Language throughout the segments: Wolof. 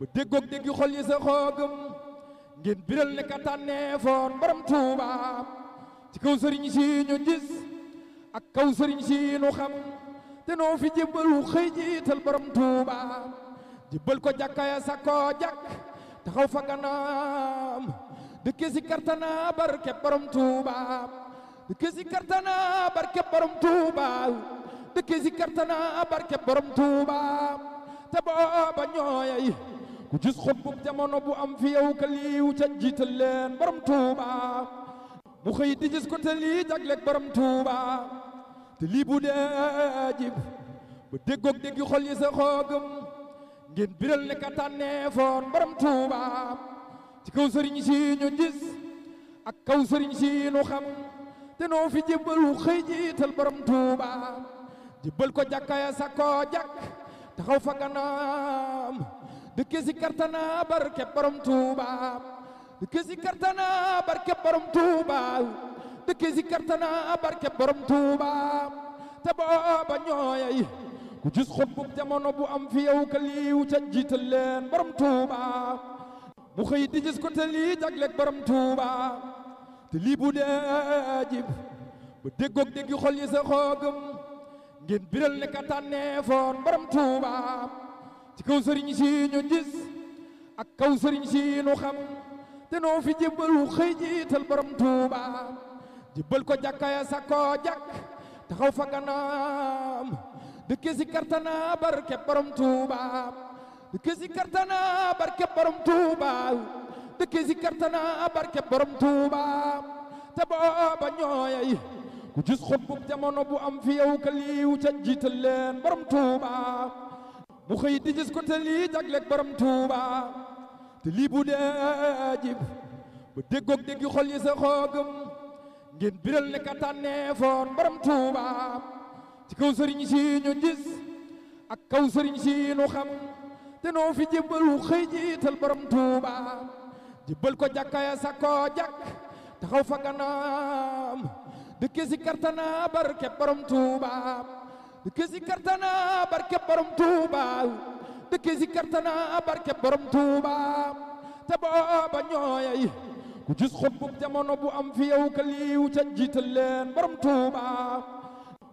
ba déggoog déggi xol yi sa xoogam ngeen biral ne ka borom Tuuba ci kaw sëriñ si ñu ak kaw sëriñ si xam te noo fi jébbalu xëy jiital borom Tuuba jébbal ko jàkkaya sa koo jàkk taxaw fa ganaam dëkke si kartana barke borom Tuuba dëkke si kartana barke borom Tuuba dëkke si kartana barke borom ku gis xutbub jamono bu am fi yow ka liiw ca jiital leen borom tuuba xëy di gis ko te lii jagleeg borom tuuba te bu dee jib ba déggoog déggi xol yi sa xoogam ngeen biral ne ka tànneefoon borom ci kaw sëriñ si ñu ak kaw sëriñ si xam te noo fi jébbalu xëy jiital borom tuuba ko jàkkaaya sa koo jàkk taxaw fa ganaam dëkk si kartana barke borom Touba dëkk si kartana barke borom Touba dëkk si kartana barke ñooyay ku gis xutbu jamono bu am fi yow ka ca jiital leen borom Touba mu xëy di gis ko te lii jagleeg borom Touba te lii dee jib ba déggoog déggi xol yi sa xoogam ngeen biral ne ka tànneefoon borom Touba ci kaw sëriñ si ñu ak kaw sëriñ si xam te noo fi jébbalu xëy jiital borom Touba jébbal ko jàkkaaya sa koo jàkk taxaw fa ganaam dëkke si kartana barke borom Touba dëkke si kartana barke borom Touba dëkke si kartana barke borom ku gis xutbub jamono bu am fi yow ka ca jiital leen borom Touba mu xëy di gis ko te lii jagleeg borom Touba te lii bu dee jib déggi xol yi sa xoogam ngeen biral ne ka borom Touba ci kaw sëriñ si ñu ak kaw sëriñ si xam te noo fi jébbalu xëy jiital borom Touba jébbal ko jàkkaya sa koo jàkk taxaw fa ganaam dëkke si kartana barke borom Touba dëkk si kartana barke borom Touba dëkk si kartana barke borom Touba te booba ñooyay ku bu am fi yow ka ca jiital leen borom Touba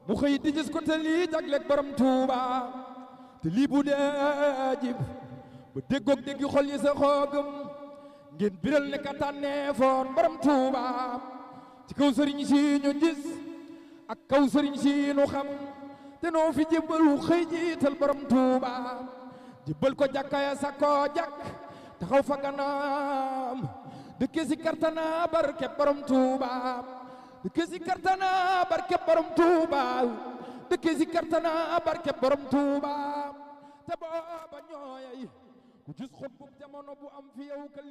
mu xëy di gis ko te lii jagleeg borom Touba te lii bu dee jib ba déggoog déggi xol yi sa xoogam ngeen biral ne ka tànneefoon borom Touba ci kaw sëriñ si ñu ak kaw sëriñ si xam te noo fi jébbalu xëy jiital borom Touba jébbal ko jàkka ya sa koo jàkk taxaw ganaam dëkke si kartana barke borom Touba dëkke si kartana barke borom Touba dëkke ñooyay ku gis xutbub jamono bu am fi yow ka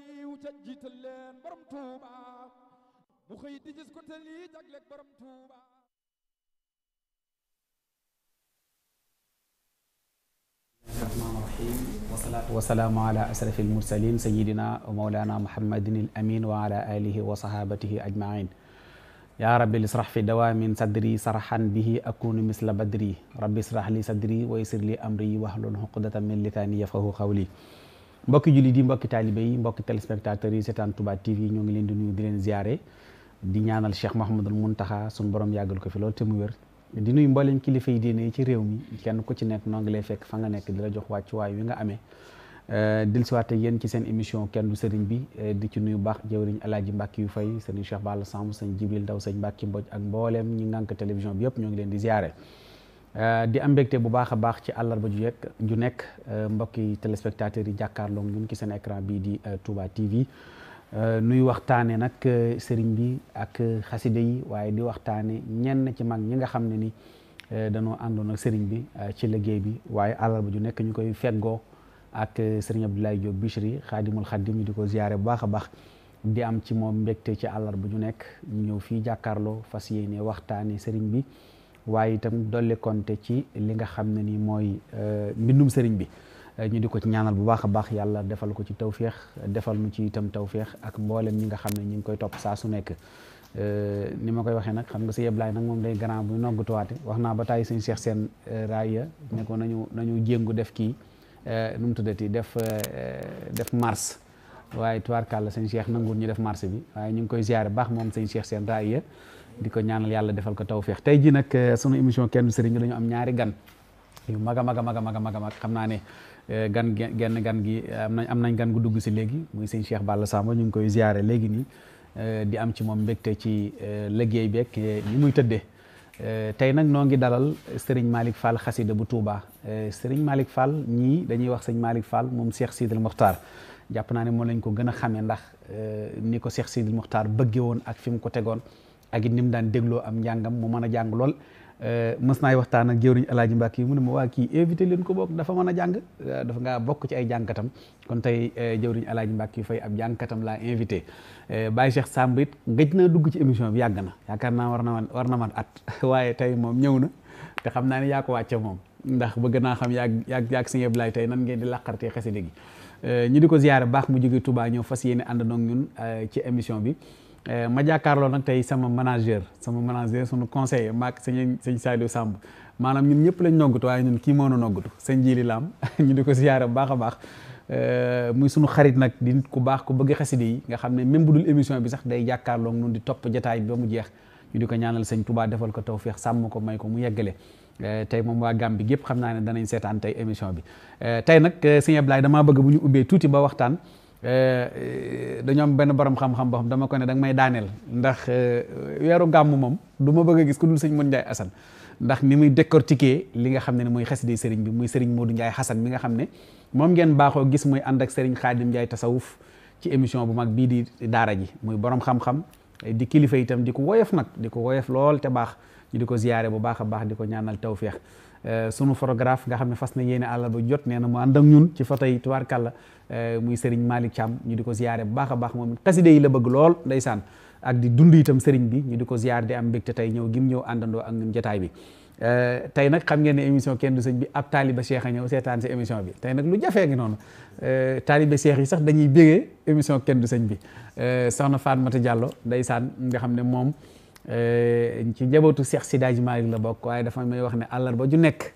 ca jiital leen borom mu xëy di gis ko te lii jagleeg borom Touba wasalaamu ala asrafi almursalin sayidina wa maulana muhammadin alamin wa ala alihi wa sahabatihi ajmain ya rabbi lisrah fi dawamin sadri sarhan bihi akunu misla badri rabbi israh li sadri wa yassir li amri wahlul uqdatan min lisani yafqahu qawli mbokki julli di mbokki taalibé yi mbokki téléspectateurs yi seetaan Touba TV ñoo ngi leen di nuyu di leen ziare di ñaanal Cheikh Mouhamadul Mountakha sun borom yàggal ko fi lool te mu wér di nuyu mboolem kilifa yi diine yi ci réew mi kenn ku ci nekk noo lay fekk fa nga nekk di la jox wàccuwaay wi nga amee euh, dellusiwaat ak yéen ci seen émission kenn du sëriñ bi euh, di ci nuyu baax jëwriñ ji mbàkki yu fay sëriñ Cheikh Balla Samb sëñ Jibril Ndaw sëñ Mbàkki Mbodj ak mbooleem ñi ngànk télévision bi yëpp ñoo ngi leen di ziare euh, di am mbégte bu baax a baax ci àllarba ju yekk ju nekk mbokki téléspectateurs yi jàkkaarloo ñun ci seen écran bii di Touba TV Euh, nuy waxtaane nag euh, sëriñ bi ak euh, xasida yi waaye di waxtaane ñenn ci mag ñi nga xam ne ni dañoo àndoon ak sëriñ bi ci liggéey bi waaye àllarba ju nekk ñu koy feggoo ak sëriñ Abdoulaye Diop Bichri xaadimul xaadim ñu di ko ziyaare bu baax a baax di am ci moom mbégte ci bu ju nekk ñëw fii jàkkaarloo fas yéene waxtaane sëriñ bi waaye itam dolli konte ci li nga xam ne ni mooy mbindum sëriñ bi ñu di ko ci ñaanal bu baax a baax yàlla defal ko ci tawféex defal mu ci itam tawféex ak mboolem ñi nga xam ne ñu ngi koy topp saa su nekk euh, ni ma koy waxee nag xam nga si yeblaay nag moom day grand bu noggutuwaate wax naa ba tàyyi suñ seex seen euh, raaya ne ko nañu nañu jéngu def kii euh, nu mu tuddati def def mars waaye tubaarkàlla sëñ Cheikh nanguwul ñu def marché bi waaye ñu ngi koy baax moom sëñ Cheikh seen raaya di ko ñaanal yàlla defal ko tawféex tey jii nag sunu émission kenn du sëriñ am ñaari gan yu mag maga maga maga maga a xam naa ne Euh, gan genn gan gi euh, am nañ am nañ gan gu dugg si léegi muy sëñ Cheikh Balla Samba ñu ngi koy ziare léegi nii euh, di am ci moom mbégte ci liggéey beeg ni muy tëddee tey nag noo ngi dalal Serigne Malick Fall xasida bu Touba Serigne Malick Fall ñii dañuy wax sëñ Malick Fall moom Cheikh Sidil Mokhtar jàpp naa ne moom lañ ko gën a xamee ndax ni ko Cheikh Sidil Mokhtar bëggee woon ak fi mu ko tegoon ak it ni mu daan dégloo am njàngam mu mën a jàng lool Eh, mës naay waxtaan ak jëwriñ Alaaji Mbàkke yi mu ne ma waa kii invité leen ko bokk dafa mën a jàng eh, dafa ngaa bokk ci ay jàngkatam kon tey eh, jëwriñ Alaaji Mbàkke yi fay ab jàngkatam laa invité Baye Cheikh Samb it gëj naa dugg ci émission bi yàgg na yaakaar naa war na man war na man at waaye tey moom ñëw na te xam naa yaa ko wàcce moom ndax bëgg naa xam yaag yaag yaag Sëñ tey nan ngeen di laqartee xasida gi ñu di ko ziyaare baax mu jóge tubaa ñëw fas yéene àndandoo ak ñun ci émission bi Eh, ma jàkkaarloo nag tey sama manager sama manager sunu conseiller maak sëñ sëñ Saliou Samb maanaam ñun ñëpp lañ noggutu waaye ñun kii moo nu noggutu sëñ Jili Lam ñu di ko siyaare bu baax a baax eh, muy sunu xarit nag di nit ku baax ku bëgg xaside yi nga xam ne même bu dul émission bi sax day jàkkaarloo nun di topp jataay ba mu jeex ñu di ko ñaanal sëñ tubaa defal ko feex sàmm ko may ko mu yeggale eh, tey moom waa Gàmbi gépp xam naa ne danañ seetaan tey émission bi tey nag sëñ Ablaye damaa bëgg bu ñu ubbee tuuti ba waxtaan Eh, eh, dañoo benn borom xam-xam boo xam dama ko ne danga may daaneel ndax eh, weeru gàmm moom du ma bëgg a gis ku dul sëñ Modou Ndiaye Assane ndax ni muy décortiquer li nga xam ne mooy xaside sëriñ bi muy sëriñ Modou Ndiaye Assane mi nga xam ne moom ngeen baaxoo gis muy ànd ak sëriñ Khadim Ndiaye tasawuf ci émission bu mag bii di daara ji muy boroom xam-xam di kilifa itam di ko woyof nag di ko woyof lool te baax ñu di ko ziyaare bu baax a baax di ko ñaanal tawféex sunu photographe nga xam ne fas na yéene àll ba na Euh, muy sëriñ Malick Thiam ñu di ko ziyaare bu baax a baax moom xaside yi la bëgg lool ndeysaan ak di dund itam sëriñ bi ñu di ko ziyaar di am mbégte tey ñëw gim ñëw àndandoo ak ñun jotaay bi euh, tey nag xam ngeen ne émission kenn du sëñ bi ab taaliba cheikh a ñëw seetaan si émission bi nag lu jafee ngi noonu euh, taaliba cheikh yi sax dañuy bégee émission kenn du sëñ bi soxna Fatmata Diallo ndeysaan nga xam ne moom ci njabootu Cheikh Sidaji Malick la bokk waaye dafa may wax ne àllarba ju nekk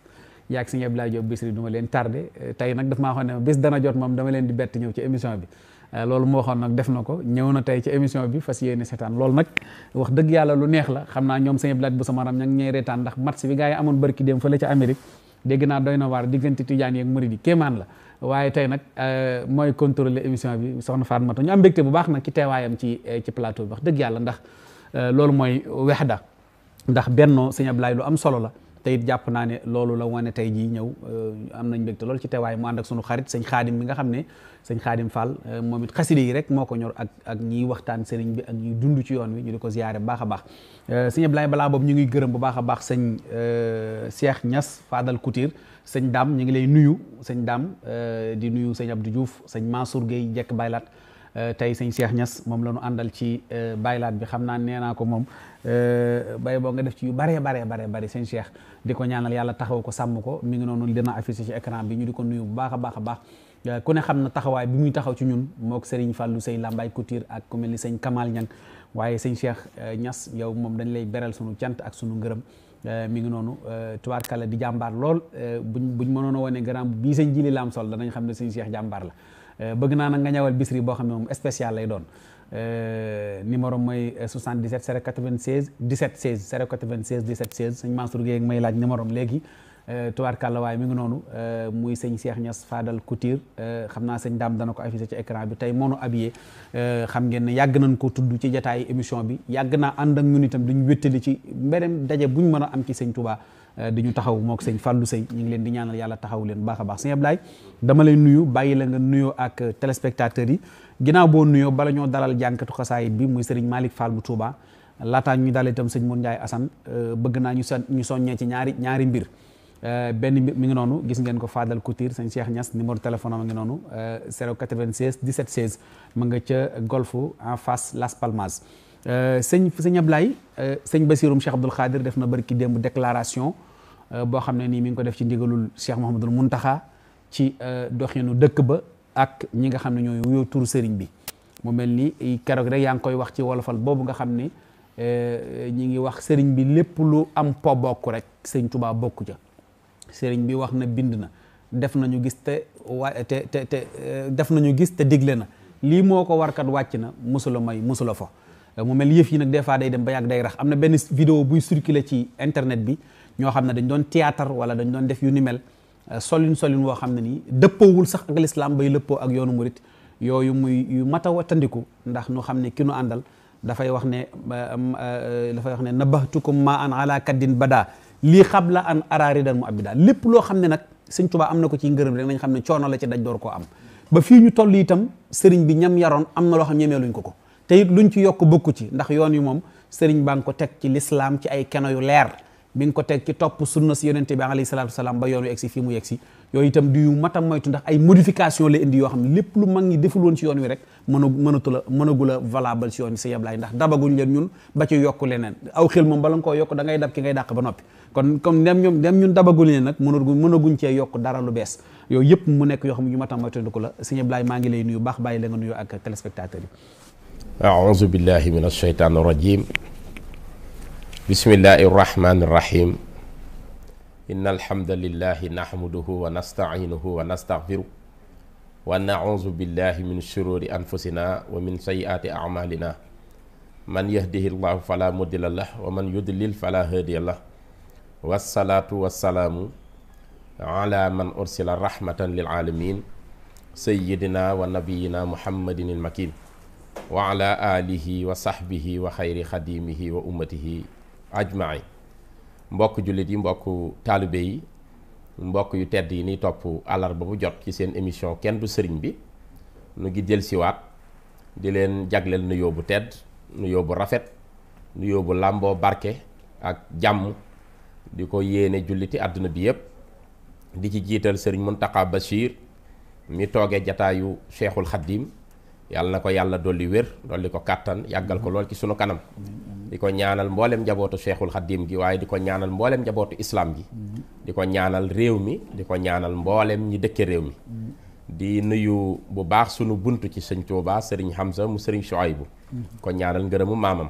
yaag sëñ Abdoulaye Diop Bichri du ma leen tardé tey nag daf maa waxoon ne bis dana jot moom dama leen di bett ñëw ci émission bi euh, loolu moo waxoon nag def na ko ñëw na tey ci émission bi fas yéene seetaan lool nag wax dëgg yàlla lu neex la xam naa ñoom sëñ Abdoulaye bu samaram ña ngi ñay reetaan ndax match bi gars yi amoon barki dem fële ca Amérique dégg naa doy na waar diggante Tidiane yeeg Mouride kéemaan la waaye tey nag euh, mooy contrôler émission bi soxna Fatmata ñu am mbégte bu baax nag ci teewaayam ci euh, ci plateau bi dëgg yàlla ndax loolu mooy wexda ndax bennoo sëñ lu am solo la tey jàpp naa ne loolu la wane tey jii ñëw euh, am nañ mbégte lool ci teewaay mu ànd ak sunu xarit sëñ xaadim bi nga xam ne sëñ xaadim Fall euh, moom it xasida yi rek moo ko ñor ak ak ñiy waxtaan sëriñ bi ak ñuy dund ci yoon wi ñu di ko ziyaare bu baax a baax euh, sëñ Ablaye balaa boobu ñu ngi gërëm bu baax a baax Cheikh Niass Fadal Couture sëñ Dame ñu ngi lay nuyu sëñ Dame di nuyu sëñ di juuf sëñ Mansour Gueye jekk baylaat tey sëñ Cheikh ñas moom la ñu àndal ci baylaat bi xam naa nee naa ko moom bay boo nga def ci yu baree baree baree bari sëñ Cheikh di ko ñaanal yàlla taxaw ko sàmm ko mi ngi noonu dina affiché ci écran bi ñu di ko nuyu bu baax a baax a baax euh, ku ne xam na taxawaay bi muy taxaw ci ñun moo Serigne Fallou Sey Lambaye Couture ak ku mel ni sëñ Kamal Niang waaye sëñ Cheikh ñas euh, yow moom dañ lay beral sunu cant ak sunu ngërëm euh, mi ngi noonu tubaarkalla di jàmbaar lool buñ buñ mënoon a wone grand bii sëñ Jili Lam sol danañ xam ne sëñ Cheikh jàmbaar la bëgg naa nag nga ñawal bisri boo xam ne moom spécial lay doon Euh, numéro mooy 77 096 17 16 096 17 16 sëñ Mansour Gueye may laaj numéro am léegi euh, tubaarkàlla waaye mi ngi noonu euh, muy sëñ Cheikh Niass Fadal Couture xam naa sëñ daam dana ko affiché ci écran bi tey moonu habillé xam ngeen ne yàgg nañ ko tudd ci jataayu émission bi yàgg naa ànd ak ñun itam duñ wéttali ci mbeneen daje buñ mën a am ci sëñ Touba di ñu taxaw mook sëñ Fallou Sey ñu ngi leen di ñaanal yàlla taxaw leen baax a baax sëñ Ablaye dama lay nuyu bàyyi la nga nuyoo ak téléspectateurs yi ginnaaw boo nuyoo bala ñoo dalal jànkatu xasaayit bi muy sëriñ Malick Fall bu Touba laataa ñu daal itam sëñ Mour Ndiaye Assane euh, bëgg naa ñu son ñu soññee ci ñaari ñaari mbir euh, benn mbir mi ngi noonu gis ngeen ko Fadal Couture sëñ Cheikh Niass numéro téléphone am ngi noonu 096 17 16 mu nga ca golf en face Las Palmas euh, sëñ sëñ Ablaye sëñ Basirum Cheikh Abdoul Khadir def na bari ki démb déclaration boo xam ne nii mi ngi ko def ci ndigalul Cheikh Mouhamadul Mountakha ci doxinu dëkk ba ak ñi nga xam ne ñooy wuyoo turu sëriñ bi mu mel ni keroog rek yaa ngi koy wax ci wolofal boobu nga xam ni eh, ñi ngi wax sëriñ bi lépp lu am po bokk rek sëriñ Tuubaa bokku ca sëriñ bi wax na bind na def nañu gis te wa te te te eh, def nañu gis te digle na lii moo ko warkat wàcc na musula may musula fa mu mel yëf yi nag des fois day dem ba yàgg day rax am na benn vidéo buy circuler ci internet bi ñoo xam ne dañ doon théâtre wala dañ doon def yu ni mel solin solin woo xam ne nii dëppoowul sax ak lislaam bay lëppoo ak yoonu murit yooyu muy yu mata wattandiku ndax nu xam ne ki nu àndal dafay wax ne dafay wax ne nabahtukum ma an ala kaddin bada lii xabla an araaridan mu abida lépp loo xam ne nag sëñ Tuubaa am na ko ci ngërëm rek nañ xam ne coono la ci daj door koo am ba fii ñu toll itam sëriñ bi ñam yaroon am na loo xam ñemee luñ ko ko te it luñ ci yokk bokku ci ndax yoon yi moom sëriñ baa ngi ko teg ci lislaam ci ay keno yu leer mi ngi ko teg ci topp sunna si yonente bi alayhi salaatu wasalaam ba yoon wi egsi fii mu si yooyu itam di yu matam moytu ndax ay modification la indi yoo xam ne lépp lu mag ñi deful woon ci yoon wi rek mënu mënatu la mënagu la valable si yoon wi si yeblaay ndax dabaguñ leen ñun ba ci yokku leneen aw xel moom bala nga koo yokk da ngay dab ki ngay dàq ba noppi kon comme dem ñoom dem ñun dabaguñ leen nag mënaguñ mënaguñ cee yokk dara lu bees yooyu yëpp mu nekk yoo xam ne yu matam moytandiku la si yeblaay maa ngi lay nuyu baax bàyyi la nga yi aouzu billahi min ashaytan rajim bismillahi irrahmani irrahim in alhamda lillahi nahmaduhu wa nastainuhu wa nastahfiru wa naudu billahi min shururi anfusina wa min sayiaati amalina man yahdihi llahu fala mudilla lah wa man yudlil fala hadiya lah wassalaatu wassalaamu ala man ursila rahmatan lil alamin sayidina wa nabiyina muhammadin il makin wa ala alihi wa sahbihi wa xayri xadimihi wa ummatihi ajmain mbokk jullit yi mbokk taalibe yi mbokk yu tedd yi ni topp àllarba bu jot ci seen émission kenn du sëriñ bi nu ngi jël siwaat di leen jagleel nuyoo bu tedd nuyoo bu rafet nuyoo bu làmboo barke ak jàmm di ko yéene julliti àdduna bi yépp di ci jiital sëriñ Muntaqa Bachir mi tooge jataayu Cheikhul Xaddim yàlla na ko yàlla dolli wér dolli ko kàttan yàggal ko lool ci sunu kanam di ko ñaanal mbooleem njabootu cheikhul xadim gi waaye di ko ñaanal mboolem njabootu islam gi mm-hmm. di ko ñaanal réew mi di ko ñaanal mbooleem ñi dëkk réew mi mm-hmm. di nuyu bu baax sunu bunt ci sëñ Touba sëriñ Hamza mu sëriñ bu mm-hmm. ko ñaanal ngërëmu maamam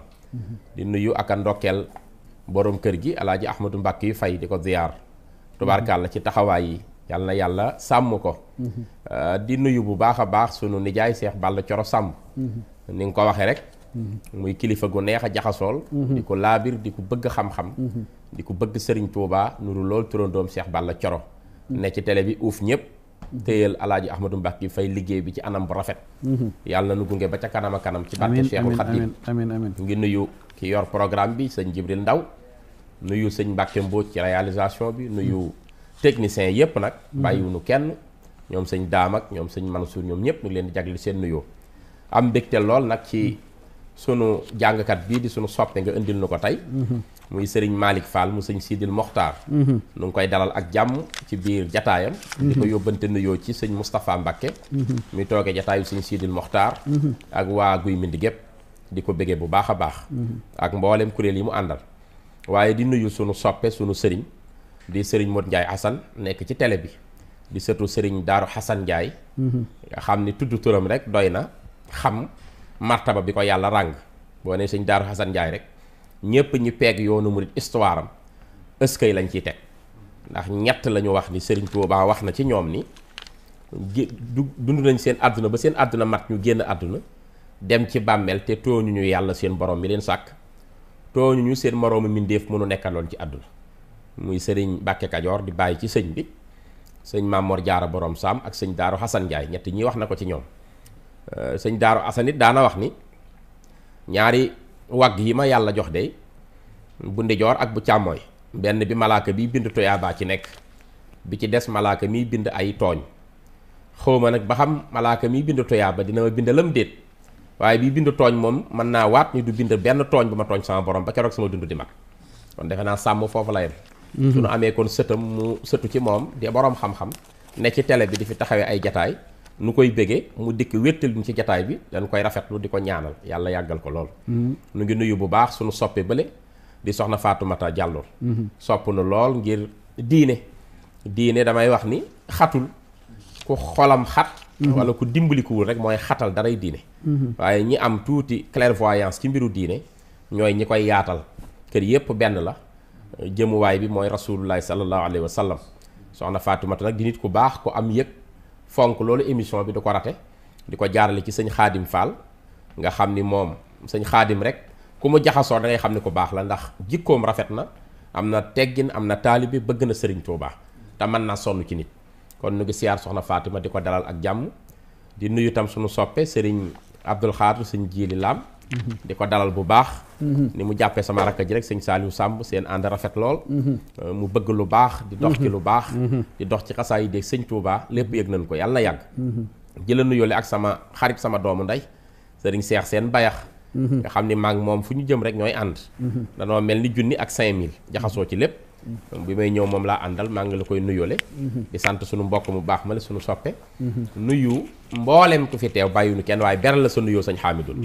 di nuyu ak a ndokkeel borom kër gi alaaji ahmadu mbàkk yu fay di ko ziyaar tubaarkàlla ci taxawaay yi yàlla na yàlla sàmm ko uh, di nuyu bu baax a baax sunu nijaay seex bàll coro sàmm ni nga ko waxee rek muy kilifa gu neex a jaxasool mhm. di ko laabir di ko bëgg xam-xam mhm. di ko bëgg sëriñ Tuubaa nuru lool turandoom Cheikh Balla Coro mhm. ne ci tele bi uuf ñëpp téyal alaaji ahmadou mbàkke fay liggéey bi ci anam bu rafet yàlla nu gunge ba ca kanam a kanam ci barke cheikhul xadim amiin amiin ngi nuyu ki yor programme bi sëñ jibril ndaw nuyu sëñ mbàkke mbóoj ci réalisation bi nuyu technicien yépp nag bàyyiwuñu kenn ñoom sëñ daam ak ñoom sëñ mansuur ñoom ñëpp ñu leen di jagleel seen am mbégte lool nag ci sunu jàngkat bii di sunu soppe nga indil na ko tey muy sëriñ Malick Fall mu sëñ Sidil Mokhtar nu ngi koy dalal ak jàmm ci biir jataayam di ko yóbbante nuyoo ci sëñ Moustapha Mbakke mi toogee jataayu sëñ Sidil Mokhtar ak waa guy mindi gépp di ko bëggee bu baax a baax ak mboolem kuréel yi mu àndal waaye di nuyu sunu soppe sunu sëriñ di sëriñ Modou Ndiaye Assane nekk ci tele bi di sëtu sëriñ Daaru Assane Ndiaye nga xam ni tudd turam rek doy na xam martaba bi ko yàlla ràng boo ne sëñ Daaru Xasan Njaay rek ñépp ñi peeg yoonu murit histoire am ëskay lañ ciy teg ndax ñett la ñu wax ni Sëriñ Tuubaa wax na ci ñoom ni dund nañ seen àdduna ba seen àdduna mat ñu génn àdduna dem ci bàmmeel te tooñu ñu yàlla seen borom mi leen sàkk tooñu ñu seen moroomu mindeef mënu loolu ci àdduna muy sëriñ Mbàkke Kajoor di bàyyi ci sëñ bi sëñ Maamoor Jaara borom Saam ak sëñ Daaru Xasan Njaay ñett ñi wax na ko ci ñoom Euh, sëñ daaru asanit daana wax ni ñaari wagg yi ma yàlla jox de bu ndijoor ak bu càmmooy benn bi malaaka bi bind tuyaabaa ci nekk bi ci des malaaka miy bind ay tooñ xawma nag ba xam malaaka miy bind tuyaaba dina ma bind lam déet waaye bi bind tooñ moom mën naa waat ni du bind benn tooñ bu ma tooñ sama borom ba keroog sama dund di mag kon defe naa sàmm foofu la yem mhm. su nu amee kon sëtam mu sëtu ci moom di boroom xam-xam ne ci tele bi di fi taxawee ay jataay nu koy bégee mu dikk wéttal ñu ci jataay bi dañ koy rafetlu di ko ñaanal yàlla yàggal ko lool mm-hmm. nu ngi nuyu bu baax suñu soppee bële di soxna Faatumata Jàllo mm-hmm. sopp nu lool ngir diine diine damay wax ni xatul ku xolam xat mm-hmm. wala ku dimbalikuwul rek mooy xatal daray diine waaye ñi am tuuti clairvoyance ci mbiru diine ñooy ñi koy yaatal kër yépp benn la jëmuwaay bi mooy rasulullahi sallallahu alayhi wa sallam soxna Faatumata nag di nit ku baax ku am yëg fonk loolu émission bi du ko rate di ko jaarale ci sëñ xaadim Fall nga xam ni moom sëñ xaadim rek ku mu jaxasoo da xam ni ko baax la ndax jikkoom rafet na am na teggin am na taalibi bëgg na sëriñ Touba te mën naa sonn ci nit kon nu ngi siyaar soxna Fatima di ko dalal ak jàmm di nuyu tam suñu soppee sëriñ Abdul Xaadir sëñ Jiili Lam di ko dalal bu baax mhm. ni mu jàppee sama rakk ji rek sëñ Saliou Samb seen ànd rafet lool mhm. euh, mu bëgg lu baax di dox ci mhm. lu baax di dox ci xasaa yi dee sëñ Touba lépp yëg nañ ko yàlla na yàgg jëla nuyoole ak sama xarit sama doomu ndey sëriñ Seex seen bayax nga xam ni maag moom fu ñu jëm rek ñooy ànd danoo mel ni junni ak cinq mille jaxasoo ci lépp bi may ñëw moom laa àndal maa ngi la koy nuyoole di sant suñu mbokk mu baax ma la suñu soppee nuyu mboolem ku fi teew bàyyinu kenn waaye beral la sa nuyoo sañ xaamidul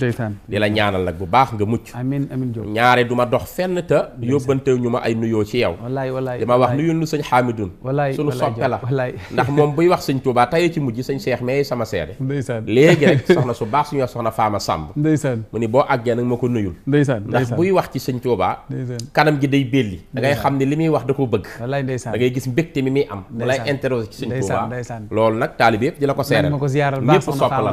di la ñaanal nag bu baax nga mucc amiin amiin Diop ma dox fenn te yóbbantew ñu ma ay nuyoo ci yow wallaay wallaay di ma wax nuyul nu sañ xaamidun wallaay suñu soppe la ndax moom buy wax sëñ Touba tayee ci mujj sañ Cheikh mais sama seede ndeysaan léegi rek soxna su baax suñu wax soxna Faama Samb ndeysaan mu ni boo àggee nag ma ko nuyul ndeysaan ndax buy wax ci sëñ Touba kanam gi day belli da ngay xam ni li muy wax da ko bëgg wallaay da ngay gis mbégte mi am mu lay interroger ci sëñ Touba loolu nag taalibe yëpp di ñaanal ñëpp sopp la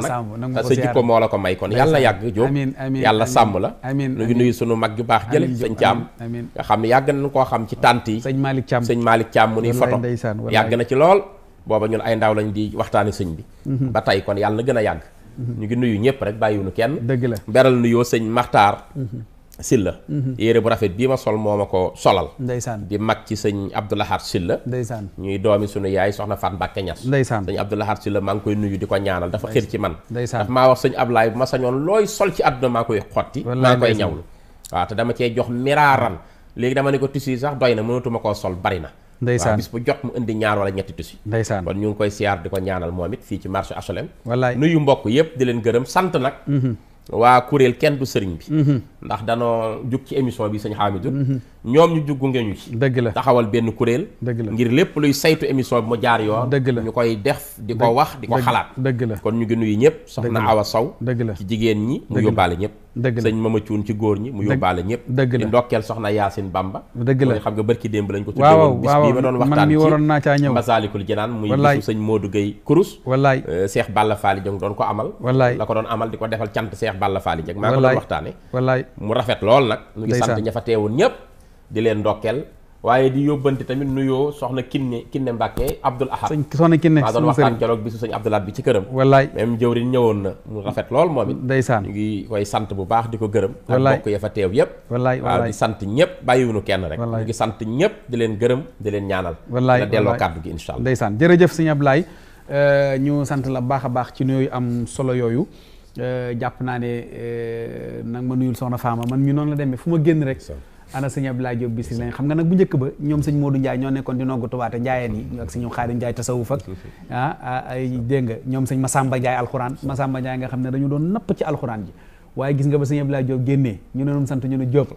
a sa jikko moo la ko may kon yàlla yàgg jóg yàlla sàmm la ñu ngi nuyu sunu mag ju baax jële sëñ Thiam nga xam ne yàgg nañ koo xam ci tànt yi sëñ Malick Thiam mu nuy photo yàgg na ci lool booba ñun ay ndaw lañ di waxtaani sëñ bi mhm. ba tey kon yàlla na gën a yàgg mhm. ñu ngi nuyu ñëpp rek bàyyiwuñu kenn dëgg la beral nuyoo sëñ Maxtaar mhm. Silla mhm. yére bu rafet bii ma sol moo ma ko solal ndeysaan mag ci sëñ Abdoulahat Silla ñuy doomi sunu yaay soxna Faat Mbàkke Ñas ndeysaan sëñ Abdoulahat Silla maa ngi koy nuyu di ko ñaanal dafa xir ci man daf maa wax sëñ Ablaay bu ma sañoon looy sol ci àdduna maa koy xotti maa koy ñawlu waaw te dama cee jox miraaran léegi dama ne ko tissu sax doy na mënatuma koo sol bari na ndeysaan bis bu jot mu indi ñaar wala ñetti tusi ndeysaan kon ñu ngi koy siyaar di ko ñaanal moom it fii ci marché waa kuréel kenn du sëriñ bi mhm. ndax danoo jug ci émission bi sëñ Hamidou mhm. ñoom ñu juggu ngeeñu ci dëgg la taxawal benn kuréel dëgg la ngir lépp luy saytu émission bi mu jaar yoon dëgg la ñu koy def di ko wax di ko xalaat dëgg la kon ñu ngi nuyu ñëpp soxna a Sow dëgg la ci jigéen ñi mu yóbbaale ñëpp dëgg la sëñ mama cuun ci góor ñi mu yóbbaale ñëpp dëgg la ndokkeel soxna Yaasin Bamba dëgg la xam nga bërki démb lañ ko tuddee woon bis bii ma doon waxtaan ci waroon naa caa ñëw Masaalikul Jinaan muy bisu sëñ Modou Gueye Kurus wallaay euh, Cheikh Balla Faali Jeng doon ko amal wallaay la ko doon amal di ko defal cant Cheikh Balla Faali Jeng maa ko doon waxtaane mu rafet lool nag ñu ngi sant ña fa teewoon ñëpp di leen ndokkeel waaye di yóbbante tamit nuyoo soxna Kinne Kinne Mbàkke Abdoul Ahad soxna Kinne maa doon waxtaan keroog bisu sëñ Abdoul Ahad bi ci këram wallaay même jëwriñ ñëwoon na mu rafet lool moom it ndeysaan ñu ngi sant bu baax di ko gërëm ak mbokk ya fa teew yëpp wallaay waaw sant ñëpp bàyyiwuñu kenn rek ñu ngi sant ñëpp di leen gërëm di leen ñaanal wallaay la delloo kàddu gi incha allah ndeysaan jërëjëf sëñ Abdoulaye euh, ñu sant la baax a baax ci nuyooyu am solo yooyu euh, jàpp naa ne euh, nag ma nuyul soxna Faama man mi noonu la demee fu ma génn rek ana sëñ laa Diop Bichri lañ xam nga nag bu njëkk ba ñoom sëñ Modou Ndiaye ñoo nekkoon di noggu tubaate njaayeen yi ak sëñ Xaadim Ndiaye tasawuf ak ah, ah ay dégg nga ñoom sëñ Masamba Ndiaye alxuraan Masamba Ndiaye nga xam ne dañu doon napp ci alxuraan ji waaye gis nga ba sëñ Abdoulaye Diop génnee ñu ne ñu sant ñu ne Diop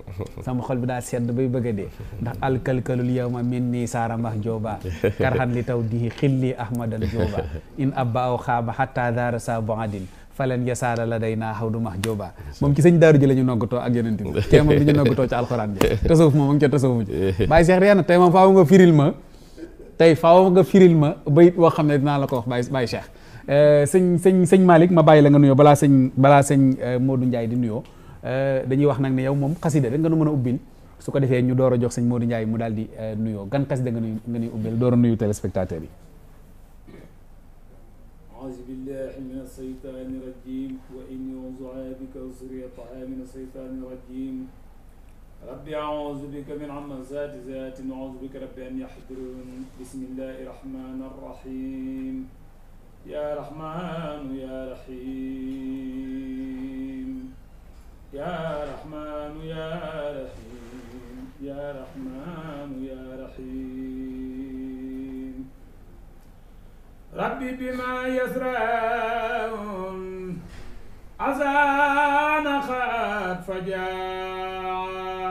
sama xol bi daa sedd bay bëgg a dee ndax alkalkalul yawma min nii saaramax jooba karxan li taw di xilli ahmadan jooba in abba aw xaaba xatta daara sa boadin falan yasaara la day naa xaw du max jooba moom ci sëñ daaru ji la ñu noggatoo ak yeneen bi tey moom di ñu noggatoo moom moom ca tey moom nga firil ma tey faaw nga firil ma bayit boo xam ne dinaa la ko wax bàyyi bàyyi Cheikh eh, sëñ sëñ sëñ Malick ma bàyyi la nga nuyoo balaa sëñ balaa sëñ eh, Modou Ndiaye di nuyoo eh, dañuy wax nag ne yow moom xasida rek nga nu mën a ubbil su ko defee ñu door a jox sëñ Modou Ndiaye mu daal di nuyoo gan xasida nga nuyu nga ubbil door a nuyu téléspectateurs yi أعوذ بالله من الشيطان الرجيم وإني أعوذ بك وذريتها من الشيطان الرجيم رب أعوذ بك من همزات ذات وأعوذ بك رب أن يحضرون بسم الله الرحمن الرحيم يا رحمن يا رحيم يا رحمن يا رحيم يا رحمن rabbi bima yasraun asana fajaa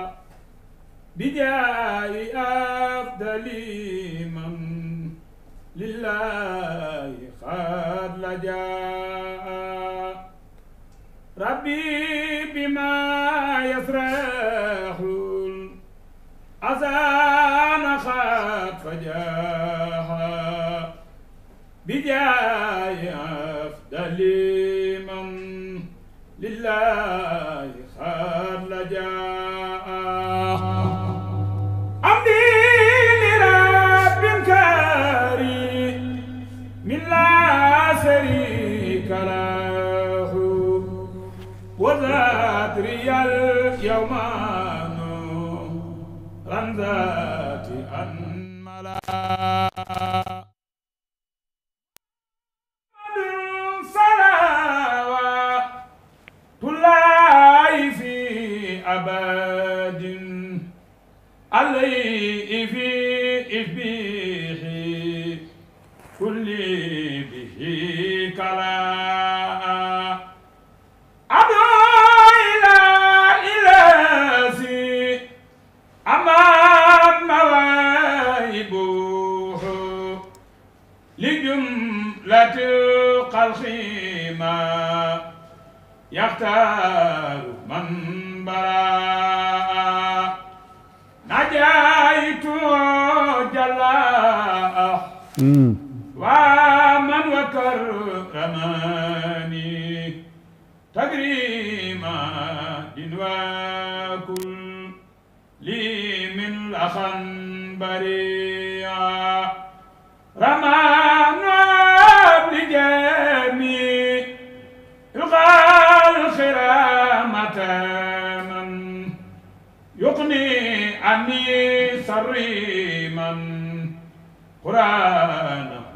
bijaayi afdali man lillahi xat lajaa rabbi bijaahi afdali man lillahi xaar la jaa amdi li rabbin karim min laa sharika lahu wa zatriyal yawmanu ranzati an mala يختار من برا نجايت جلاء ومن وكرمني تكريما وكل لي من الأخنبري عني سريما قرانه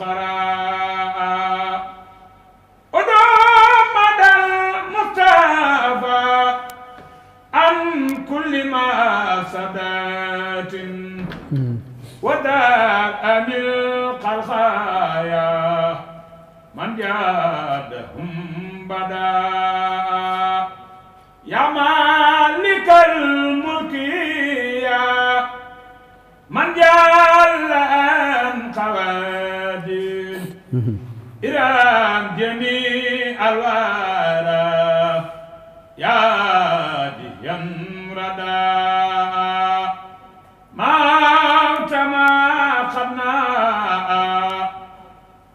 قراء ودمد المصطفى عن كل ما سدات وداء بالقلخايا من جادهم بدا يا مالك من جل أن قوادين إرام جميع الورى يا ديم ردا موت ما قبنا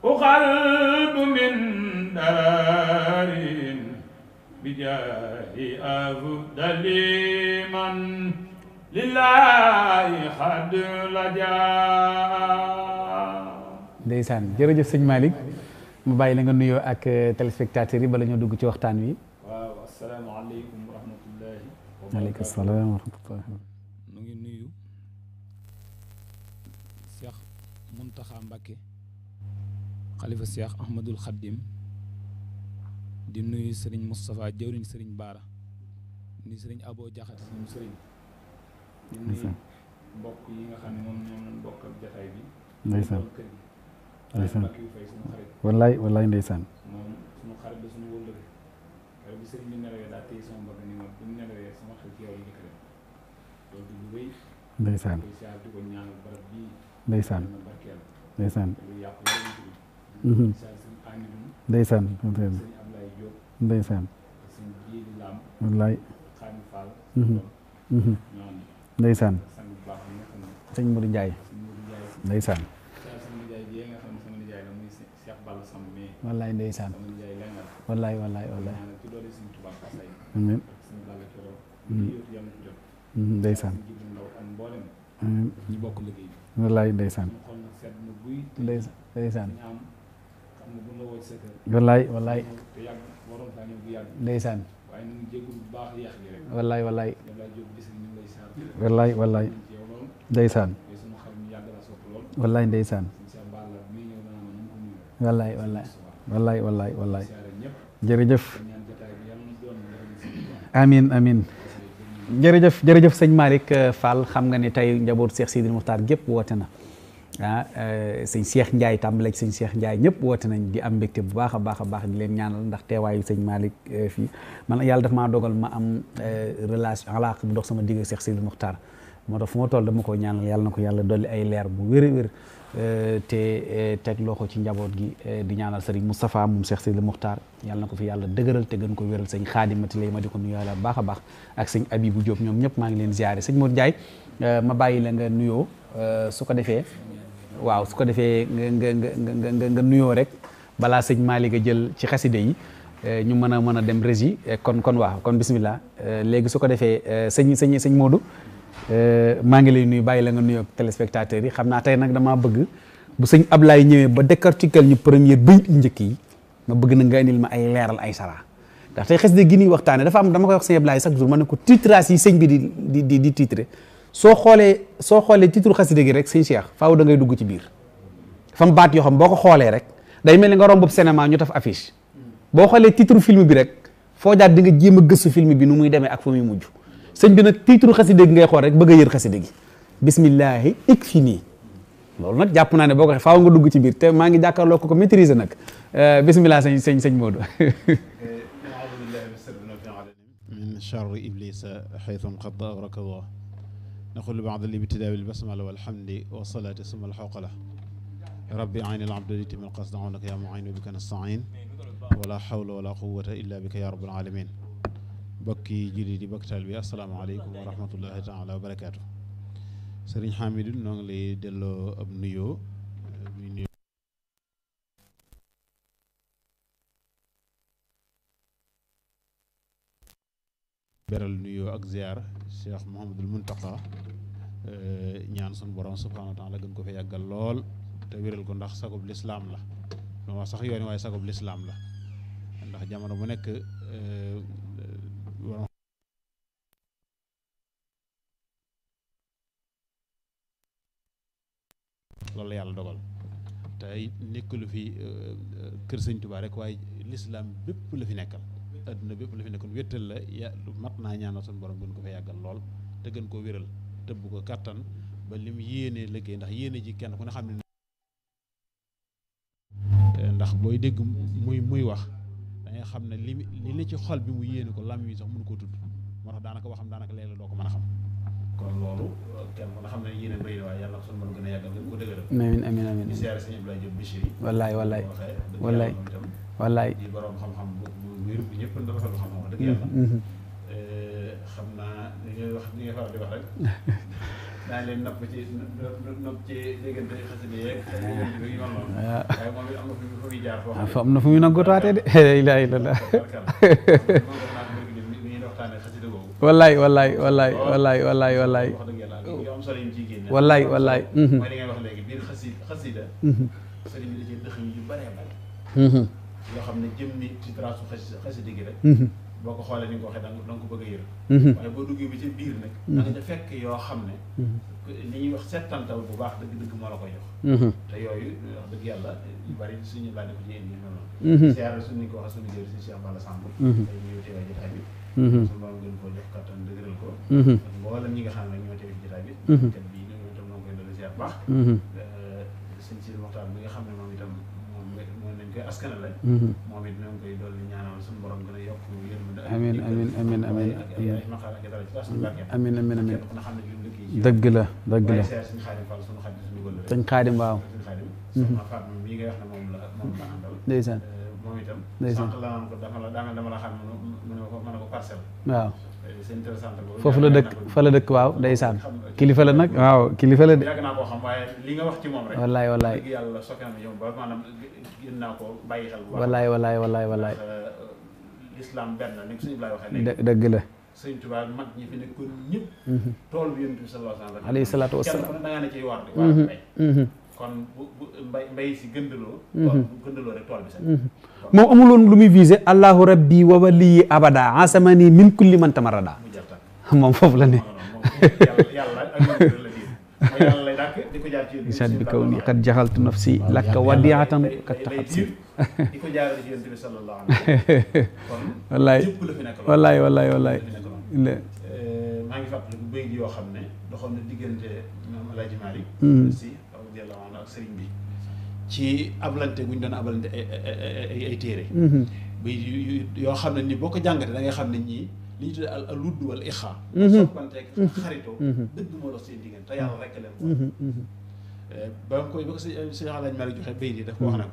أقلب من دار بجاه أفضل من lillahi xaddu la jaa ndeysaan jërëjëf sëñ Malick mu bàyyi la nga nuyoo ak eh, téléspectateurs yi ba ñoo dugg ci waxtaan wi waaw nu ngi nuyu Cheikh Muntaxa Mbakke xalifa Cheikh Ahmadul Xaddim di nuyu sëriñ Moustapha jëwriñ sëriñ Baara di nuyu sëriñ Abo Jaxate sëriñ di nuyu mbokk yi nga xam ne moom ñoom lañ bokk ak jotaay bi. ndeysaan ndeysaan wallaay wallaay ndeysaan. moom suñu xarit bi suñu wëllëre xarit bi sëriñ bi nelawee daa téye sama ndeysaan sëñ Modou Ndiaye ndeysaan wallaay ndeysaan wallaay wallaay wallaay amiin mm. mm, ndeysaan wallaay ndeysaan ndeysaan wallaay wallaay ndeysaan waaye ñu ngi jégalu bu baax yéex wallaay wallaay. ndeysaan. wallaay ndeysaan. wallaay wallaay. wallaay jërëjëf. amiin amiin. jërëjëf jërëjëf sëñ Malick Fall xam nga ni tey njaboot Cheikh Sidil Mouhtar gépp woote na. ah euh, sëñ Cheikh Ndiaye tàmbale ak sëñ Cheikh Ndiaye ñëpp woote nañ di am mbégte bu baax a baax a baax di leen ñaanal ndax teewaayu sëñ Malick euh, fii man yàlla daf maa dogal ma am euh, relation alaaq bu dox sama digg ak Cheikh Sidi Muxtaar moo tax fu ma toll dama ko ñaanal yàlla na ko yàlla dolli ay leer bu wér a wér te teg loxo ci njaboot gi di ñaanal sëriñ Moustapha moom Cheikh Sidi Muxtaar yàlla ko fi yàlla dëgëral te gën ko wéral sëñ xaadimati lay ma di ko nuyoo la baax a baax ak sëñ bu Diop ñoom ñëpp maa ngi leen ziare sañ moo Ndiaye ma bàyyi la nga nuyoo su ko defee waaw su ko defee nga nga nga nga nuyoo rek balaa sëñ Malick a jël ci xaside yi eh, ñu mën a mën a dem régi eh, kon kon waaw kon bisimilah eh, léegi su ko defee sëñ sëñ sëñ Modou maa ngi lay nuyu bàyyi la nga nuyoo téléspectateurs yi xam naa tey nag damaa bëgg bu sëñ laay ñëwee ba décortiquer ñu première bayit yu njëkk yi ma bëgg na nga indil ma ay leeral ay sara ndax tey xaside gi ñuy waxtaane dafa am dama koy wax sëñ Ablaye chaque jour ma ne ko titrage yi sëñ bi di di soo xoolee soo xoolee titre xasida gi rek sëñ Cheikh faaw da ngay dugg ci biir fam baat yoo xam boo ko xoolee rek day mel ni nga romb cinéma ñu taf affice boo xoolee titre film bi rek foo jaar di nga jéem a gëstu film bi nu muy demee ak fu muy mujj sëñ bi nag titre xasida gi ngay xool rek bëgg a yër xasida gi bismillahi ik fi nii loolu nag jàpp naa ne boo ko xee faaw nga dugg ci biir te maa ngi jàkkaarloo ko ko maîtriser nag euh, bismillah sañ sëñ sëñ Modou min charri iblisa xaytu qad naqulu baada li bitidaabil basmala walhamdi wa salaati suma alxawqala rabbi aynil abdu litimil qasda awnaka yaa muayin wa bika nastain wala xawla wala quwata illa bika yaa rabbal alamin bokki julli di bokki taal bi asalaamaaleykum wa rahmatullahi taala wa barakaatu sëriñ Hamidou noo ngi lay delloo ab nuyoo beral nuyoo ak ziar Cheikh Mouhamadul Mountakha euh, ñaan sunu borom subhaanahu wa taala gën ko fi yàggal lool te wéral ko ndax sagub lislaam la dama wax sax yoon waaye sagub la ndax jamono bu nekk borom euh, loolu la yàlla dogal te nekkalu fi euh, kër sëñ Tuubaa rek waaye lislaam bépp la fi nekkal adduna bépp la fi nekkoon wéttal la ya mat na ñaanal suñu borom gën ko fa yàggal lool te gën koo wéral tëbb ko kàttan ba lim yéenee liggéey ndax yéene ji kenn ku ne xam ne ndax booy dégg muy muy wax da xam ne li li ne ci xol bi mu yéene ko lam yi sax mënu koo tudd moo tax daanaka waxam daanaka léeg la doo ko mën a xam kon loolu kenn xam ne yéene bëri yàlla suñu a yàggal gën ko dëgëral amiin amiin amiin di wallaay wallaay wallaay ngir bi ñëpp am na fu ñu fa muy jaar foo xam. Ah, am de. wallaay wallaay wallaay wallaay wallaay yoo xam ne jëm ni ci trasu xasida gi rek mhm. boo ko xoolee ni ko waxee da ko bëgg a mhm. waaye boo duggee bi ci biir nag mhm. da nga fekk yoo xam ne li ñuy bu baax dëgg-dëgg moo la koy jox te yooyu wax dëgg yàlla yu bari suñu laaj ko ci indi noonu siyaare suñu ni ko waxee suñu jëriñ si Cheikh Balla Samb tey ñu teew jotaay bi suñu borom gën koo jox kattan dëgëral ko ak mboolem ñi xam ne ñoo teew jotaay bi kat bii ñu itam noo koy dala siyaar baax askanale mhm. moom it ñoo ngi koy dolli ñaanal suñu borom gën a yokk yërmande amiin amiin amiin amiin amiin amiin amiin dëgg la dëgg la sëñ xaadim waaw mhm. ndeysaan euh, ndeysaan waaw foofu la dëkk fa la dëkk waaw ndeysaan kilifa la nag waaw kilifa la de. yàgg naa koo xam waaye li nga wax ci moom wallaay wallaay yàlla sofyan yow ba naa ko bàyyi xel. wallaay wallaay wallaay wallaay. Euh, islam benn ni ko dëgg la. sëñ Tuubaa mhm. salaatu wa salaam kon bu mbay mhm. mhm. moom amuloon lu muy visé allahu rabbi wa waliyi abada asamani min kulli man tamarada moom foofu la ne. isat bi kaw ni xat jaxaltu nafsi lakka wadiatan kat taxat si wallaay wallaay wallaay wallaay ak sëriñ bi ci abalante gu ñu doon abalante ay ay téere mm-hmm. ba yoo xam ne ni boo ko jàngatee da ngay xam ne ñii li ñu tuddee al aludd wal ixaa mm-hmm. soppanteeg mm-hmm. xaritoo dëgg moo dox seen diggante te yàlla rek leen eh, ba nga koy ba ko s sëñ Alaaji Maalik joxe bay di daf ko wax nag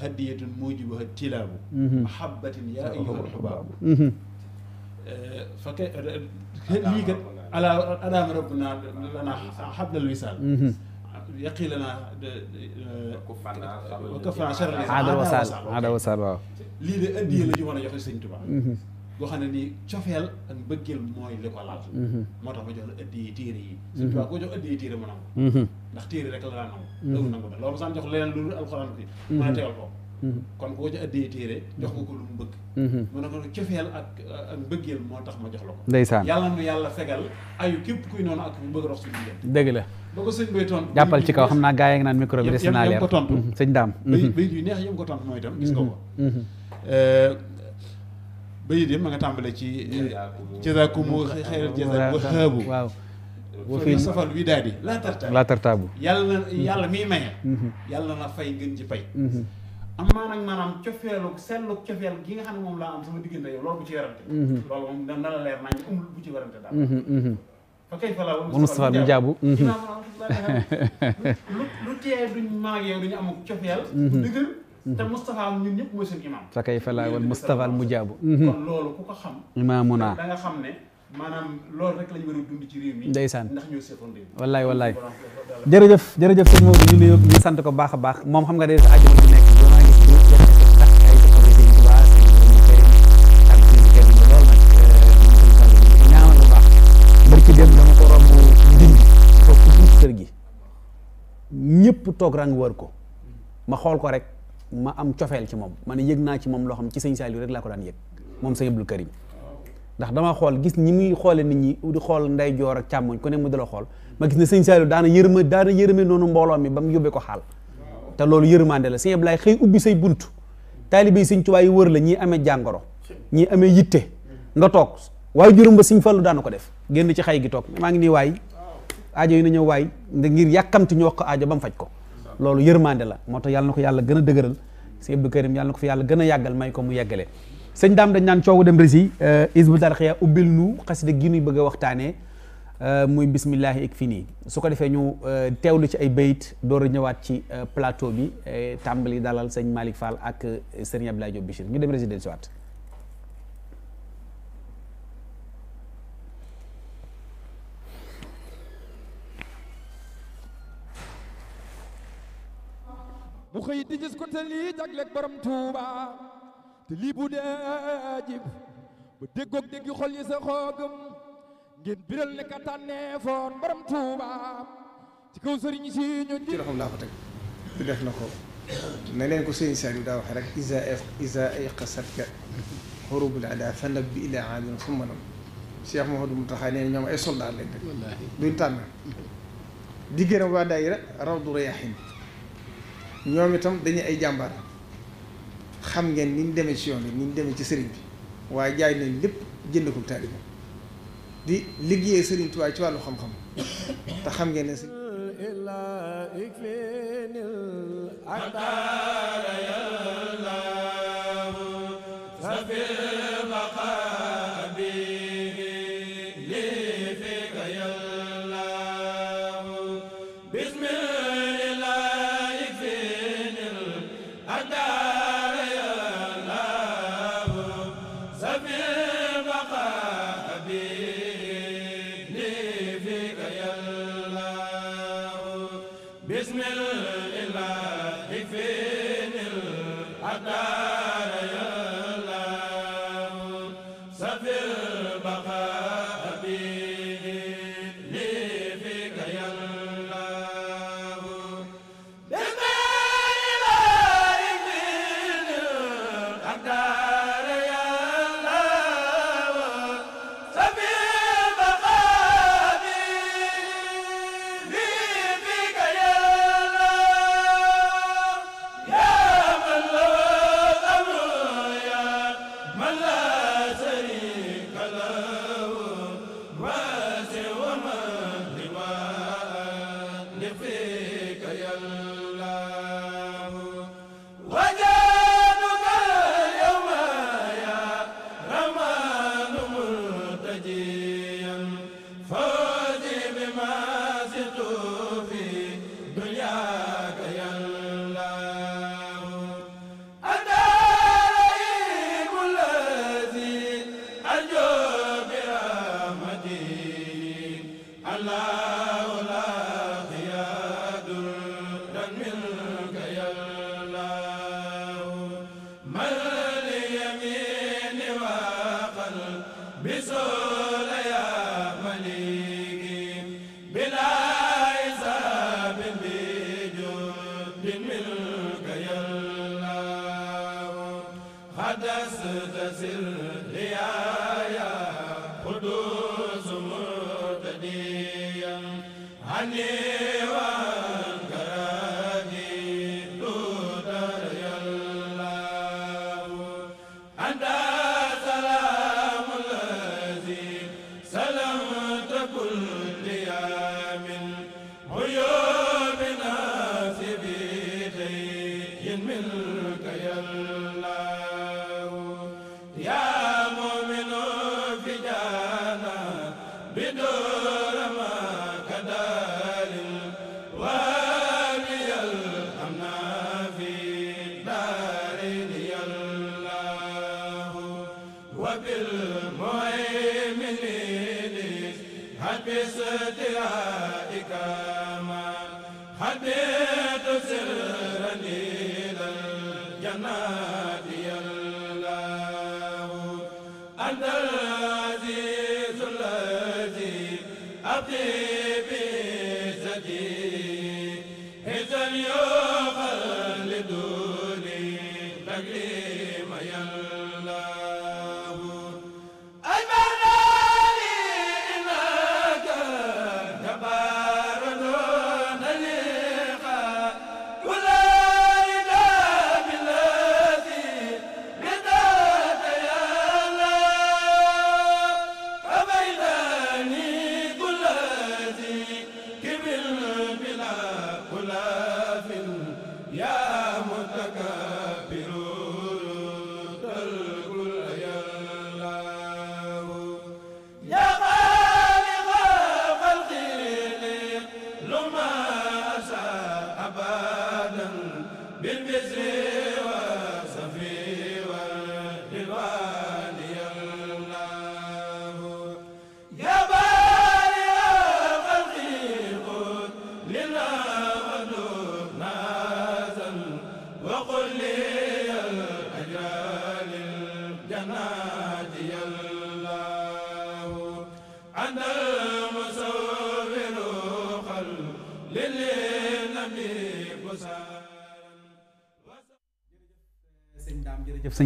hadiyatun mujibuha tilaabu mahabbatin yaa ayyuha alxubaabu eh, fakke eh, lii kat ala adaama rabbuna lana xablal wisaal yaqilanaa wakafana charli aada wasaal aada wasaal waaw lii de addiye la ñu war a joxe sëñ mhm. xam ne nii cofeel ak mooy li ko laal mhm. moo tax ma jox la addiye téere yi mhm. sëñ Tuubaa koo jox addiye téere mu nangu ndax téere rek la daan loolu saan jox leneen lu dul alxuraan bi mu ne tegal ko kon koo ci addee téere jox nga ko lu mu bëgg mhm. mu ne ko cofeel ak ak mbëggeel moo tax ma jox la ko ndeysaan yàlla nu yàlla fegal ayu képp kuy noonu ak bu bëgg rox suñu diggante dëgg la ba ko sëñ jàppal ci kaw xam naa gaa yi naan micro naa leer ko tontu mhm. sëñ daam mhm. ko tontu mooy itam gis nga ko euh, bayit yi ma tàmbale ci jazaakumu xayral jazaa wa haabu waaw laa tartaabu laa tartaabu yàlla yàlla miy yàlla na fay ngeen ci fay am maanaam maanaam cofeelu sellu cofeel gi nga xam ne moom laa am sama diggante yow ñu mhm. amul bu ci ñun ñëpp mooy seen imam fa kay fa wal Moustapha mu jaabu loolu ku ko xam imaamuna da xam ne maanaam loolu rek lañu war a ci réew mi ndeysaan ndax ñoo seetoon réew mi wallaay wallaay jërëjëf ñu nuyu ñu sant ko baax a baax moom xam nga day sa àjjuma nekk ñëpp toog rang wër ko ma xool ko rek ma am cofeel ci moom ma ne yëg naa ci moom loo xam ci sëñ Saliou rek laa ko daan yëg moom sëñ Abdou Karim ndax dama xool gis ñi muy xoole nit ñi di xool nday joor ak càmmoñ ku ne mu dala xool ma gis ne sëñ Saliou daana yërma daana yërëme noonu mbooloo mi ba mu yóbbee ko xaal te loolu yërmande la sëñ Ablaye xëy ubbi say bunt taalibe yi sëñ Tuubaa yi wër la ñii amee jàngoro ñii ame yitte nga toog waaye juróom ba sëñ Fallu daana ko def génn ci xay gi toog maa ngi nii waay ajo yi na ñëw waay ngir yàkkamti ñu wax ko aajo ba mu faj ko loolu yërmande la moo tax yàlla na ko yàlla gën a dëgëral si Abdou Karim yàlla ko fi yàlla gën a yàggal may ko mu yàggale sëñ daam dañ naan coowu dem rési euh, Hizbut Tarqiyyah ubbil nu xasida gi nuy bëgg a waxtaanee euh, muy bismillahi ik fi nii su ko defee ñu euh, teewlu ci ay bayit door a ñëwaat ci plateau bi tàmbali dalal sëñ Malick Fall ak sëriñ Abdoulaye Diop Bichir ñu dem de waat mu xëy di gis ko te lii jagleeg borom Touba te lii bu dee jib ba déggoog déggi xol yi sa xoogam ngeen biral ne ka tànneefoon borom Touba ci kaw sëriñ si ñu ci loxoom laa na ko ne leen ko sëriñ daa waxe rek isa isa ayqasatka xurubul ada fanab bi ila amin summa nam Cheikh ñoom ay soldat lañ rek duñ tànn diggéenam waa daayira rawdu rayahin ñoom itam dañu ay jàmbaar xam ngeen ni ñu demee ci yoon bi ñu demee ci sëriñ bi waaye jaay nañ lépp jënd ko taalibe di liggéeyee sëriñ Tuubaa ci wàllu xam-xam te xam ngeen ne si safir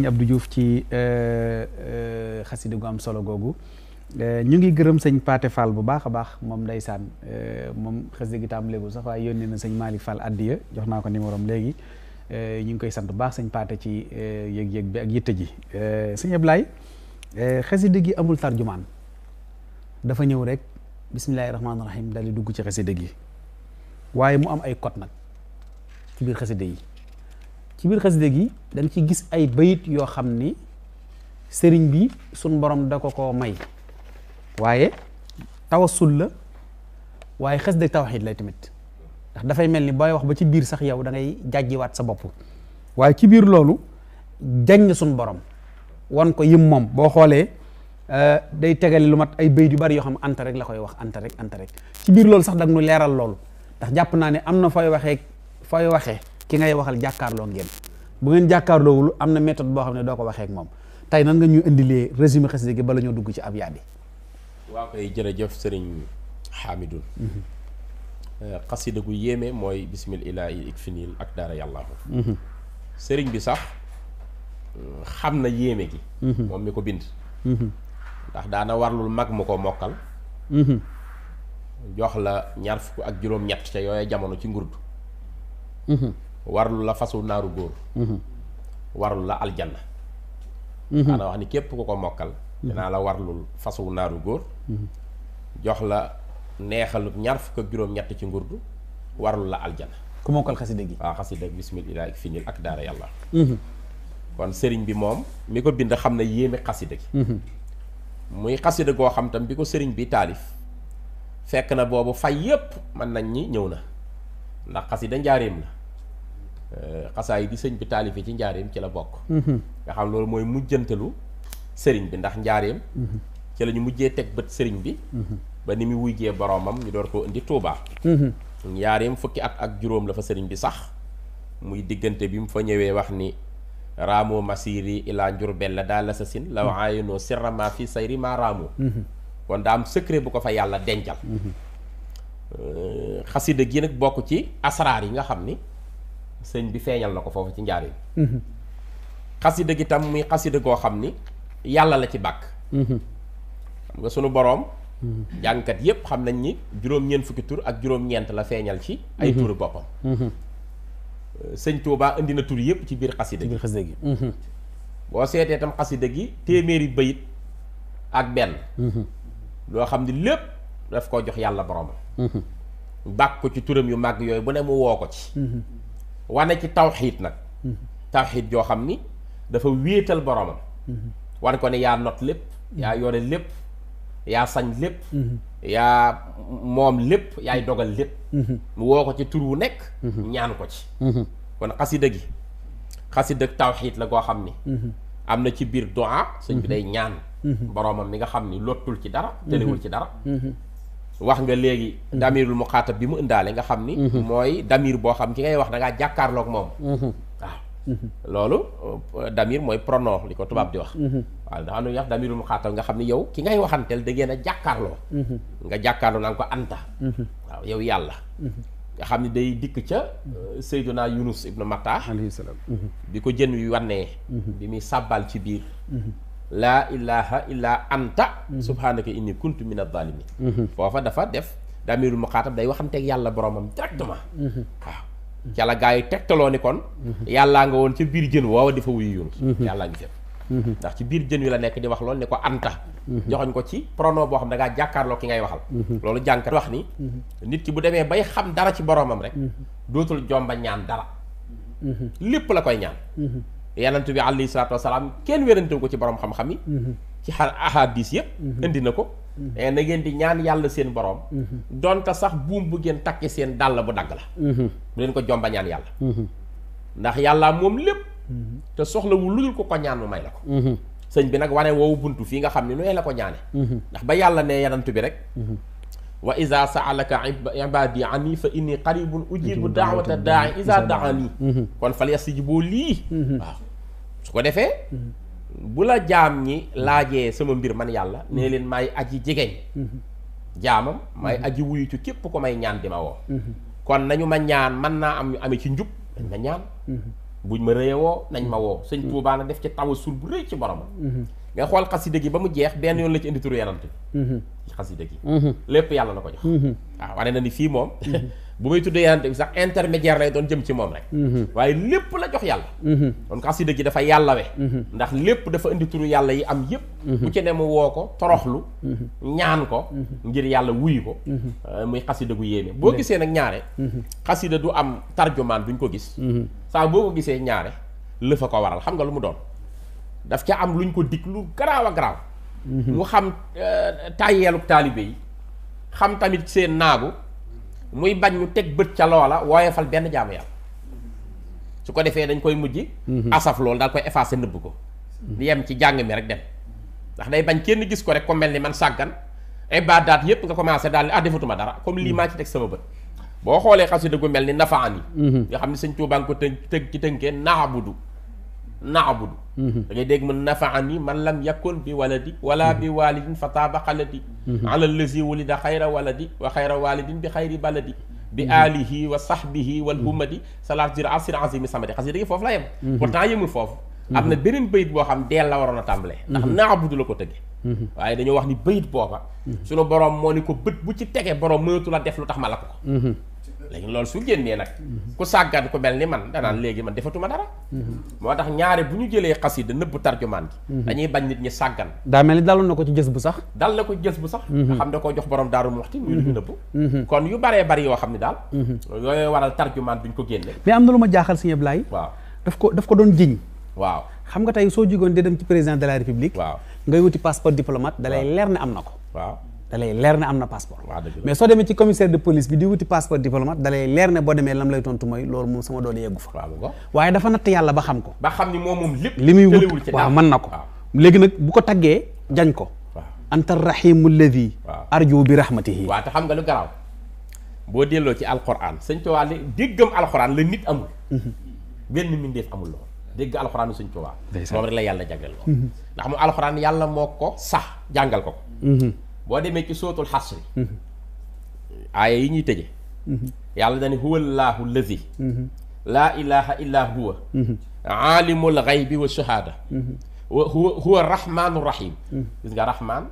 ab du Diouf ci euh, euh, xasida gu am solo googu euh, ñu ngi gërëm sëñ Paate Fall bu baax a baax moom ndeysaan moom xasida gi tam léegul sax waaye yónnee na sëñ Malick Fall addiya jox naa ko numéro am léegi ñu ngi koy sant bu baax sañ Paate ci yëg-yëg bi ak yitte ji sëñ Ablaye xasida gi amul tarjumaan dafa ñëw rek bismillahi rahmaani rahim daal di dugg ci xasida gi waaye mu am ay code nag ci biir xasida yi ci biir xasida gi dañ ci gis ay bayit yoo xam ni sëriñ bi suñ borom da ko ko may waaye sul la waaye xasida tawxiid lay tamit ndax dafay mel ni booy wax ba ci biir sax yow dangay ngay jàjjiwaat sa bopp waaye ci biir loolu jañ sun borom wan ko yim moom boo xoolee euh, day tegale lu mat ay bayit yu bari yoo xam anta rek la koy wax anta rek anta rek ci biir loolu sax dag nu leeral loolu ndax jàpp naa ne am na fooy waxee fooy waxee ki ngay waxal jàkkaarloo ngeen bu ngeen jàkkaarloowul am na méthode boo xam ne doo ko waxeek moom tey nan nga ñu indilee résumé xasida gi bala ñoo dugg ci ab yaa bi waaw koy jërëjëf sëriñ Hamidou mm-hmm. euh, xasida gu yéeme mooy bismil ilaahi ak daara yàllaahu mm-hmm. sëriñ bi sax euh, xam na yéeme gi mm-hmm. moom mi ko bind ndax daana warlul mag mu ko mokkal jox la ñaar fukk ak juróom-ñett ca yooya jamono ci ngurdu warlu la fasu naaru góor mhm. warlu la aljanna mhm. ana wax ni képp ku ko mokkal mhm. danaa la warlul fasu naaru góor jox la neexalu ñaar fukk ak juróom-ñett ci ngurdu warlu la aljanna ku mokkal xasida gi waaw xasida gi bismillah ak finil ak daara yàlla kon sëriñ bi moom mi ko bind xam na yéeme xasida gi muy xasida goo xam tam bi ko sëriñ bi taalif fekk na boobu fay yépp mën nañ ñi ñëw na ndax xasida njaareem la Euh, xasaa yi di sëñ bi taalife ci njaareem ci la bokk mhm. nga xam loolu mooy mujjantalu sëriñ bi ndax njaareem mhm. ci la mujjee teg bët sëriñ bi mhm. ba ni mu wujjee boroomam ñu door koo indi Touba. njaareem fukki at ak juróom la fa sëriñ bi sax muy diggante bi mu fa ñëwee wax ni raamoo masiri ilaa njurbel la daal la sa sin law aayinoo sirrama fi sayri maa kon daa am secret bu ko fa yàlla dencal euh, xasida gi nag bokk ci asraar yi nga xam ni sëñ bi feeñal na ko foofu ci njaar yi mhm. xasida gi tam muy xasida goo xam ni yàlla la ci bàkk mhm. xam nga sunu boroom mhm. jàngkat yépp xam nañ ni juróom-ñeent fukki tur ak juróom-ñeent la feeñal ci ay turu boppam euh, sëñ Tuubaa indi na tur yépp ci biir xasida gi boo seetee tam xasida gi téeméeri bayit ak benn loo xam ni lépp daf koo jox yàlla boroomam bàkk ko ci turam yu màgg yooyu bu ne mu woo ko ci wane ci tawxiit nag tawxiit joo xam ni dafa wéetal boroomam wane ko ne yaa not lépp yaa yoone lépp yaa sañ lépp yaa moom lépp yaay dogal lépp mu woo ko ci tur wu nekk ñaan ko ci kon xasida gi xasida tawxiit la goo xam ni am na ci biir doa sëñ bi day ñaan boromam mi nga xam ni lottul ci dara tëlewul ci dara wax nga léegi damirul muxaatab bi mu indaale nga xam ni mhm. mooy damir boo xam ki ngay wax da ngaa moom mhm. waaw mhm. loolu euh, damir mooy prono di ko tubaab di wax waaw ndax am na ñuy wax nga xam ni yow ki ngay waxanteel da ngeen a jàkkaarloo nga jàkkaarloo naan ko anta waaw yow yàlla nga xam ni day dikk ca euh, Seyduna Yunus ibnu Matta alayhi salaam bi ko jën wi wannee bi muy sàbbal ci biir laa ilaha illa anta subhanaka inni kuntu min adh-dhalimin mhm. foofa dafa def damirul muxaatab day waxanteeg yàlla boromam directement mhm. waaw ca la gaa yi tegtaloo ni kon mhm. yàllaa nga woon ca biir jën woowa dafa wuyu yunus yàllaa ngi fépp ndax ci biir jën wi la nekk di wax loolu ni ko anta joxoñ ko ci prono boo xam da ngaa jàkkaarloo ki ngay waxal loolu jànkat wax ni nit ki bu demee bay xam dara ci boromam rek dootul jomba ñaan dara lépp la koy ñaan yonent bi alayhi salaatu kenn wérantewu ko ci borom xam-xam yi mhm. ci xar ahadis yëpp mhm. indi na ko mhm. eh, na ngeen di ñaan yàlla seen borom donte sax buum bu ngeen takke seen dàll bu dagg la bu leen ko jomba ñaan yàlla ndax yàlla moom lépp te soxlawul lu dul ko ko ñaan mu may la ko sëñ bi nag wane woowu buntu fii nga xam ne nu la ko ñaane ndax ba yàlla ne yonent bi rek wa iza saalaka ibadi ani fa inni qaribun ujibu daawata daai iza ko defee bu la jaam ñi laajee sama mbir man yàlla ne mhm. leen may aji jegeñ mhm. jaamam may mhm. aji wuyu ci képp ko may ñaan di ma woo kon nañu ma ñaan man naa am ñu amee ci njub nañ ma ñaan buñ ma rëye woo nañ ma woo sëñ Tuubaa na def ci tawasul bu rëy ci boromam nga xool xasida gi ba mu jeex benn yoon la ci indi turu yanant bi ci xasida lépp yàlla la ko jox waaw wane na ni fii moom bu may tuddee yonent bi sax intermédiaire lay doon jëm ci moom rek mhm. waaye lépp la jox yàlla mhm. kon xasida gi dafa yàllawe mhm. ndax lépp dafa indi turu yàlla yi am yépp bu ci ne mu woo ko toroxlu ñaan ko ngir yàlla wuyu ko euh, muy xasida gu yéeme boo gisee nag ñaare xasida du am tarjumaan duñ ko gis saa boo ko gisee ñaare lëfa ko waral xam nga lu mu doon daf ca am luñ ko dig lu garaaw a garaaw mu xam euh, tàyyeeluk taalibe yi xam tamit seen naagu muy bañ mu teg bët ca loola wooyefal benn jaamu yàlla su ko defee dañ koy mujj mhm. asaf loolu daal koy effacé nëbb ko di mhm. yem ci jàng mi rek dem ndax day bañ kenn gis ko rek ko mel ni man sàggan ibaadaat yépp nga commencé daal ni ah defatuma dara comme lii mhm. maa ci teg sama bët boo xoolee xasida gu mel ni nafaan yi nga xam ne sëñ Tuubaa nga ko tënk ci tënkee naabudu naabudu mhm. da ngay dégg man nafaani man lam yakun bi waladi wala bi walidin fa taaba xaladi mhm. ala lazi wulida xayra waladi wa xayra walidin bi xayri baladi bi mhm. alihi wa sahbihi wal humadi salaat jir asir azimi samadi xas yi dégg foofu la yem pourtant yemul foofu am na beneen bayit boo xam deel la waroon a tàmbalee ndax naabudu la ko tëggee waaye dañoo wax ni bayit booba suñu borom moo ni ko bët bu ci tege borom mënatu la def lu tax ma la ko léegi loolu su génnee nag ku sàggan ku mel ni man danaan léegi man defatuma dara moo tax ñaare bu ñu jëlee xas yi xasida nëbb tarjumaan gi mhm. dañuy bañ nit ñi sàggan daa mel ni daloon na ko ci jës bu sax dal na ko ci jës bu sax mhm. nga xam ne koo jox borom daaru muxti muy lu ñu mhm. nëbb kon yu baree bari yoo xam ne daal yooyu waral tarjumaan duñ ko génne mais am na lu ma jaaxal sëñ Ablaye waaw daf ko daf ko doon jiñ waaw xam nga tey soo jigoon di dem ci président de la république waaw ngay wuti passeport diplomate dalay leer ne am na ko waaw dalay leer ne am na passeport mais soo demee ci commissaire de police bi di wuti passeport diplomate dalay leer ne boo demee lam lay tontu mooy loolu moom sama doole yeggu fa waaye dafa natt yàlla ba xam ko ba xam ni moom moom lépp li muy wut waaw mën na ko léegi nag bu ko taggee jañ ko anta rahimu alladi arju bi rahmatihi waaw waate xam nga lu garaaw boo delloo ci alquran sëñ Tuubaa li déggam alquran la nit amul mhm. benn mbindeef amul loolu dégg alxuraanu sëñ Tuubaa moom rek la yàlla jagleel mhm. ndax mu alxuraan yàlla moo ko sax jàngal mhm. boo demee ci sootul xasri mhm. aaya yi ñuy tëje mhm. yàlla dani mhm. huwa allaahu lazi laa ilaha illa huwa aalimul xaybi wa shahaada huwa huwa rahmaanu rahim gis nga rahmaan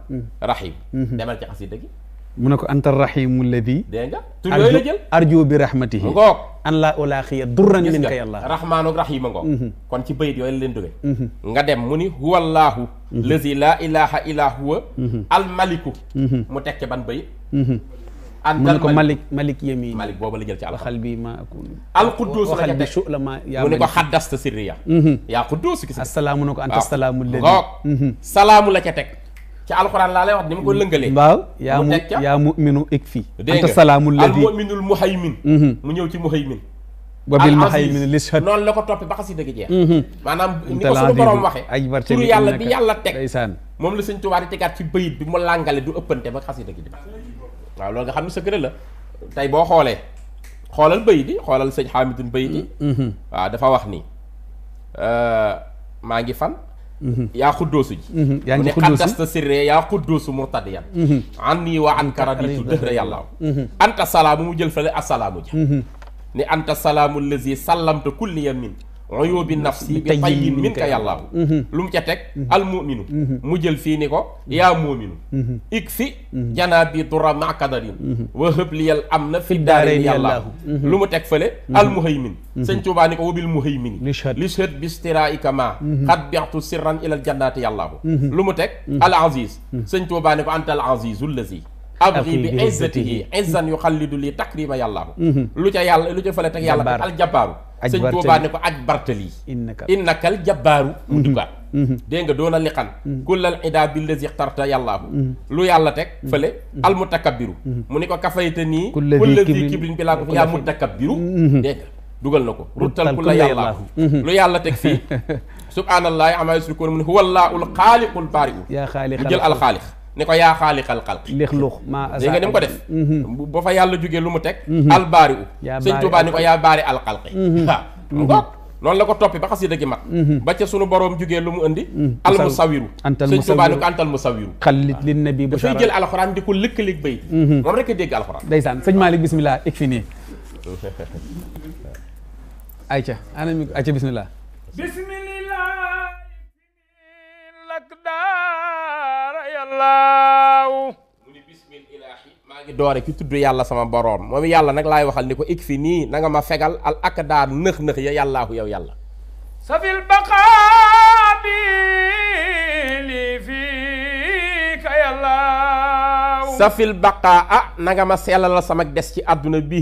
rahim demal ci xasida gi mu ne ko anta rahimu alladi dégg nga tur yooyu la jël arju bi rahmatihi ngoog an laa ulaaxiya durran min ka yàlla rahmaanu rahima ngoog mhm. kon ci bayit yooyu la leen duggee mhm. nga dem mu ni huwa la mhm. lazi laa ilaha illa huwa almaliku mu tekke ban bayit mu ne ko malik malik yemi malik boobu la jël ci waxal bi ma akun alquddus la ca teg la ma mu ne ko xaddasta sirriya yaa quddus gis asalaamu ne ko anta salaamu alladi salaamu la ca ci alxuraan laa lay wax ni mu ko lëngalee. waaw yaa mu yaa mu'minu ik fii. dégg nga anta salaamul ladi al mu'minul muhaymin mhm. mu ñëw ci muhaymin wabil muhaymin lishad noonu la ko toppee ba xasida gi jeex mhm. maanaam ni ko suñu borom waxee turu yàlla bi yàlla teg moom la sëñ Tuubaa di tegaat ci bayit bi mu làngale du ëppante ba xasida gi jeex waaw loolu xam ne secret la tey boo xoolee xoolal bayit yi xoolal sëñ Xaamidun bayit yi mhm. waaw dafa wax ni euh, maa ngi fan Mm-hmm. yaa xuddoosu ji mm-hmm. yaa ngi xuddoosu xaddasta sirre yaa xuddoosu murtadiyan mm-hmm. an nii wa an karaditu dëhra yàllaaw anta salaamu mu jël fale asalaamu ja ni anta salaamu lazi sallamta kulliya min uyubi nafsi bi tayyin min ka yàllaahu mhm. lu mu ca teg mhm. al mu'minu mhm. mu jël fii ni ko yaa mu'minu ikfi janaabi dura makadarin wa hëbliyal am na fi daareen yàllaahu lu mu teg fële al muhaymin sëñ Tuubaa ni ko wabil muhaymini lishhad bistiraika ma xad bi'tu sirran ilal jannaati yàllaahu lu mu teg al aziz sëñ Tuubaa ni ko anta al azizu lazi abri bi izzatihi izzan yu xallidu lii takriima yàllaahu mhm. lu ca yàlla lu ca fële teg yàlla ko aljabbaaru sëñ Tuubaa ne ko aj bartali innaka aljabbaaru mu mhm. duggaat mhm. dégg nga doon a liqan kullal ida billazi teg fële almutakabbiru mu ni ko kafayta nii kullazi kibrin bi laa ko yaa mutakabbiru dégg nga dugal na ko ruttal ku la yàlla lu yàlla teg fii subhaanallaahi amaa yusrikuun mu ne huwa allaahul xaaliqul baari'u jël alxaalix ni ko yaa xaaliqal xalq lixluq ma dégg nga ni mu mhm. ba fa yàlla jógee lu mu teg mhm. albaari u sëñ Tuubaa ni ko yaa baari alxalqi waaw mhm. noonu la ko toppi ba xasida gi mat ba ca sunu boroom jógee lu mu indi al musawiru sëñ Tuubaa ni ko antal musawiru xalit li nabi bu dafay jël alxuraan di ko lëkkaleeg bay moom rek a dégg alxuraan ndeysaan sëñ Malick bismillah ik fi nii ayca ana mi ayca bismillah bismillah daa yàllaaw mu ni bismil ilaahi maa ngi doore ci tudd yàlla sama boroom moom yàlla nag laay waxal ni ko ig fi nii na ma fegal al ak daar nëx yow yàlla safil baqaabi li ah, ma sellalal sama des ci àdduna bi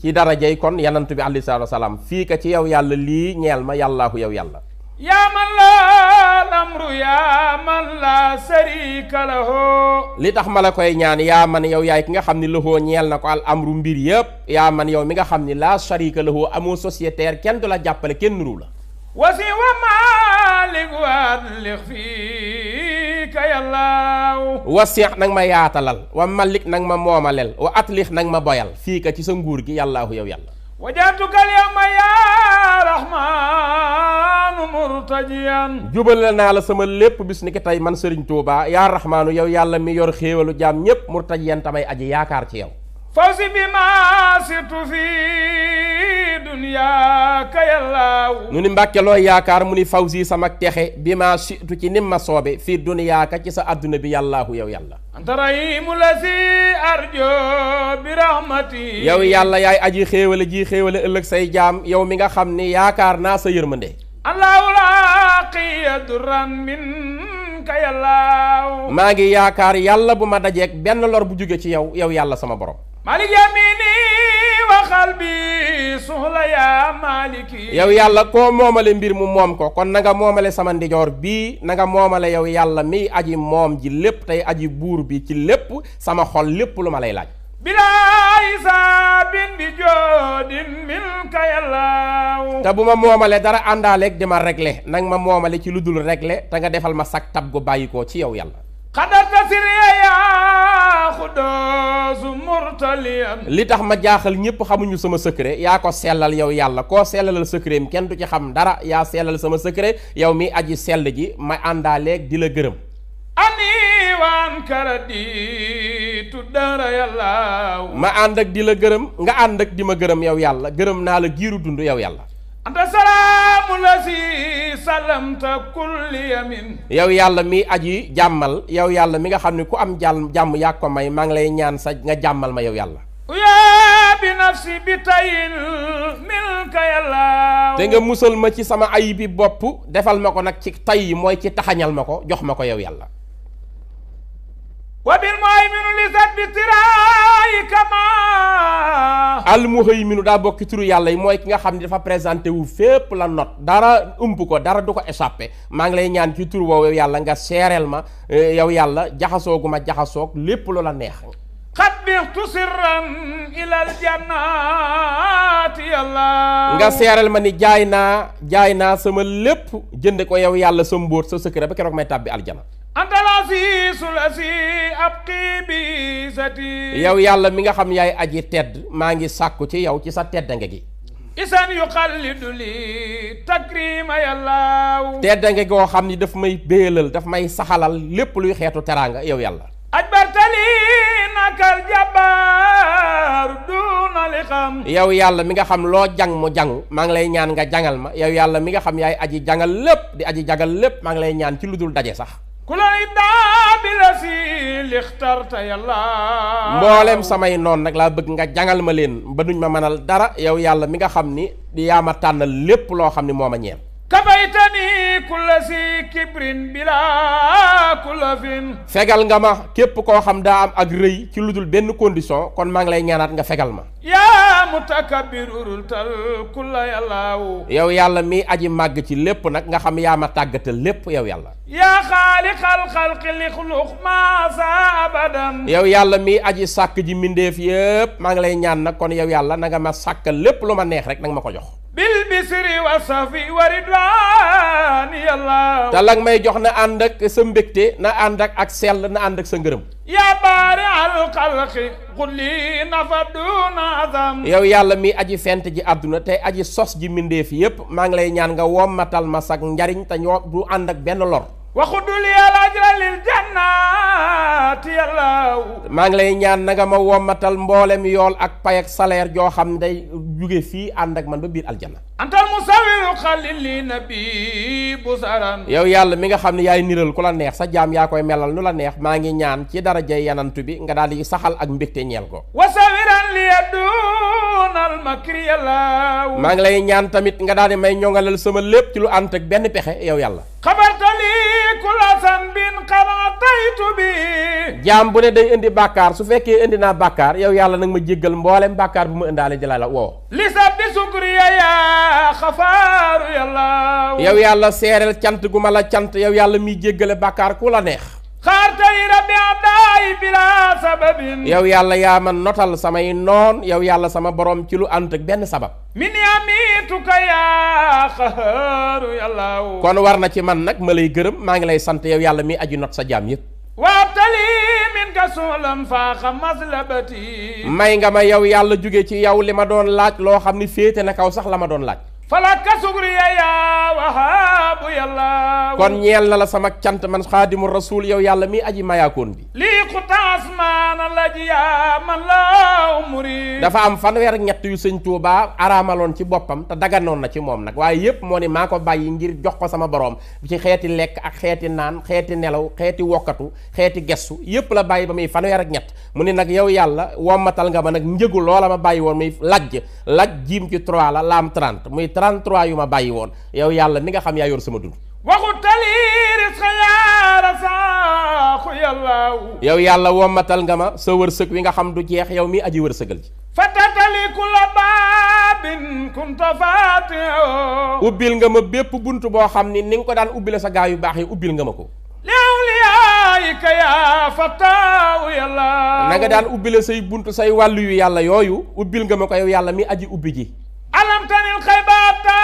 ci darajay kon yanantu bi alayhi salaatu wa salaam fii ci yow yàlla lii ñeel ma yàllaahu yow yàlla yaa man laa lamru yaa man laa sarika lahu li tax ma la koy ñaan yaa man yow yaay ki nga xam ni lahoo ñeel na ko al amru mbir yëpp yaa man yow mi nga xam ni laa sarika lahu amoo sociétaire kenn du la jàppale kenn nuru la wasi wa maalik wadlix fiika yàllaaw wasix nag ma yaatalal wa malik nag ma moomalel wa atlix nag ma boyal fiika ci sa nguur gi yàllaahu yow yàlla wajaatuka alyawma yaa rahmaanu murtajiyan jubale naa la sama lépp bis ni ki tey man sëriñ Tuubaa yaa rahmaanu yow yàlla mi yor xéewalu jaam ñépp murtajiyan tamay aji yaakaar ci yow fawzi bi ma sirtu fi dunya ka yàllaaw ni mbàkke looy yaakaar mu ni faw si sama texe bi ma sirtu ci nim ma soobe fii dunya ka ci sa àdduna bi yàllaahu yow yàlla anta rahimu la si arjo bi rahmati yow yàlla yaay aji xéewale ji xéewale ëllëg say jaam yow mi nga xam ni yaakaar naa sa yërmande allahu laaqiya duran min maa ngi yaakaar yàlla bu ma dajeeg benn lor bu jóge ci yow yow yàlla sama borom malik yamini wa xalbi suxla ya maliki yow yàlla koo moomale mbir mu moom ko kon na nga moomale sama ndijoor bii nanga moomale yow yàlla miy aji moom ji lépp tey aji buur bi ci lépp sama xol lépp lu ma lay laaj bilaay saa bindi joodin milka yàllaaw te bu ma moomale dara àndaaleeg di ma regle nang ma moomale ci lu dul regle te nga defal ma sag tab gu bàyyi koo ci yow yàlla xadarta siriya li tax ma jaaxal ñëpp xamuñu sama secret yaa ko sellal yow yàlla koo sellalal secret kenn du ci xam dara yaa sellal sama secret yow mi aji sell ji ma àndaaleeg di la gërëm ani kara diitu dara yàlla ma ànd ak di la gërëm nga ànd ak di ma gërëm yow yàlla gërëm naa la giiru dund yow yàlla anta salaamu si salamta yàlla mi aji jàmmal yow yàlla mi nga xam ne ku am jàll jàmm yaa ko may maa ngi lay ñaan sa nga jàmmal ma yow yàlla yaa nafsi bi tayin milka yàlla te nga musal ma ci sama ayib bi bopp defal ma ko nag ci tay mooy ci taxañal ma ko jox ma ko yow yàlla wabilmuhayminu li sat bi tirayi kama almuhayminu daa bokki turu yàlla yi mooy ki nga xam ne dafa présenté wu fépp la not dara ump ko dara du ko échappé maa ngi lay ñaan ci tur woowu yow yàlla nga seereel ma eh, yow yàlla jaxasoogu ma jaxasoog lépp loola neex xat bixtu sirran ilal jannati yàlla nga seereel ma ni jaay naa jaay naa sama lépp jënd ko yow yàlla sa mbóot sa secret ba keroog may tàbbi aljana anta al-aziizul abqi bi zati yow yàlla mi nga xam yaay aji tedd maa ngi sàkku ci yow ci sa teddange gi isan yu xallidu li takrima yàllaaw teddange goo xam ni dafa may béelal daf may saxalal lépp luy xeetu teraanga yow yàlla ajbartali nakal jabaar duna li xam yow yàlla mi nga xam loo jàng mu jàng maa ngi lay ñaan nga jangal ma yow yàlla mi nga xam yaay aji jangal lépp di aji jagal lépp maa ngi lay ñaan ci lu dul daje sax mboolem samay noon nag laa bëgg nga jàngal ma leen ba duñ ma mënal dara yow yàlla mi nga xam ni di yaa ma tànnal lépp loo xam ni moo ma ñeel kabaytani kulla si kibrin bila kulafin fegal nga ma képp koo xam daa am ak rëy ci lu dul benn condition kon maa ngi lay ñaanaat nga fegal ma yaa mutakabbirul tal kulla yàllaawu yow yàlla mii aji màgg ci lépp nag nga xam yaa ma tàggatal lépp yow yàlla yaa xaaliqal xalqi li xuluq ma abadan yow yàlla mii aji sàkk ji mbindeef yépp maa ngi lay ñaan nag kon yow yàlla na nga ma sàkkal lépp lu ma neex rek nanga ma ko jox bilbisri wa safi wa ridwani yàlla te may jox na ànd ak sa mbégte na ànd ak ak sell na ànd ak sa ngërëm yaa baari alxalqi xulli nafa duna azam yow yàlla mi aji fent ji àdduna tey aji sos ji mbindéef yépp maa ngi lay ñaan nga wom wommatal ma sag njariñ te ñoo du ànd ak benn lor waxudul yàlla jëlal jannaati yàlla maa ngi lay ñaan na nga ma wommatal mboolem yool ak pay ak salaire joo xam day jóge fii ànd ak man ba biir aljanna antal musawiru xalili nabi bu saran yow yàlla mi nga xam ne yaay niral ku la neex sa jaam yaa koy melal nu la neex maa ngi ñaan ci dara darajay yanantu bi nga daal di saxal ak mbégte ñeel ko wasawiran li yadunal makri yàlla maa ngi lay ñaan tamit nga daal di may ñoŋalal sama lépp ci lu ànd benn pexe yow yàlla xabarta lii kula sanbin xamataytu bi jaam bu ne day indi bàkkaar su fekkee indi naa bàkkaar yow yàlla nag ma jéggal mboolem bàkkaar bu ma indaale jëlaa la woo li sab di sukri ya yaa xafaaru yàlla yow yàlla seereel cant gu ma la cant yow yàlla miy jéggale bàkkaar ku la neex xaartay rabbi abdaay bila sababin yow yàlla yaa ma notal samay noon yow yàlla sama borom ci lu ànd ak benn sabab min yamituka yaa xaharu yàlla kon war na ci man nag ma lay gërëm maa ngi lay sant yow yàlla mi aji not sa jaam yëpp waatali min ka suulam faaxa maslabati may nga ma yow yàlla jóge ci yow li ma doon laaj loo xam ni féete na kaw sax la ma doon laaj falaka sugriya ya wahaabu yàlla kon ñeel na la sama cant man xaadimu rasul yow yàlla mii aji mayaakoon bi dafa am fanweer ak ñett yu sëñ Tuubaa araamaloon ci boppam te daganoon na ci moom nag waaye yépp moo ni maa ko bàyyi ngir jox ko sama boroom ci xeeti lekk ak xeeti naan xeeti nelaw xeeti wokkatu xeeti gestu yépp la bàyyi ba muy fanweer ak ñett mu ni nag yow yàlla wommatal nga ma nag njëgu loola ma bàyyi woon muy lajj laj jiim ci trois 33 yu ma bàyyi woon yow yàlla ni nga xam yaa yor sama dund waxu tali risqa yaa rasaaxu yàlla yow yàlla wommatal nga ma sa wërsëg wi nga xam du jeex yow mi aji wërsëgal ji fatatali ku la baabin kunta ubbil nga ma bépp bunt boo xam ni ni nga ko daan ubbile sa gaa yu baax yi ubbil nga ma ko na nga daan ubbile say bunt say wàllu yu yàlla yooyu ubbil nga ma ko yow yàlla mi aji ubbi ji alamtanil xaybata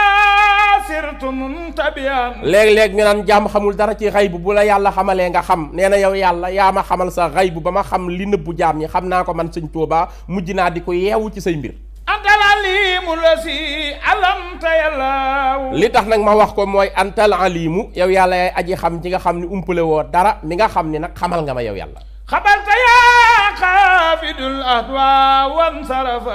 léeg-léeg naan jàmm xamul dara ci xaybu bu la yàlla xamalee nga xam nee na yow yàlla yaa ma xamal sa xaybu ba ma xam li nëbbu jaam yi xam naa ko man sëñ Tuubaa mujj naa di ko yeewu ci say mbir antal alimu la si alamta yàlla li tax nag ma wax ko mooy antal alimu yow yàlla yaay aji xam ci nga xam ni umpale woo dara mi nga xam ni nag xamal nga ma yow yàlla xabalta yaa xaafidul ahwa wan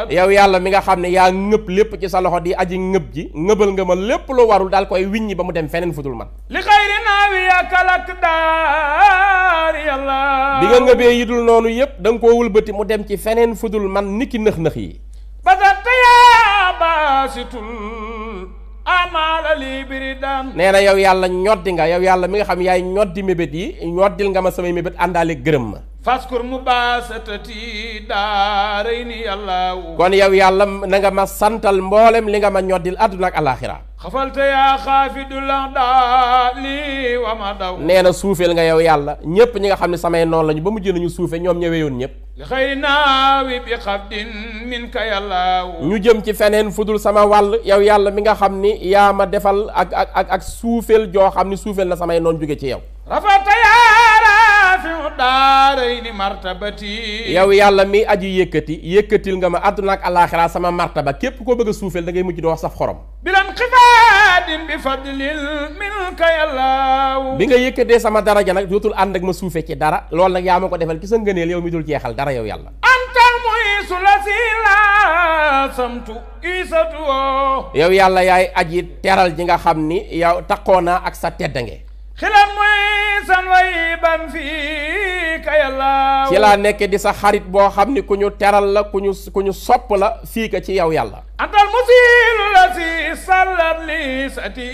yow yàlla mi nga xam ne yaa ngëb lépp ci sa loxo di aji ngëb ji ngëbal nga ma lépp lu warul daal koy wiññi ba mu dem feneen fudul man li xayri naawi yakalak daar yàlla bi nga ngëbee yi dul noonu yëpp da nga koo mu dem ci feneen fudul man niki nëx-nëx yi basatta yaa baasitun amaala lii biri daan nee na yow yàlla ñoddi nga yow yàlla mi nga xam yaay ñoddi mébét yi ñoddil nga ma samay mébét àndaale gërëm ma faskur mu baasatati daaray ni kon yow yàlla na nga ma santal mboolem li nga ma ñoddil àdduna ak alaaxira xafalta yaa xaafidu la daali wa ma daw nee na suufeel nga yow yàlla ñépp ñi nga xam ne samay noonu lañu ba mu jënd ñu suufe ñoom ñëwee yoon ñépp li xëy naawi bi xafdin min ka yàlla ñu jëm ci feneen fudul sama wàll yow yàlla mi nga xam ni yaa ma defal ak ak ak ak suufeel joo xam ni suufeel na samay noon jóge ci yow rafiu daarayni martabati yow yàlla mi aji yëkkati yëkkatil nga ma àdduna ak alaaxira sama martaba képp koo bëgg a suufeel da ngay mujj doo saf xorom bi nga yëkkatee sama daraja nag dootul ànd ak ma suufe ci dara loolu nag yaa ma ko defal ci sa ngëneel yow mi dul jeexal dara yow yàlla antal muisu la si la samtu isatu yow yàlla yaay aji teral ji nga xam ni yow taqoonaa ak sa teddange xilam mooy san way bam fii ka yàlla ci laa nekk di sa xarit boo xam ni ku ñu teral la ku ñu ku ñu sopp la fii ka ci yow yàlla antal musilu la si sallat li sati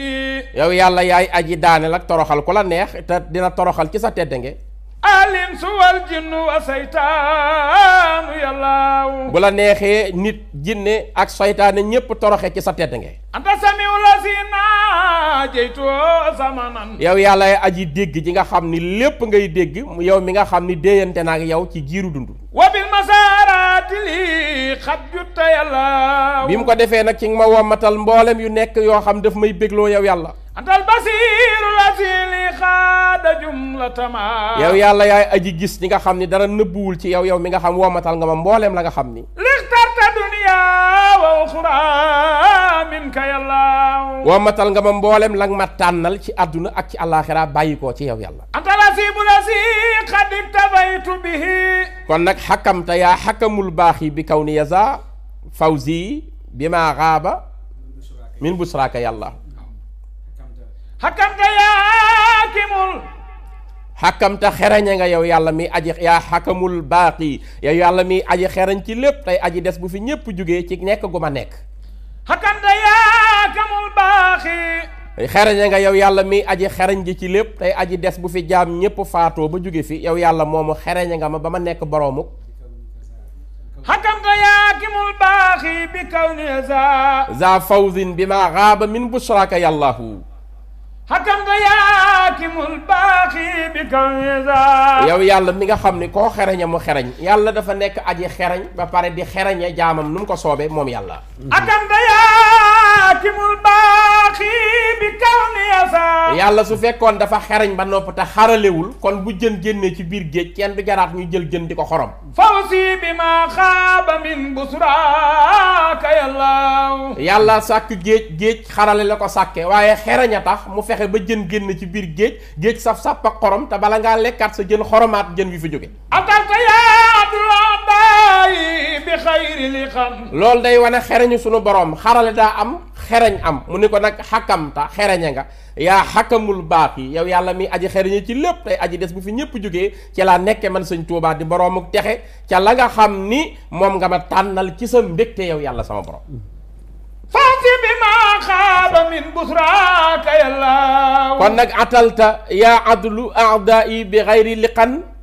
yow yàlla yaay aji daane la toroxal ku la neex dina toroxal ci sa teddange alinsu wal jinnu wa saytaanu yàllaaw bu la neexee nit jinne ak seytaane ñépp toroxe ci sa tedd nge anta samiu la si naa jeytoo samanan yow yàlla aji dégg ji nga xam ni lépp ngay dégg yow mi nga xam ni déeyante naak yow ci jiiru dund wa bil masaaraati lii xat jutta yàlla bi mu ko defee nag ci nga ma wommatal mboolem yu nekk yoo xam daf may bégloo yow yàlla antal basiiru la si li xaada jumlatama yow yàlla yaay aji gis ñi nga xam ni dara nëbbuwul ci yow yow mi nga xam wommatal nga ma mbooleem la nga xam ni lixtarta dunya wa uxra minka yàlla wommatal nga ma mboolem la nga ma tànnal ci àdduna ak ci àllaaxira bàyyi koo ci yow yàlla nasiibu nag xakamta yaa xakamul baax yi bi kaw ni yaza fawzi bi maa xaaba min busraaka yàlla xakamta yaa a xakamta nga yow yàlla mi aji baax yi yow yàlla mi aji xereñ ci lépp tey aji des bu fi ñépp jógee ci nekk gu ma nekk xerañe nga yow yàlla mi aji xerañ ji ci lépp tey aji des bu fi jaam ñépp faatoo ba jóge fi yow yàlla moomu xerañe nga ma ba ma nekk boroomuk xakamta yaakimul baaxi bi kaw ni za za fawzin bi ma xaaba min bushraka yàllahu xakamta yaakimul baaxi bi kaw ni za yow yàlla mi nga xam ni koo xerañe mu xerañ yàlla dafa nekk aji xerañ ba pare di xerañe jaamam nu mu ko soobee moom yàlla akamta yaa alxaakimul yàlla su fekkoon dafa xereñ ba nopp te xaralewul kon bu jën génnee ci biir géej kenn bi jaraat ñu jël jën di ko xorom fawsi bi ma xaaba min busraaka yàlla yàlla sàkk géej géej xarale la ko sàkke waaye xereñ a tax mu fexe ba jën génn ci biir géej géej saf sàpp ak xorom te bala ngaa lekkaat sa jën xoromaat jën wi fi jóge lool day wane xereñu sunu borom xarale daa am xereñ am mu ni ko nag xakkam ta xereñe nga yaa xakkamul baax yi yow yàlla mi aji xereñe ci lépp tey aji des bu fi ñëpp jógee ci laa nekke man sëñ Tuubaa di boroomu texe ca la nga xam ni moom nga ma tànnal ci sa mbégte yaw yàlla sama borom faati bi maa xaaba min busraaka yàlla kon nag atalta yaa adlu aada bi xayri liqan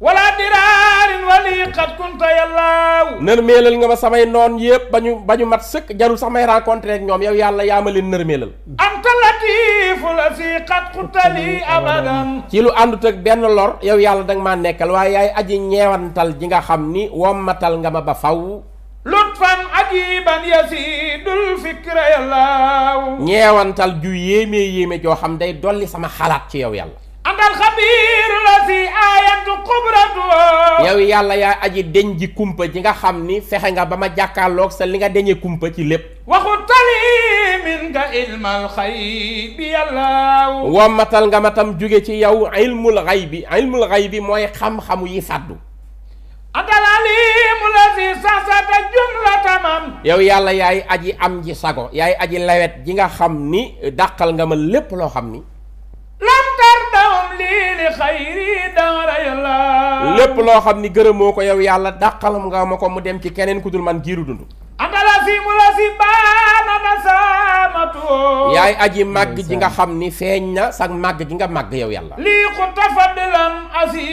wala diraarin wali xat kunta yàllaaw nërmeelal nga ma samay noon yëpp ba ñu ba mat sëkk jarul sax may rencontré ñoom yow yàlla yaa ma leen nërmeelal anta latiifu la si xat xuttali abadan ci lu àndut ak benn lor yow yàlla danga ma nekkal waaye yaay aji ñeewantal ji nga xam ni wommatal nga ma ba faw lutfan ajiban yasidul fikra yàllaaw ñeewantal ju yéeme yéeme joo xam day dolli sama xalaat ci yow yàlla antal xabiir la si aayantu xubratu yow yàlla yaa aji deñ ji kumpa ji nga xam ni fexe nga ba ma jàkkaarlook sa li nga deñee kumpa ci lépp waxu tali nga ilmal xay bi yàlla wommatal nga ma tam jóge ci yow ilmul xay bi ilmul xay bi mooy xam-xamu yi fàddu antal alimu la si saxsata jumla tamam yow yàlla yaay aji am ji sago yaay aji lawet ji nga xam ni dàqal nga ma lépp loo xam ni lépp loo xam ni gërëmoo ko yow yàlla dàqalam nga ma ko mu dem ci keneen ku dul man jiiru dund yaay aji màgg ji nga xam ni feeñ na sag màgg ji nga màgg yow yàlla lii ko tafadlan asi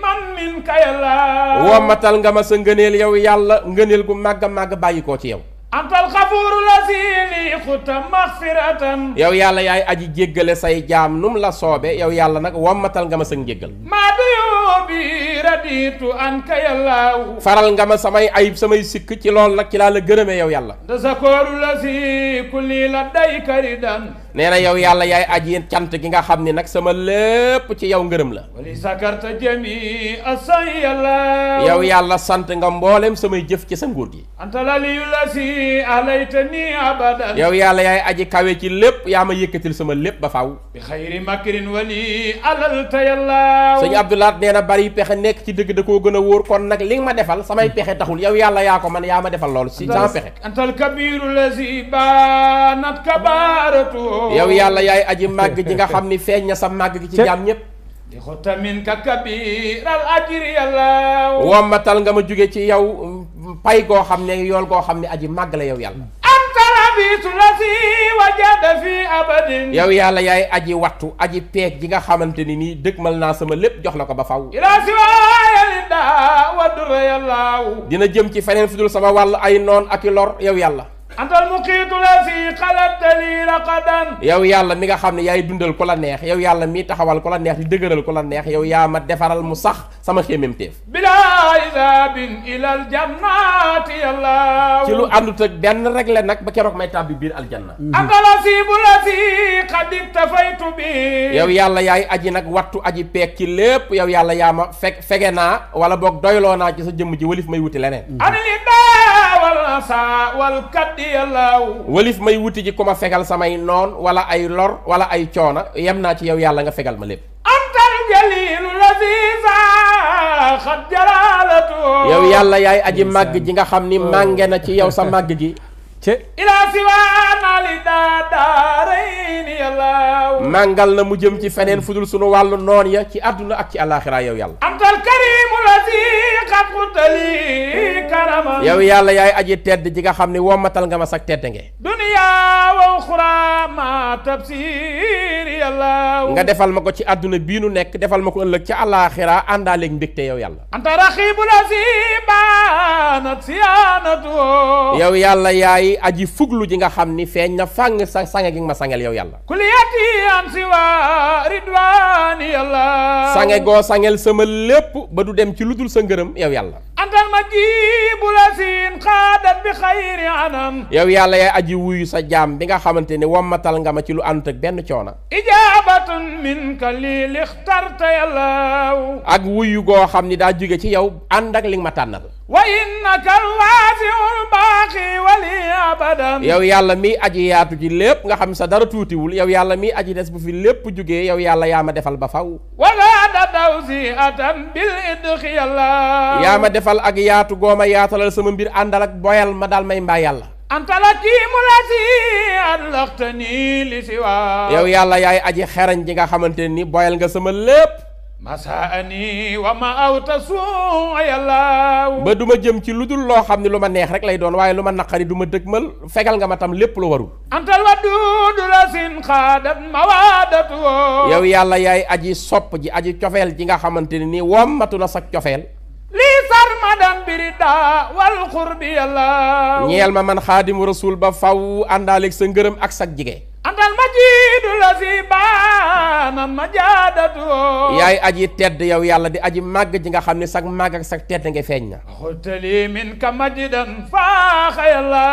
man min ka yàlla wommatal nga ma sa ngëneel yow yàlla ngëneel gu màgg a màgg bàyyi koo ci yow antal xafuuru la siili xuta maxfiratan yow yàlla yaay aji jéggale say jaam num la soobe yow yàlla nag wommatal nga ma sa njéggal maa duyoo bi raditu an ka faral nga ma samay ayib samay sikk ci lool nag ci laa la gërëmee yow yàlla dasakooru la si la day karidan nee na yow yàlla yaay aj yéen cant gi nga xam ni nag sama lépp ci yow ngërëm la sakarta jami yàlla sant nga mboolem samay jëf ci sa nguur gi antalaliyu la si alaytani abadan yow yàlla yaay aji kawe ci lépp yaa ma yëkkatil sama lépp ba faw bi xayri makrin wali alalta yàlla sëñ abdoulaat nee na bari pexe nekk ci dëkk da koo gëna a wóor kon nag li ma defal samay pexe taxul yaw yàlla yaa ko man yaa ma defal loolu si sans pexe antal kabiru la si banat kabaratu Oh, yow oh. yàlla yaay aji màgg ji nga xam ni feeñ na sa màgg gi ci jaam ñépp di xotamin ka kabiral ajri yàlla wommatal nga ma jóge ci yow pay goo xam ne yool goo xam ne aji màgg la yow yàlla yow yàlla yaay aji wattu aji peeg ji nga xamante ni nii mal naa sama lépp jox la ko ba faw dina jëm ci feneen fi dul sama wàll ay noon ak i lor yow yàlla antal muqiitu la fii xalatta lii raqadan yow yàlla mi nga xam ne yaay dundal ku la neex yow yàlla mi taxawal ku la neex di dëgëral ku la neex yow yaa ma defaral mu sax sama xéemem teef bilaa isaabin ilal jannati yàlla ci lu àndut ak benn rek la nag ba keroog may tàbbi biir aljanna mm-hmm. akala si bu la si xaddit tafaytu bi yow yàlla yaay aji nag wattu aji peek ci lépp yow yàlla yaa ma feg fege naa wala boog doyloo naa ci sa jëmm ji walif may wuti leneen mm-hmm. an li daawal sa wal kaddi yàlla walif may wuti ci ku ma fegal samay noon wala ay lor wala ay coona yem naa ci yow yàlla nga fegal ma lépp jalilu yàlla yaay aji màgg ji nga xam ni mànge na ci yow sa màgg ji ilaa siwaana li daarayni màngal na mu jëm ci feneen fudul sunu wàllu noon ya ci àdduna ak ci àllaaxira yow yàlla antal karimu lati xat xutali karama yow yàlla yaay aji tedd ji nga xam ne wommatal nga ma sag tedd nge duniya wa yàlla nga defal ma ko ci àdduna bii nu nekk defal ma ko ëllëg ci àllaaxira àndaaleeg mbégte yow yàlla anta raxibu lati baanat siyaanatu yow yàlla yaay mooy ji nga xam ni feeñ na fàng sa sange gi ma sangel yàlla kuliyati an siwa ridwani yàlla goo sangel sama lépp ba du dem ci lu dul sa ngërëm yow yàlla antal ma jibu la siin xaadat bi xayri anam yow yàlla yaay aji wuyu sa jaam bi nga xamante ne wammatal nga ma ci lu àndut benn coona ijaabatun minka lii lixtarta yàlla ak wuyu goo xam ni daa jóge ci yow ànd ak li ma tànnal وإنك الواسع الباقي ولي أبدا yow yàlla miy aji yaatu ji lépp nga xam sa dara tuutiwul yow yàlla miy aji des bu fi lépp jógee yow yàlla yaa ma defal ba faw wadaada dawsi ma defal ak yaatu gooma yaatalal sama mbir àndal ak boyal ma daal may mbaa yàlla anta la kiimu la si adlaxtani li si waa yow yàlla yaay aji xerañ ji nga xamante ni boyal nga sama lépp masaani wa ma awtasu yàlla ba du ma jëm ci lu dul loo xam ne lu ma neex rek lay doon waaye lu ma naqari du ma dëgmal fegal nga ma tam lépp lu warul antal wadudu la sin xaadat mawaadatu yow yàlla yaay aji sopp ji aji cofeel ji nga xamante ne nii wommatu na sag cofeel lii sar ma daan biri daa wal xurbi yàlla ñeel ma man xaadimu rasul ba faw àndaaleeg sa ngërëm ak sag jige antal majidu la si baanan majaadatu yaay aji tedd yow yàlla di aji màgg ji nga xam ne sag màgg ak sag tedd nga feeñ na xutali min ka majidan faaxa yàlla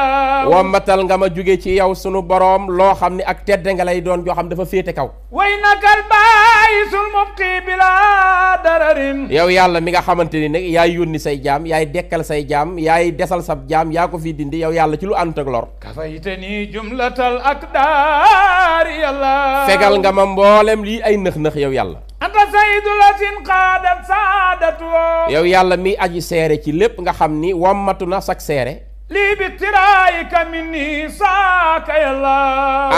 wombatal nga ma jóge ci yow sunu boroom loo xam ne ak tedd nga lay doon joo xam dafa féete kaw way nakal bàyyi sul mubqi bila dararin yow yàlla mi nga xamante ni nag yaay yónni say jaam yaay dekkal say jaam yaay desal sa jaam yaa ko fi dindi yow yàlla ci lu ànd ak lor kafaytani jumlatal akdaar fegal nga ma mbooleem lii ay nëx-nëx yow yàlla anta saydu latin qaadat saadatu yow yàlla mi aji seere ci lépp nga xam ni wammatu na sak seere lii bi tiraayika minni saaka yàlla.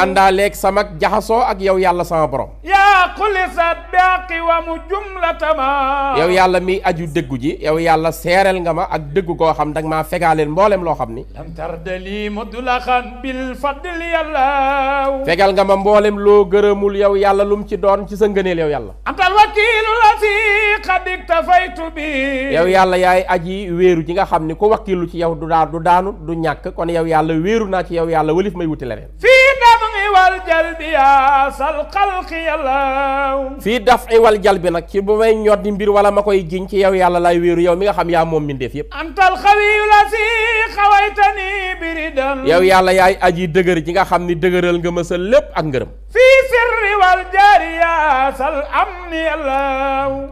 àndaaleeg sama jaxasoo ak yow yàlla sama borom. yaa yow yàlla mi aju dëggu ji yow yàlla seereel nga ma ak dëggu koo xam danga maa fegaaleel mbooleem loo xam ni. lam tardali mudlaxan bil fadli yàlla. fegal nga ma mboolem loo gërëmul yow yàlla lum ci doon ci sa ngëneel yow yàlla. antal wakiilu lati qad iktafaytu bi. yow yàlla yaay aji wéeru ji nga xam ni ku wakiilu ci yow du daal. daanut ñàkk kon yow yàlla wéeru naa ci yow yàlla walif may wuti leneen fii dafi wal jalbi wal jalbi nag ci bu may ñoddi mbir wala ma koy jiñ ci yow yàlla lay wéeru yow mi nga xam yaa moom mbindeef yépp antal xawiyu la si xawaytani biridan yow yàlla yaay aji dëgër ji nga xam ni dëgëral nga ma lépp ak ngërëm fii sirri wal jaariya sal amni yàlla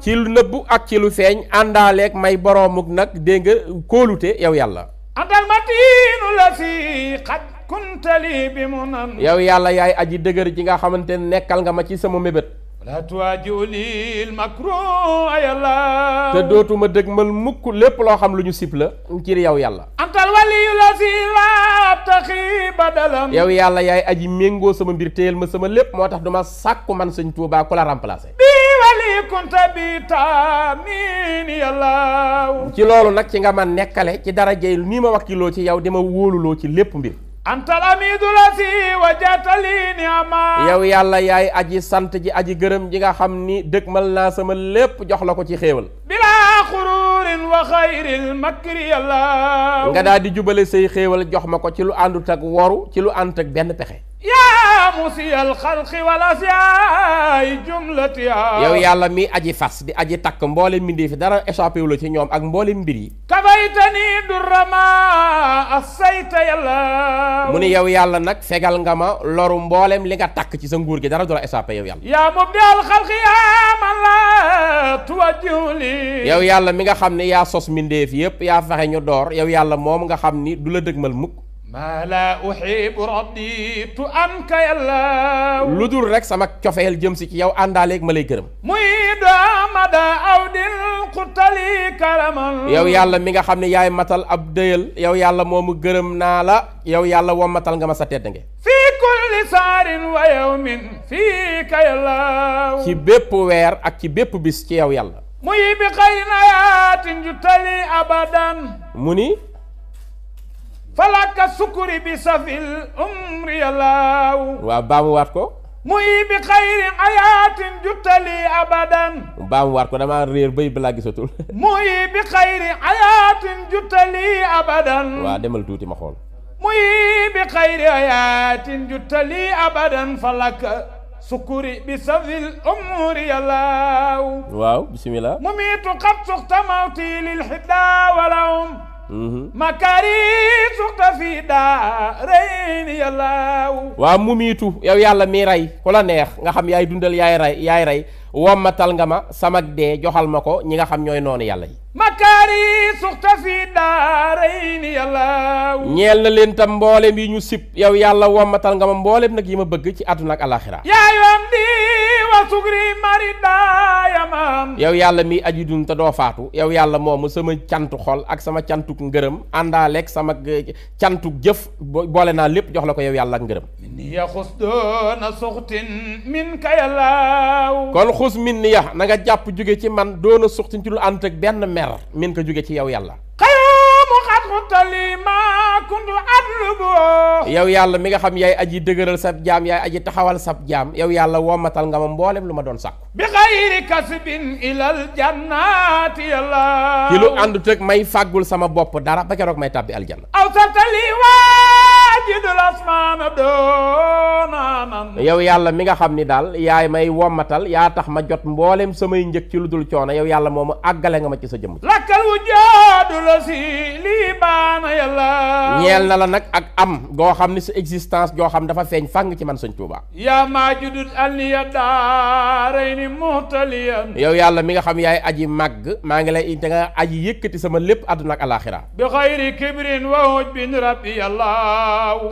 ci lu nëbbu ak ci lu feeñ àndaaleeg may boroomuk nag dégg kóolute yow yàlla anta almatinu la si xaj kuntali bi mu nan yow yàlla yaay aji dëgër ji nga xamante ne nekkal nga ma ci sama mébét wala tuwaajulil makru yàlla te dootuma dëgmal mukk lépp loo xam lu ñu sib la ngir yow yàlla antal waliyu la si laa taxi badalam yow yàlla yaay aji méngoo sama mbir téyel ma sama lépp moo tax duma sàkku man sëñ Tuubaa ku la remplacer ci loolu nag ci nga man nekkale ci dara darajey nii ma wakkiloo ci yow di ma wóoluloo ci lépp mbir antal amidu la si wajatali ni ama yow yàlla yaay aji sant ji aji gërëm ji nga xam ni dëgmal naa sama lépp jox la ko ci xéewal bilaa xururin wa xayril makri yàlla nga daa di jubale say xéewal jox ma ko ci lu àndut ak woru ci lu àndut ak benn pexe yaa musi al yàlla mi aji fas di aji takk mboole mbindee fi dara échappé ci ñoom ak mboole mbir yi kafaytani durama asayta yàlla mu ne yow yàlla nag fegal nga ma loru mboolem li nga takk ci sa nguur gi dara du la échappé yow yàlla yaa yàlla mi nga xam ne yaa sos mbindee fi yëpp yaa fexe ñu door yow yàlla moom nga xam ni du la dëgmal mukk ma la uhibbu raditu anka yàlla lu dul rek sama cofeel jëm si ci yow àndaaleeg ma lay gërëm muy doomada aw dil xutali karaman yow yàlla mi nga xam ne yaay matal ab dëyal yow yàlla moomu gërëm naa la yow yàlla wom matal nga ma sa tedd nge kulli saarin wa yawmin fii ka ci bépp weer ak ci bépp bis ci yow yàlla muy bi xëy na yaatin mu ni falaka sukuri bi safil umri yalaaw waaw baamu waat ko muy bi xayri ayaatin juttali abadan baamu waat ko damaa réer bay balaa gisatul muy bi xayri ayaatin juttali abadan waaw demal tuuti ma xool muy bi xayri ayaatin juttali abadan falaka sukuri bi safil umri yalaaw waaw bisimila mu miitu xat suxta mawti lil xidda walawum Mm-hmm. makari suxta fii daa rey ni yàllaaw waaw mumiitu yow yàlla mi rey ku neex nga xam yaay dundal yaay rey yaay rey wommatal nga ma samag dee joxal ma ko ñi nga xam ñooy noonu yàlla yi makari suxta fii daa rey ni yàllaaw ñeel na leen tam mboolem yi ñu sib yow yàlla wommatal nga ma mbooleem nag yi ma bëgg ci àdduna ak alaxira sukri maridayamam yow yàlla mi aji dun te doo faatu yow yàlla moomu sama cantu xol ak sama cantuk ngërëm àndaaleeg sama eh, cantu jëf boo boole naa lépp jox la ko yow yàlla ak ngërëm ya xus doona suxtin min ka yàllaaw kon xus min ni ya na jàpp jóge ci man doona suxtin ci lu ànd ak benn mer min ka jóge ci yow yàlla xayamu xat xuttalima yow yàlla mi nga xam yaay aji dëgëral sab jaam yaay aji taxawal sab jaam yow yàlla wommatal nga ma mbooleem lu ma doon sàkku bi xayri kasbin ilal jannati yàlla ki lu àndu tëg may fàggul sama bopp dara ba keroog may tàbbi aljanna aw sartali waajidul asmaana doonaanan yow yàlla mi nga xam ni daal yaay may wommatal yaa tax ma jot mboolem samay njëg ci lu dul coono yow yàlla moomu àggale nga ma ci sa jëmm lakkal wujjoo ñeel na la nag ak am goo xam ni sa existence goo xam dafa feeñ fàng ci man sëñ Tuuba yaa maa judut alniya daaray ni muhtaliyan yow yàlla mi nga xam yaay aji màgg maa ngi lay te nga aji yëkkati sama lépp àdduna ak alaxira bi xayri kibrin wa hujbin rabbi yàlla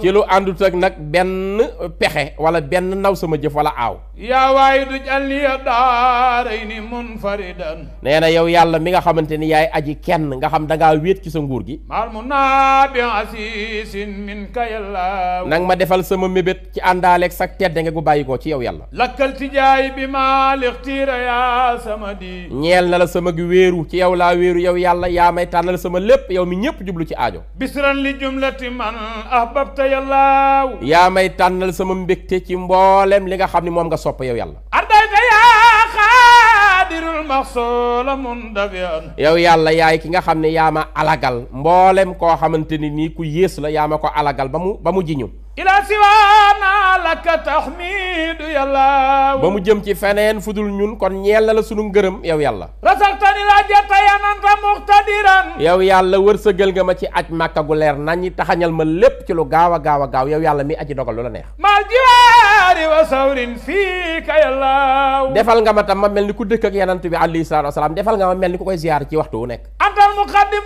ci lu àndut nag benn pexe wala benn naw sama jëf wala aaw yaa waaye du jàlliya daaray ni munfaridan nee na yow yàlla mi nga xamante ni yaay aji kenn nga xam dangaa wéet ci sa nguur gi mal mu naa bi asiisin min ka yàlla nang ma defal sama mébét ci àndaaleeg sag tedde nga gu bàyyi ko ci yow yàlla lakkal tijaay bi maa lixtiira yaa sama di ñeel na la sama gi wéeru ci yow laa wéeru yow yàlla yaa may tànnal sama lépp yow mi ñépp jublu ci aajo bisran li jumlati man ahbabta yàllaaw yaa may tànnal sama mbégte ci mboolem li nga xam ni moom nga sopp yow yàlla yaa xaadirul maxsula mundabian yow yàlla yaay ki nga xam ne yaa ma alagal mboolem koo xamante ni nii ku yées la yaa ko alagal ba mu ba mu jiñu ila siwaana laka taxmidu yàlla ba mu jëm ci feneen fudul ñun kon ñeel na la sunu ngërëm yow yàlla rasaltani la jetta yananta muxtadiran yow yàlla wërsëgal nga ma ci aj màkka gu leer nañi taxañal ma lépp ci lu gaaw a gaaw a gaaw yow yàlla mi aji dogal lu la neex mal jiwaari wa sawrin fiika yàlla defal nga ma tam ma mel ni ku dëkk ak yanant bi alayhi salaatu wasalaam defal nga ma mel ni ku koy ziyaar ci waxtu wu nekk antal muqaddim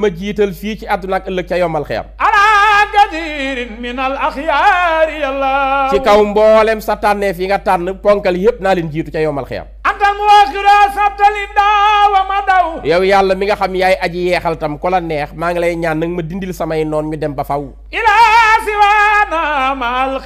ma jiital ci àdduna ak ëllëg ca yombal xeer ci kaw mboolem sa tànneef fi nga tànn ponkal yépp naa leen jiitu ca yomal xeer yow yàlla mi nga xam yaay aji yeexal tam ko la neex maa ngi lay ñaan nag ma dindil samay noon ñu dem ba faw siwaana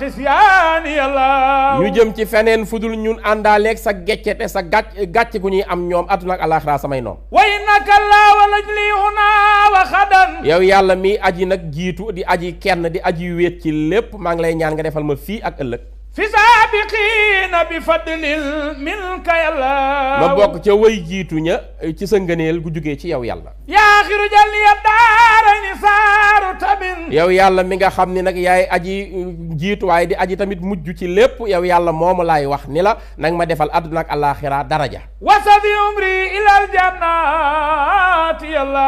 ñu jëm ci feneen fudul ñun àndaaleeg sa geccete sa gàcc gàcc gu ñuy am ñoom àdduna ak alaaxira samay noon way naka laa walaj lii xunaa wa xadan yow yàlla mi aji nag jiitu di aji kenn di aji wéet ci lépp maa ngi lay ñaan nga defal ma fii ak ëllëg fi saabiqiina bi fadlil minka yàlla ma bokk ca way jiitu ña eh, ci sa ngëneel gu jógee ci yow yàlla yaa xiru jàll ya daara ni saaru tabin yow yàlla mi nga xam ni nag yaay aji eh, jiitu waaye di aji tamit mujj ci lépp yow yàlla moomu laay wax ni la nag ma defal àdduna ak alaaxira daraja wasadi umri ilal jannaati yàlla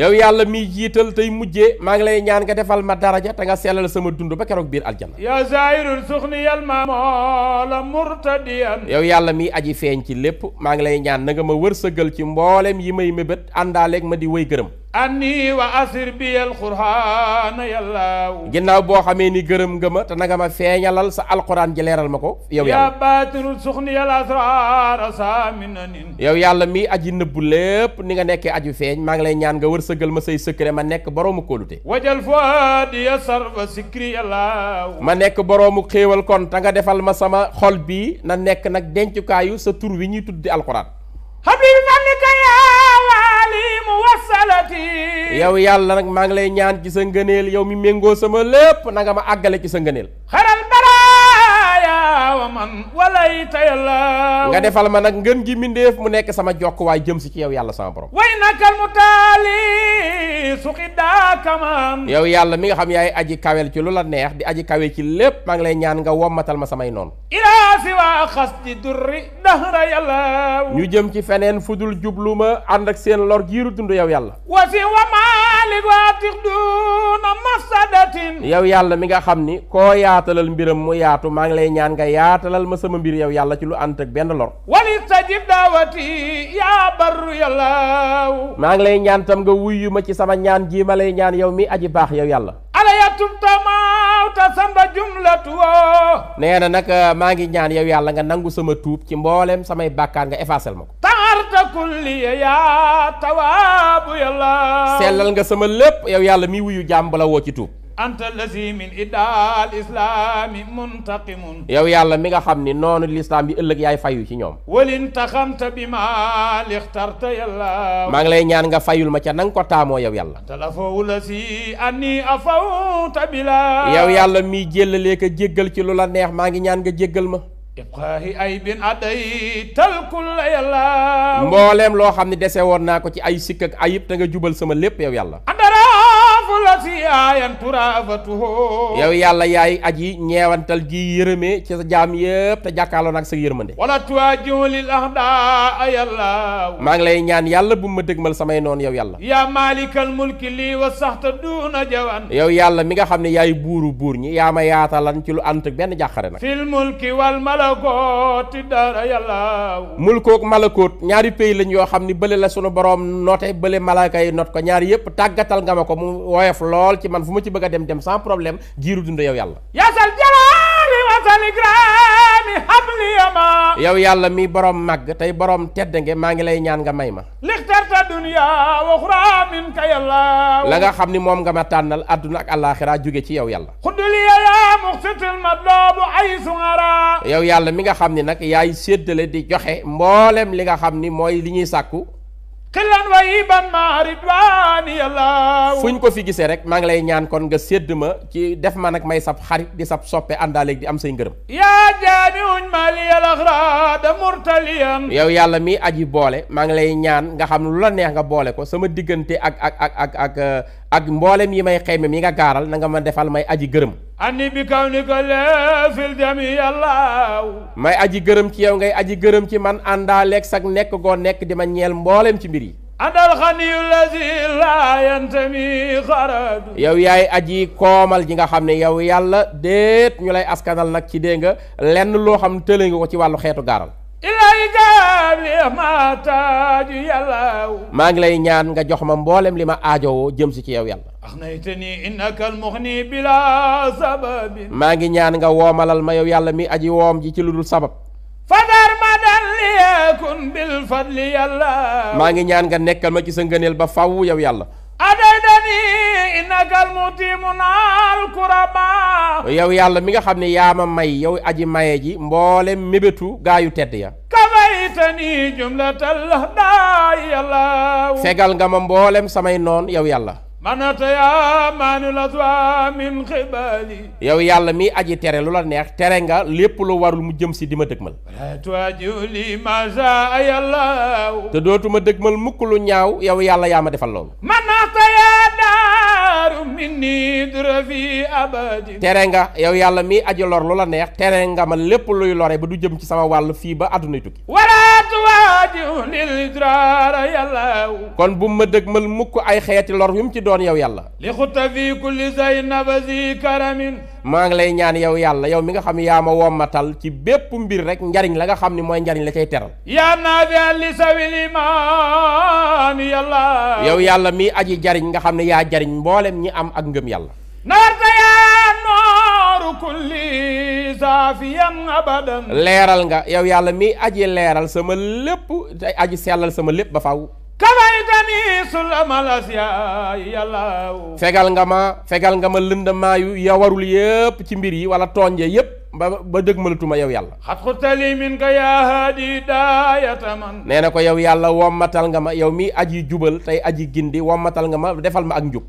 yow yàlla miy jiital tey mujjee maa ngi lay ñaan nga defal ma daraja te nga sellal sama dund ba keroog biir aljanna yal ma yow yàlla miy aji feeñ ci lépp maa ngi lay ñaan na nga ma wërsëgal ci mboolem yi may mébét àndaaleeg ma di wéy gërëm anni wa asir biyal qur'aan yàllaaw ginnaaw boo xamee ni gërëm nga ma te nanga ma feeñalal sa alquran ji leeral ma ko yow yàlla yaa baatinul suxni yal asraar yow yàlla mi aji nëbbu lépp ni nga nekkee aju feeñ maa ngi lay ñaan nga wërsëgal ma say secret ma nekk boroomu kóolute wajal fuadi ya sarfa sikri yàllaaw ma nekk boroomu xéewal kon te nga defal ma sama xol bi na nekk nag dencukaayu sa tur wi ñuy tuddi alquran yow yàlla nag maa ngi lay ñaan ci sa ngëneel yow mi méngoo sama lépp nanga ma àggale ci sa ngëneel waman walayta yàlla nga defal ma nag ngën gi mindeef mu nekk sama jokk waay jëm si ci yow yàlla sama borom way nakal mu taali suqi daakaman yow yàlla mi nga xam yaay aji kawel ci lu la neex di aji kawe ci lépp maa ngi lay ñaan nga wommatal ma samay noonu ilaa si waa xas di durri dahra yàlla ñu jëm ci feneen dul jublu ma ànd ak seen lor giiru dund yow yàlla wasi wamalig waatix duna mafsadatin yow yàlla mi nga xam ni koo yaatalal mbiram mu yaatu maa ngi lay ñaan nga yaa yaatalal ma sama mbir yow yàlla ci lu ànd ak benn lor wali tajib daawati yaa barru yàlla maa ngi lay ñaan tam nga wuyu ma ci sama ñaan jii ma lay ñaan yow mi aji baax yow yàlla ala yatub tamawta samba jumlatu nee na nag euh, maa ngi ñaan yow yàlla nga nangu sama tuub ci mbooleem samay bàkkaar nga effacer ma ko taarta kulli yaa tawaabu yàlla sellal nga sama lépp yow yàlla mi wuyu jàmm bala woo ci tuub anta lazi min idaal islaami muntaqimun yow yàlla mi nga xam ni noonu lislaam bi ëllëg yaay fayu ci ñoom walintaxamta bi ma lixtarta yàlla maa ngi lay ñaan nga fayul ma ca nang ko taamoo yow yàlla talafawu la si anni afawta bila yàlla mii jéllalee ko jéggal ci lu la neex maa ngi ñaan nga jéggal ma ibqaahi ay bin aday talkul yàlla mbooleem loo xam ne dese woon naa ko ci ay sikk ak ayib te nga jubal sama lépp yow yàlla yow yàlla yaay aji ñeewantal ji yërëme ci sa jaam yëpp te jàkkaarloo nag sa yërmande wala tuajulil ahda yàlla maa ngi lay ñaan yàlla bu ma dëgmal samay noon yow yàlla yaa maalikal mulki lii wa saxta duuna jawan yow yàlla mi nga xam ne yaay buuru buur ñi yaa ma yaatalan ci lu ànd benn jàqare nag fil mulki wal malakooti dara yàlla mulkook malakoot ñaari pays lañ yoo xam ni bële la sunu borom noote bële malaaka yi not ko ñaari yëpp tàggatal nga oyof lool ci man fu ma ci bëgg a dem dem sans problème giiru dund yow yàlla yasal jalaali wasal ikraami habli yama yow yàlla mi boroom màgg tey boroom tedd nge maa ngi lay ñaan nga may ma lixtarta dunya wa uxraa min ka yàlla la nga xam ni moom nga ma tànnal àdduna ak àllaaxira jóge ci yow yàlla xudduliya yaa muqsitil madloobu ay sungara yow yàlla mi nga xam ni nag yaay séddale di joxe mboolem li nga xam ni mooy li ñuy sàkku xillan wa iban ma ridwaani yàlla fuñ ko fi gisee rek maa ngi lay ñaan kon nga sédd ma ci def ma nag may sab xarit di sab soppe àndaaleeg di am say ngërëm yaa jaaniuñ maliyal axrada murtaliyan yow yàlla mi aji boole maa ngi lay ñaan nga xam lu la neex nga boole ko sama diggante ak ak ak ak ak ak mboolem yi may xeyme mi nga gaaral na nga ma defal may aji gërëm ani bi kaw ni ko leefil jami yàllaaw may aji gërëm ci yow ngay aji gërëm ci man àndaaleeg sag nekk goo nekk di ma ñeel mbooleem ci mbir yi àndal xaniyu lazi laa yantami xaradu yow yaay aji koomal ji nga xam ne yow yàlla déet ñu lay askanal nag ci dégg nga lenn loo xam tële ko ci wàllu xeetu gaaral maa ngi lay ñaan nga jox ma mboolem li ma aajowoo jëm si ci yow yàlla. maa ngi ñaan nga woomalal ma yow yàlla mi aji woom ji ci lu dul sabab. maa ngi ñaan nga nekkal ma ci sa ngëneel ba faw yow yàlla. adaydani innakal mutimunal kuraba yow yàlla mi nga xam ni yaa ma may yow aji maye ji mboole mébétu gaayu tedd ya kabaytani jumlatal daa yàlla fegal nga ma mboolem samay noon yow yàlla manata yàlla miy aji tere lu la neex tere nga lépp lu warul mu jëm si di ma dëgmal. toi juli macha allah. te dootuma dëgmal mukk lu ñaaw yow yàlla yaa ma defal loolu. tere nga yow yàlla mi aji lor lu la neex tere nga ma lépp luy lore ba du jëm ci sama wàll fii ba àdduna tukki kon bu ma dëgmal mukk ay xeeti lor yu mu ci doon yow yàlla li xutta fi kulli say nabazi karamin maa ngi lay ñaan yow yàlla yow mi nga xam yaa ma wommatal ci bépp mbir rek njariñ la nga xam ni mooy njariñ la cay teral yaa naafi'a li yàlla yow yàlla mii aji jariñ nga xam ne yaa jariñ mboolem ñi am ak ngëm yàlla nawarta yaa nooru kulli saafiyan abadan leeral nga yow yàlla mii aji leeral sama lépp aji sellal sama lépp ba faw fegal nga ma fegal nga ma lëndamaayu ya warul yépp ci mbir yi wala tooñje yépp ba ba dëgmalatuma yow yàlla nee na ko yow yàlla wommatal nga ma yow mi aji jubal tey aji gindi wommatal nga ma defal ma ak njub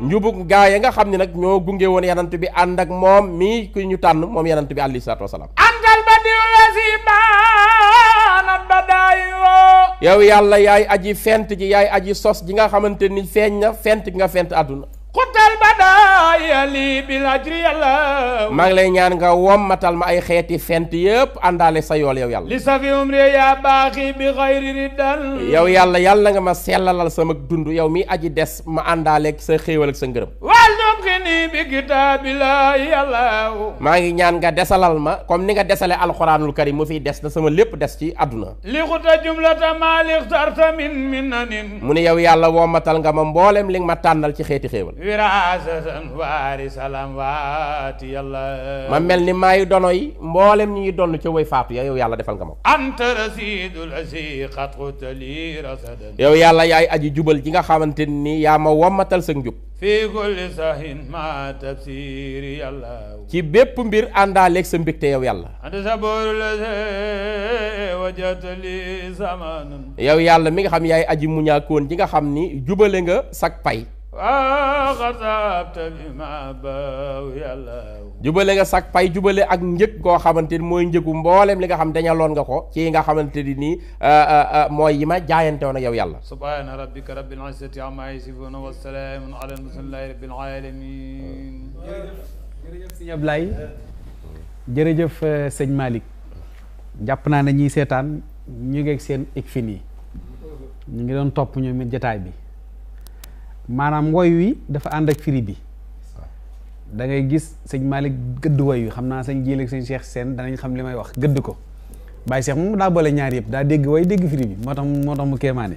njubug gaa ya nga xam ni nag ñoo gunge woon yanant bi ànd ak moom mii ku ñu tànn moom yanant bi alayhi salaatu wasalaam antal badiyu la si baa yow yàlla yaay aji fent ji yaay aji sos ji nga xamante ni feeñ na fent gi nga fent àdduna maa ngi lay ñaan nga wommatal ma ay xeeti fent yëpp àndaale sa yool yow yàlla li safi umri yaa baaxi bi xayri riddal yow yàlla yàlla na nga ma sellalal sama dund yow mi aji des ma àndaale ak sa xéewal ak sa ngërëm wal noom nii bi kitaabi laa yàlla maa ngi ñaan nga desalal ma comme ni nga desale alxuraanul karim mu fiy des na sama lépp des ci àdduna li jumlata maa li xtarta min minanin mu ne yow yàlla wommatal nga ma mboolem li nga ma tànnal ci xeeti anwaari salamaati yàlla ma mel ni maayu dono yi mboolem ñuy donn ca way faatu ya yàlla defal nga ma ko anta rasidul asi xatxutali rasadan yow yàlla yaay aji jubal ji nga xamante ni yaa ma womatal sa njub fii kulli sahin ma tafsiri yàlla ci bépp mbir àndaaleeg sa mbégte yow yàlla anta yàlla mi nga xam yaay aji muñaakoon ji nga xam ni jubale nga sak pay jubale nga sag pay jubale ak njëg koo xamante ni mooy njëgu mboolem li nga xam dañaloon nga ko ci nga xamante ni nii euh, euh, euh, mooy yi ma jaayante woon ak yow yàlla subhaana rabbika rabbil izzati amma yasifuun wa salaamun ala alhamdulillahi rabbil alamin jërëjëf sëñ Ablaye jërëjëf sëñ Malick jàpp naa na ñiy seetaan ñu ngeeg seen ik fin yi ñu ngi doon topp ñoom it jataay bi maanaam woy wi dafa ànd ak firi bi dangay gis sëñ Malick gëdd woy wi xam naa sëñ Jéel ak sëñ Cheikh seen danañ xam li may wax gëdd ko Baye Cheikh mu daa boole ñaar yëpp daa dégg woy dégg firi bi moo tax moo tax mu kéemaane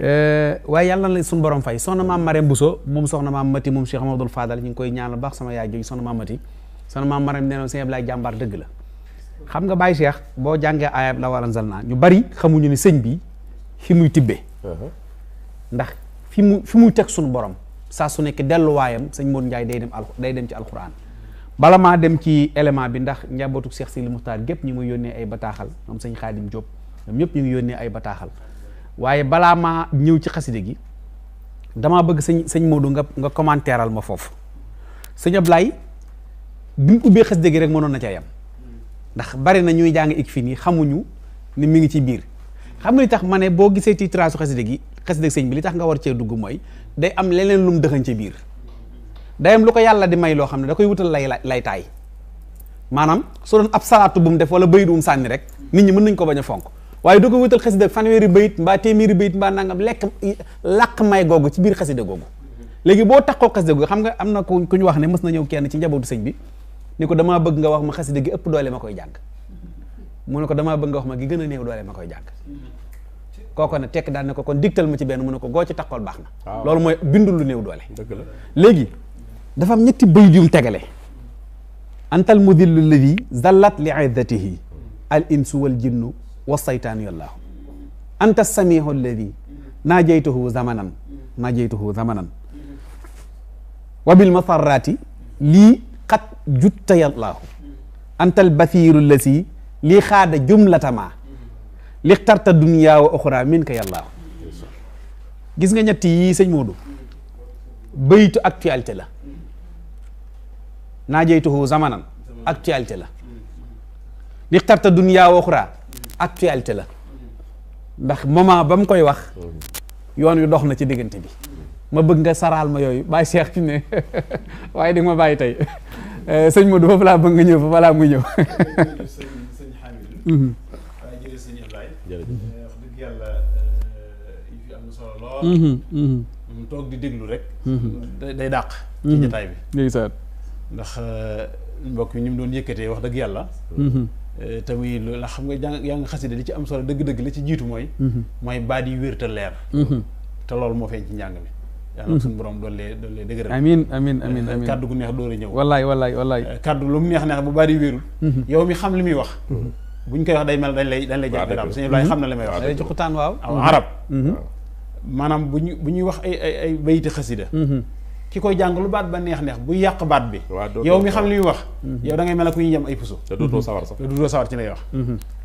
euh, waaye yàlla na la suñu borom fay soxna maam Marème Bousso moom soxna maam Mati moom Cheikh Amadou Fadal ñu ngi koy ñaanal baax sama yaay jooju soxna maam Mati soxna maam Marème nee na sëñ Ablaye jàmbaar dëgg la xam nga Baye Cheikh boo jàngee ayab la waranzal naa ñu bari xamuñu ne sëñ bi fi muy tibbee uh-huh. ndax fi mu fi muy teg suñu borom saa su nekk delluwaayam sëñ Modou njaay day dem al day dem ci alxuraan bala maa dem ci élément bi ndax njabootu Cheikh Sidi Moukhtar gépp ñu ngi yónnee ay bataaxal ñoom sañ Xaadim Diop ñoom ñëpp ñu ngi yónnee ay bataaxal waaye balaa maa ñëw ci xaside gi damaa bëgg sëñ sëñ Modou nga nga commentairal ma foofu sëñ Ablaye bi mu ubbee xaside gi rek mënoon na ca yam ndax bari na ñuy jàng ik fii nii xamuñu ni mi ngi ci biir xam nga li tax ma ne boo gisee titrage xasida gi xasida sëñ bi li tax nga war cee dugg mooy day am leneen lum dëxañ ci biir day am lu ko yàlla di may loo xam ne da koy wutal lay lay taay maanaam su ab salaatu bu mu def wala bayit sànni rek nit ñi mën nañ ko bañ a fonk waaye doo ko wutal xasida fanweeri bayit mbaa téeméeri bayit mbaa nangam lekk làq may googu ci biir xasida googu léegi boo tax taxoo xasida googu xam nga am na ku ñu wax ne mës na ñëw kenn ci njabootu sëñ bi ni ko damaa bëgg nga wax ma xasida gi ëpp doole ma koy jàng mu ne ko damaa bëgg nga wax gi gën a néew doole ma koy ko kooko na tekk daal ne ko kon digtal ma ci benn mu ne ko goo ci taxool baax na loolu mooy bindul lu néew doole léegi dafa am ñetti bayit yum tegale antal mudillu ladi zallat li izzatihi al insu wal jinnu wa saytaanu yallaahu anta samihu alladi naajaytuhu zamanan naajaytuhu zamanan wa bil masarraati lii xat jutta yallaahu antal basiiru lasi lii xaada jumlatama li tarta dunya wa oxra ka yàllaaw gis nga ñetti yii sëñ Moodu baytu actualité la naa jeytuhu zamanan actualité la li tarta dunya wa actualité la ndax moment ba mu koy wax yoon wi dox na ci diggante bi ma bëgg nga saraal ma yooyu bàyyi seex ci ne waaye di nga ma bàyyi tey eh, sëñ Moodu foofu laa bëgg nga ñëw fa balaa muy ñëw Hamidou. Mhm. Eh, yàlla eh, yi mhm, mhm. toog di déglu rek. day dàq. ci jotaay bi. ndax eh, mbokk yi ñu mu doon yëkkatee wax dëgg yàlla. te muy la xam nga jàng yaa ngi xasida li ci am solo dëgg-dëgg la ci jiitu mooy. mooy baat yi wér leer. te loolu moo feeñ ci njàng mi. yàlla suñu borom doole doole dëgëral amiin amiin amiin eh, amiin kaddu gu neex a ñëw wallaay wallaay wallaay eh, kaddu lu mu neex neex bu bari wéerul mhm. yow mi xam li muy wax mhm. buñ koy wax day mel dañ lay dañ lay jàpp daal suñu laay mhm. may wax day juxutaan waaw arab maanaam bu ñu bu ñuy wax ay ay ay bayti xasida ki koy jàng lu baat ba neex neex bu yàq baat bi yow mi xam li muy wax yow da ngay mel ne ku ñuy yem ay puso te dootoo sawar sax te dootoo sawar ci lay wax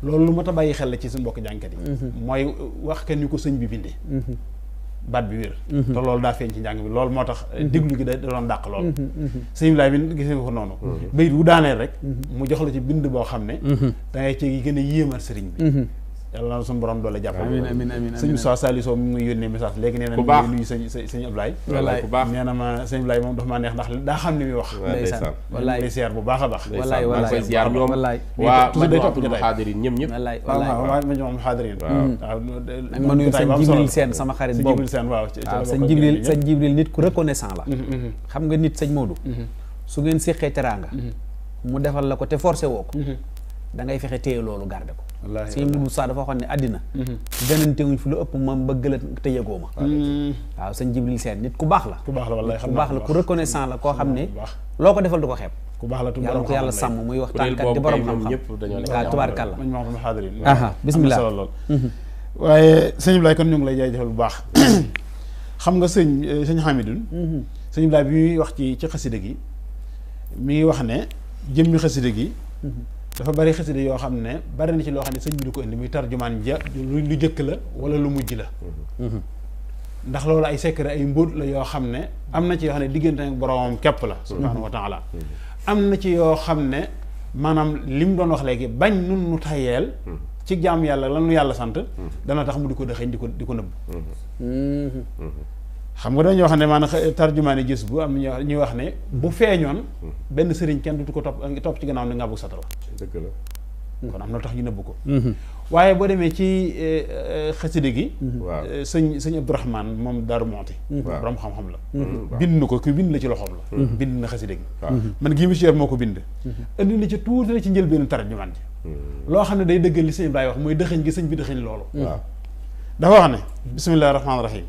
loolu lu mat a xel la ci suñu mbokk jàngkat yi mooy wax kan ni ko sëñ bi bindee baat bi wér mhm. te loolu daa feeñ ci njàng bi loolu moo tax eh, mhm. diglu gi da doon dàq loolu mhm, sëñ Ibrahima gisee nga ko noonu bayit wu daaneel rek mu jox la ci bind boo xam ne da ngay ci gën a yéemal sëriñ bi yàlla na suñu borom doole jàppale. amiin amiin amiin sëñ Moussa Saliou Sow mi ngi yónnee message léegi nee na ma nuyu sëñ sëñ Ablaye. wallaay nee na ma neex ndax daa xam li muy wax. ndeysaan wallaay day seer baax baax. wallaay wallaay ziar ñoom wallaay. waa majmu amatul xaadirin ñëpp ñëpp. wallaay wallaay waaw mm. mm. ma nuyu sëñ Jibril seen sama xarit boobu sëñ seen Sène waaw. waaw sëñ Jibril sëñ Jibril nit ku reconnaissant la. Mm-hmm, mm-hmm. xam nga nit sëñ Modou. Mm-hmm. su ngeen séqee teraanga. mu defal la ko te forcé woo ko. da ngay fexe téye loolu garde ko wallaahi sëñ Moudou Moussa dafa waxoon ne àddina. gënante mhm. wuñ fi lu ëpp ma bëgg la te yëgoo ma. waaw sëñ Jibril Sène ku baax la. ku baax la wallaahi xam naa ku baax la ku reconnaissant la koo xam ne. loo ko defal ko xeeb. ku baax la tubaab yàlla sàmm muy waxtaan kat di borom xam-xam waaw tubaarkàlla. bisimilah am na solo lool. Mhm. waaye sëñ Ibrahima kon ñu ngi lay jaajëfal bu baax. xam nga sëñ eh, sëñ Hamidoune. Mhm. sëñ Ibrahima bi muy wax ci ci xasida gi mi ngi wax ne jëmmi xasida gi dafa bari xasida yoo xam ne bari na ci loo xam ne sëñ bi du ko indi muy tarjumaan ja lu jëkk la wala lu mujj la mhm. ndax loolu ay secret ay mbóot la yoo xam ne am na ci yoo xam ne diggante ak boromam képp la mhm. subhaanahu wa taala mhm. am na ci yoo xam ne maanaam li mu doon wax léegi bañ nun nu tayeel ci jaam yàlla lanu yàlla sant dana tax mu di ko dëxëñ di ko di ko xam nga dañoo xam ne maanaam tarjumaani gis bu am ñuy wax ne bu mm-hmm. feeñoon mm-hmm. benn sëriñ kenn dutu ko topp topp ci gannaaw ni ngàbbu sata la la kon am na tax ñu nëbb ko mm-hmm. waaye boo demee ci eh, eh, xasida gi eh, sëñ sëñ Abdourahman moom Daaru Muxti borom xam-xam la bind ko ku bind la ci loxoom la bind na xasida gi man gii monsieur moo ko bind indi na ci tuuti na ci njëlbeenu tarjumaan ji loo xam ne day dëggal li sëñ Ibrahima wax mooy dëxëñ gi sëñ bi dëxëñ loolu dafa wax ne bismillahi rahmaani rahim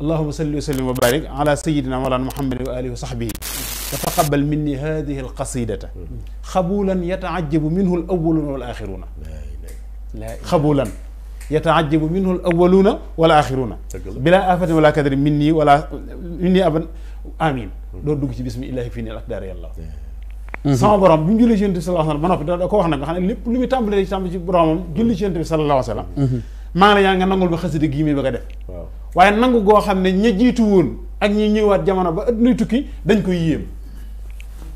allahuma salli wa sallim wa barik ala sayidina mawlana muhammadin wa alihi wa sahbihi wa taqabal minni hadihi alqasidata xabulan yataajabu minhu al awaluna wal axiruna xabulan yataajabu minhu al awaluna wal axiruna bila afatin wala kadri minni wala minni aban amin doo dugg ci bismillahi fii ni al akdaar yàlla mhm. sama borom bi mu julli ci yonent bi sallallahu alayhi wa sallam ba noppi da ko wax nag nga xam ne lépp lu muy tàmbalee ci tàmbali ci boromam julli ci yonent bi sallallahu alayhi wa sallam mhm. maa yaa nga nangul ba xasida gii muy bëgg a def waaye nangu goo xam ne ña jiitu woon ak ñi ñëwaat jamono ba ëtt nuy tukki dañ koy yéem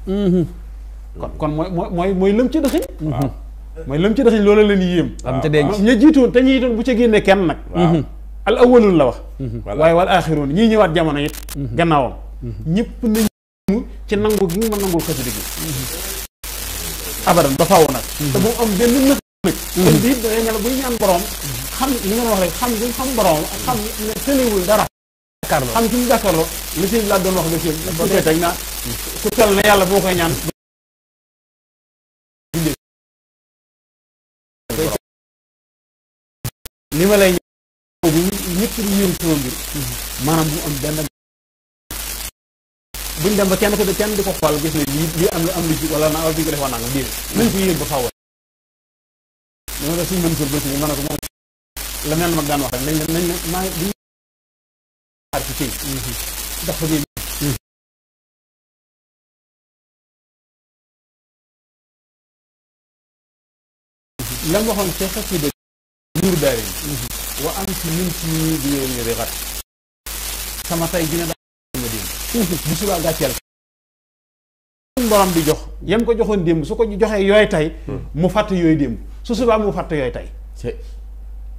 mhm. kon kon mooy mooy mooy lëm ci dëxiñ mooy lëm ci dëxiñ mhm. loola leen yéem ña jiitu woon te ñi doon bu ca génnee kenn nag mhm. al awwalun la wax waaye wal aaxiroon ñii ñëwaat jamono it gannaawam ñëpp nañu ci nangu gi ma nangul xasida gi abadan ba faaw nag bu am benn nëf nag buy ñaan borom xam li nga wax rek xam li xam borom ak xam ne tëliwul dara. xam ci mu jàkkaarloo li si laa doon wax nga ci ba tey teg naa ku tel ne yàlla boo koy ñaan li ma lay ñaan bu ñëpp di yëru sama mbir maanaam bu am benn buñ dem ba kenn ko kenn di ko xool gis ne lii lii am lu am lu ci wala naa wala bi ñu ko def waa nangam déedéet nañ ko yër ba faw mën na ko moom la neen mag daan wax rek nañ nañ maa ngi xaar ci kii mhm. ndax fa ngeen lam waxoon ca xasida nuur daari mhm. wa am ci min ci ñi di yow ñu rixat sama tay dina daama démb bu subaa gàcceel suñ borom di jox yam ko joxoon démb su ko joxee yooy tay mhm. mu fàtt yooyu démb su subaa mu fàtt yooy tay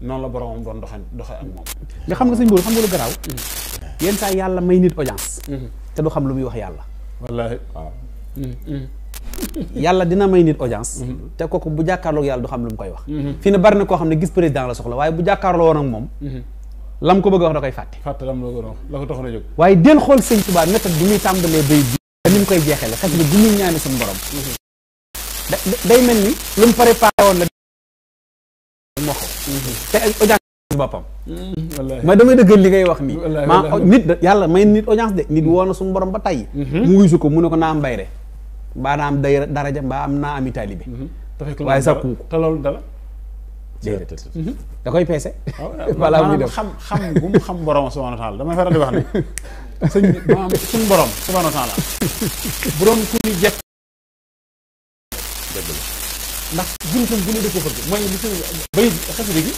noonu la boromam doon doxe ak moom nga xam nga sëñ Bour xam nga lu garaaw mm. yenn saa mm-hmm. xam lu muy wax yàlla wallaahi waaw mm-hmm. yàlla dina may nit audience mm-hmm. te kooku bu jàkkaarloog yàlla du xam lu mu koy wax fii ne na koo xam ne gis président la soxla waaye bu jàkkaarloo woon ak moom lam ko bëgg wax da koy fàtte fàtte la ko wax la ko waaye del xool sëñ Tuubaa méthode bi muy tàmbalee ni mu koy jeexee la xas bi bu muy ñaani suñu borom day mel ni lu mu préparé woon la te audience boppam mm-hmm. ma damay dëggal li ngay wax nii maa nit yàlla may nit audience de nit woo na borom ba tey mm-hmm. mu wuyu ko mu ko naa am bayre mbaa naa am day daraja mbaa am naa ami taalibe mm-hmm. waaye sa ko te loolu dala da koy peese voilà ah, ah, muy def xam xam bu mu xam borom subhanahu wa taala damay faral di wax ne sëñ maanaam suñu borom subhanahu ku ñu jekk ndax buntum bu ne da ko fëgg mooy li sëñ bay xasida gi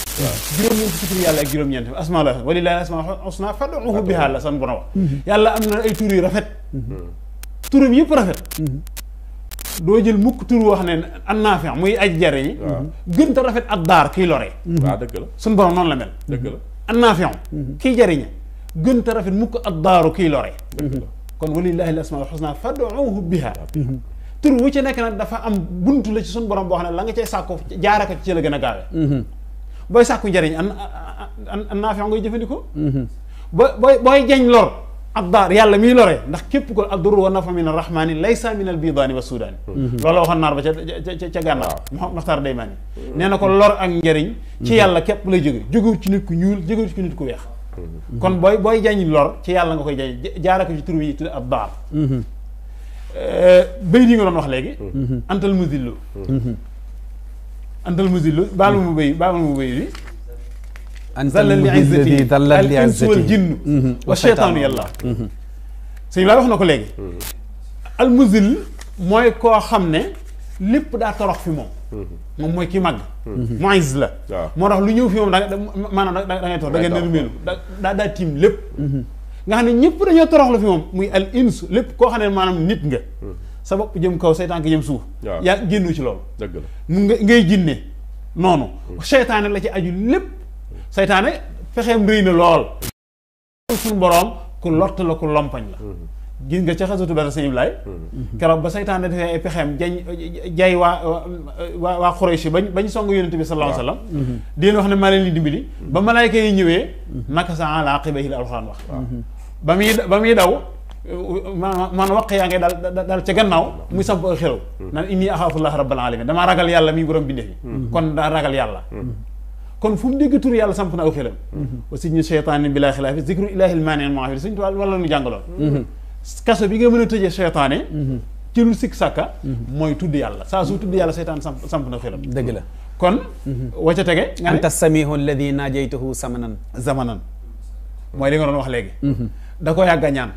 juróom-ñeenti ci tur yàlla ak juróom-ñeenti asmaa la walillaahi asmaa husna fad'uhu bihaa la san bona wax mm-hmm. yàlla am na ay tur rafet mm-hmm. turam yëpp rafet mm-hmm. doo jël mukk tur wax ne an naafi muy aj jariñ gën rafet ak daar kiy lore waaw dëgg suñ borom noonu la mel dëgg an naafi kiy jariñe gën te rafet mukk ak daaru kiy lore kon walillaahi asmaa husna fad'uhu bihaa tur wu ci nekk nag dafa am buntu la ci suñu borom boo xam ne la nga cay sàkku jaara ko ci la gën a gaawee mhm. booy sàkku njëriñ an an naafi ngay jëfandikoo mhm. booy booy booy jañ lor ab daar yàlla miy ak durur wa nafa min arrahmani laysa min al bidaani wa sudaani mhm. loolu ba ca ca ca gànnaar Maxtaar ak njëriñ ci yàlla képp lay jóge jógewut ci ku ñuul jógewut ci ku weex kon booy booy jañ lor ci yàlla nga koy jañ jaara ko ci tur wi tudd ab Euh, béy yi nga doon wax léegi. Mm-hmm. antal musillo. Mm-hmm. antal musillo baal ma mu béy baal ma mu béy bi. antal musillo di dalal li ay zati al insu wal jinnu mm-hmm. wa cheytaanu yàlla. na ko léegi. al musil mooy koo xam ne lépp daa torox fi moom. moom mooy ki mag. moïse la. moo tax lu ñëw fi moom da nga maanaam da ngay toog da daa tiim lépp. nga xam ne ñëpp dañoo toroxlu fi moom muy al ins lépp koo xam ne maanaam nit nga hmm. sa bopp jëm kaw seytaan ki jëm suuf yaa génnu ci lool dëgg mu nga ngay jinne noonu hmm. seytaane la ci aju lépp seytaane fexeem rëy na lool suñu boroom ku lott la ku lompañ la hmm. ca xasatu bata sëñ Ibrahima ba seytaane defee ay pexeem jañ jay waa waa waa Xuraysh bañ bañ song yonent bi sallallahu alayhi wasallam di wax ne maa leen di dimbali ba malaayka yi ñëwee naka sa ala aqibahil alxuraan wax ba muy ba muy daw man man waq yaa ngay daal daal ca gannaaw muy samp ak xew naan inni axaafullah rabbal alamin damaa ragal yàlla mi borom bindee fi mm-hmm. kon daa ragal yàlla mm-hmm. kon fu mu dégg tur yàlla samp na aw xelam mm-hmm. aussi ñu cheytaani bilaa xilaafi zikru ilaahil maanil maafir suñ tubaab wala nu jàngaloon kaso bi nga mën a tëjee cheytaane ci lu sikk sàkka mooy tudd yàlla saa su tudd yàlla seytaan samp samp na xelam dëgg la kon wa ca tege anta samihu alladi naajaytuhu samanan zamanan mooy li nga doon wax léegi da ko yàgg ñaan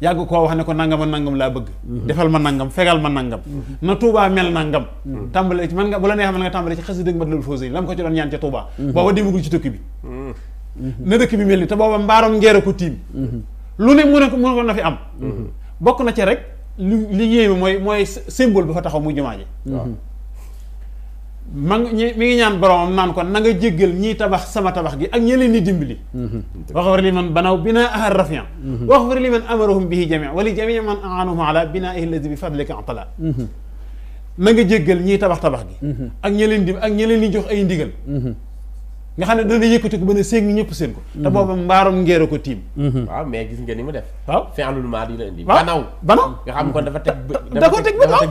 yàgg koo wax ne ko nangam nangam laa bëgg defal ma nangam fegal ma nangam na Touba mel nangam tàmbale ci man nga bu la neexee man nga tàmbale ci xasi dëgg mat loolu fauséyi la mu ko ci doon ñaan ca Touba mhm. booba demagul ci dëkk bi mhm. na dëkk bi mel ni te booba mbaarom ngeer ko tiim mhm. lu ne mu ne mu ne na fi am bokk na ci rek li li mooy mooy symbole bi fa taxaw mu jumaa ma ngi mi ngi ñaan boromam naan ko na nga jéggal ñiy tabax sama tabax gi ak ñi leen di dimbali mhm. waxfar li man banaw binaa ahal mhm. wax waxfar li man amarahum bihi jamia wali jamia man aanahum ala binaa ihladi bi fadlika atala mhm. na nga jéggal ñii tabax tabax gi ak ñi leen di ak ñi leen di jox ay ndigal nga xam ne dana yëkkati ko ba ne séeg ni ñëpp seen ko te mhm. booba mbaarum ngeer ko tiim mhm. mais gis nga ni mu def waaw fin maa di la indi banaw banaw nga xam da ko dafa teg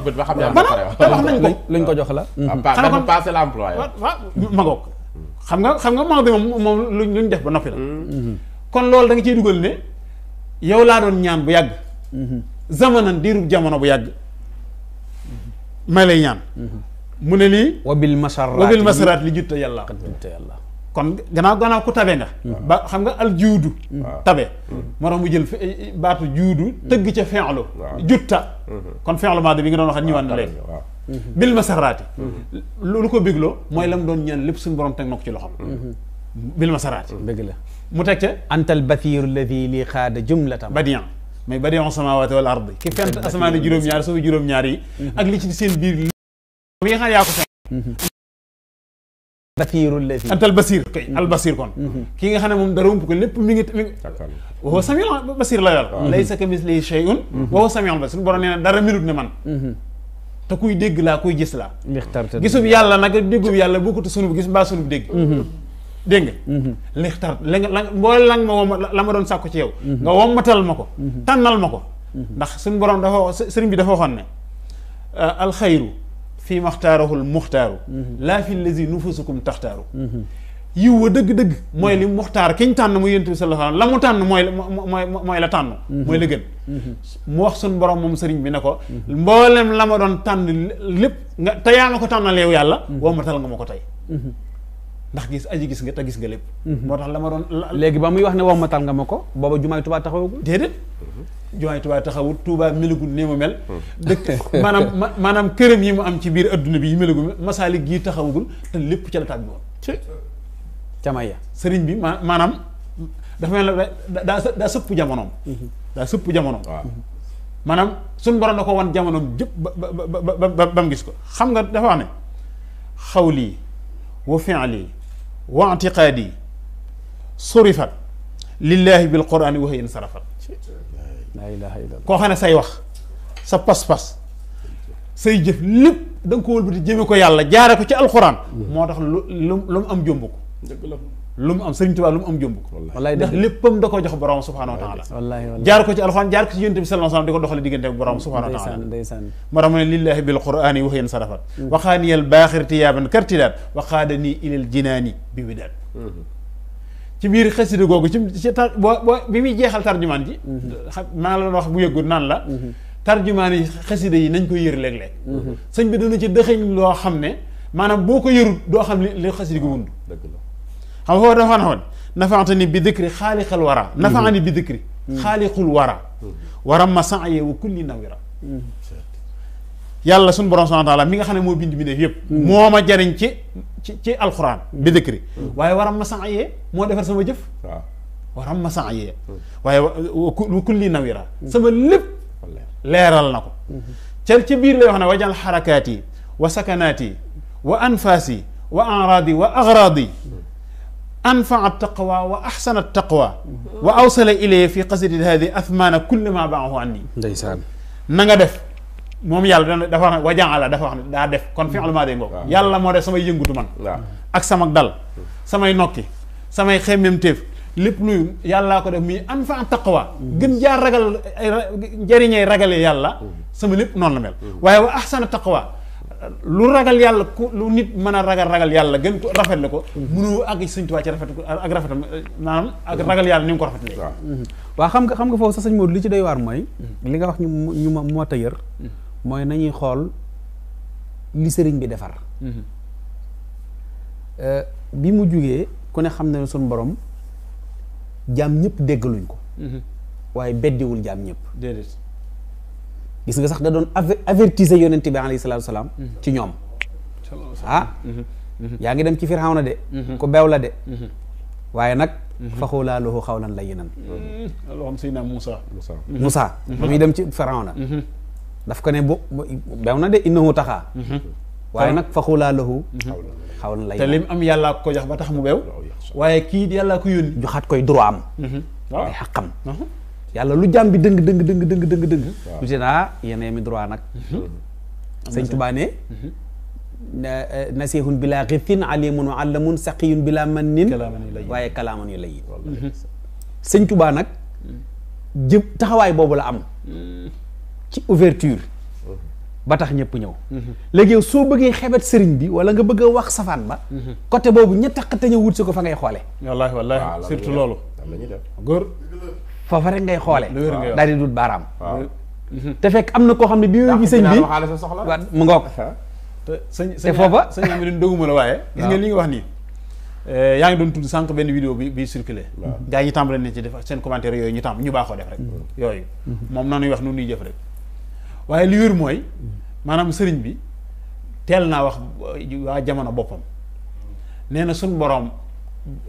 bët ba xam ne am na pare ko jox la ah, mhm. xanaa kon passé l'emploi waaw magoog xam nga xam nga mag bi moom moom luñ luñ def ba noppi la mm. kon loolu da nga ciy dugal ne yow laa doon ñaan bu yàgg zamanan diirub jamono bu yàgg may lay ñaan mu ne lii wabil masaraat wabil masaraat li jutta yàlla jutta yàlla kon gannaaw gannaaw ku tabe nga mm-hmm. ba xam nga al juudu tabe mm-hmm. moo tax mu jël eh, eh, baatu juudu mm-hmm. tëgg ca fenlu jutta kon fenlu maa bi nga doon waxat ñu wan léegi bil ma saraati loolu ko bégloo mooy la mu doon ñaan lépp suñu borom teg na ko ci loxo bil ma saraati dëgg la mu teg ca antal bathiru alladi li xaada jumlatam badian mais badian samawaati wal ardi ki fent asamaani juróom-ñaari suufu juróom-ñaar yi ak li ci seen biir li nga xam Basiirul lazi antal Basiir kay mm-hmm. al Basiir kon. Mm-hmm. ki nga xam ne moom dara ump ko lépp mi ngi mi ngi. wa huwa samiul Basiir la yor. Mm-hmm. laysa kamislihi shay'un. wa huwa samiul Basiir borom nee dara mirut ne man. te kuy dégg laa kuy gis laa. gisub yàlla nag déggub yàlla boo bokkut sunub gis mbaa sunub dégg. dégg nga. lixtar la nga la booy lang ma wom la ma doon sàkku ci yow. nga wommatal ma ko. tànnal ma ko. ndax suñu borom dafa sëriñ bi dafa waxoon ne alxayru. fii maxtaarahul muxtaaru mhm. laa fi lazi nufusukum taxtaaru mhm. yiw wa dëgg-dëgg mooy mhm. li muxtaar kiñ tànn mu yonent bi sallallahu la mu tànn mooy mooy mooy la tànn mooy la gën mu wax suñ borom moom sëriñ bi ne ko mboolem la ma doon tànn lépp nga te yaa ma ko tànnal yow yàlla wamatal nga ma ko tey ndax gis aji gis nga te gis nga lépp moo tax la ma doon léegi ba muy wax ne wamatal nga ma ko booba jumaay Tuubaa taxawagul déedéet jumaay Tuubaa taxawut Tuubaa melagul nii mu mel hmm. dëkk maanaam maanaam këram yi mu am ci biir àdduna bi yi melagul masaalik gii taxawagul te lépp ca la tàbbi woon camaya sëriñ bi ma maanaam dafa mel ne daa daa sëpp jamonoom daa sëpp jamonoom mhm. mhm. maanaam ko wan jamonoom jëpp ba ba ba gis ko xam nga dafa wax ne xawli wa fi'li wa i'tiqaadi surifat lillahi bil qur'ani wa insarafat koo xam ne say wax sa pas-pas say jëf lépp da ko wëlbati jëme ko yàlla jaare ko ci alxuraan moo tax lu lu lu mu am jomb ko lu mu am Sëriñ Tuubaa lu mu am jomb ko ndax léppam da ko jox borom subhaanahu wa taala jaar ko ci alxuraan jaar ko ci yonent bi sallallahu alayhi wasallam di ko doxale diggante ak borom subhaanahu wa taala moo ne lillahi bil qur'ani wa hiyan sarafat mm. waxaani baaxir tiyaaban kartidaat waxaadani ilal jinaani bi widaat mm-hmm. ci biir xasida googu ci ci boo bi muy jeexal tarjumaan ji. Mhm. xam naa la doon wax bu yëgul naan la. Mhm. tarjumaan yi xasida yi nañ koy yër léeg-léeg. Mhm. sëñ bi dana ci dëxëñ loo xam ne maanaam boo ko yërul doo xam li li xasida gi wund. xam nga dafa waxoon nafaante ni bi dëkkri xaaliqal wara. nafaani bi dëkkri. xaaliqul wara. waram ma sànq yeewu kulli nawira. yàlla suñu borom subhanahu wa nga xam ne moo bind bi def yëpp hmm. moo ma jariñ ci ci hmm. bi dëkkri hmm. waaye waram ma sànq yee moo defar sama jëf waaw waram ma sànq yee waaye wa kulli nawira sama lépp leeral na ko ca ca biir lay wax ne wajal xarakaat yi wa sakanaat yi wa anfaas wa enraad wa agrad anfaa taqwa wa axsana taqwa wa awsala ilay fi qasidi hadi athmaana kulli ma baaxu anni ndeysaan na def moom yàlla dafa wax ne wajaala dafa wax ne daa def kon fi almaade ngoog yàlla moo def samay yëngutu man ak sama dal samay nokki samay xemmem téef lépp luy yàllaa ko def muy am fa taqwa gën jaar ragal njëriñay ragale yàlla sama lépp noonu la waaye wa ahsana lu ragal yàlla ku lu nit mën a ragal ragal yàlla gën rafet rafetle ko nu ak sëñ Tuubaa ci rafet ak rafetam naan ak ragal yàlla ni mu ko rafetlee waaw xam nga xam nga foofu sax sëñ Modou li ci doy waar mooy li nga wax ñu mu ma moo ta yër mooy nañuy xool li sëriñ bi defar mhm. euh, bi mu jógee ku ne xam ne suñ borom jaam ñëpp déggaluñ ko mhm. waaye beddiwul jaam ñëpp déedéet gis nga sax da doon avertise yonent bi alayhi salaatu salaam mhm. ci ñoom ah. yaa ngi dem ci Firawna de ku beew la de waaye nag faxulaa lahu xawlan layyinan loolu xam Seydina Moussa Moussa muy dem ci Firawna daf ko ne bu bew na de innahu taxaa mhm. waaye nag fa xulaa mhm. xaw xawl lay te lim am yàllaa ko jox ba tax mu bew waaye kii yàllaa ko yónni joxaat koy droit am mhm. ay xaqam yàlla lu jaam bi dëng dëng dëng dëng dëng dëng lu ci naa yenee mi droit nag sëñ Tuubaa ne eh, nasihun bila xithin alimun allamun saqiyun bila mannin waaye kalaaman yu layin sëñ Tuubaa nag jëp taxawaay boobu la am ci ouverture ba tax ñëpp ñëw léegi soo bëggee xebet sëriñ bi wala nga bëgg wax safaan ba côté boobu ña tax te ñëw wut si ko fa ngay xoole wallaahi wallaahi surtout loolu góor foofa rek ngay xoole daal di dut baaraam te fekk am na koo xam ne bi yooyu sëñ bi waa mu ngoog te foofa sëñ am din doguma la waaye gis nga li nga wax nii eh, yaa ngi doon tudd sànq benn vidéo bi bi circulé gaa yi ñu tàmbale ne ci def seen commentaire yooyu ñu tàmb ñu baaxoo def rek mm-hmm. yooyu moom nanuy wax nu nuy jëf rek waaye li wér mooy maanaam sëriñ bi teel naa wax waa jamono boppam nee na suñ borom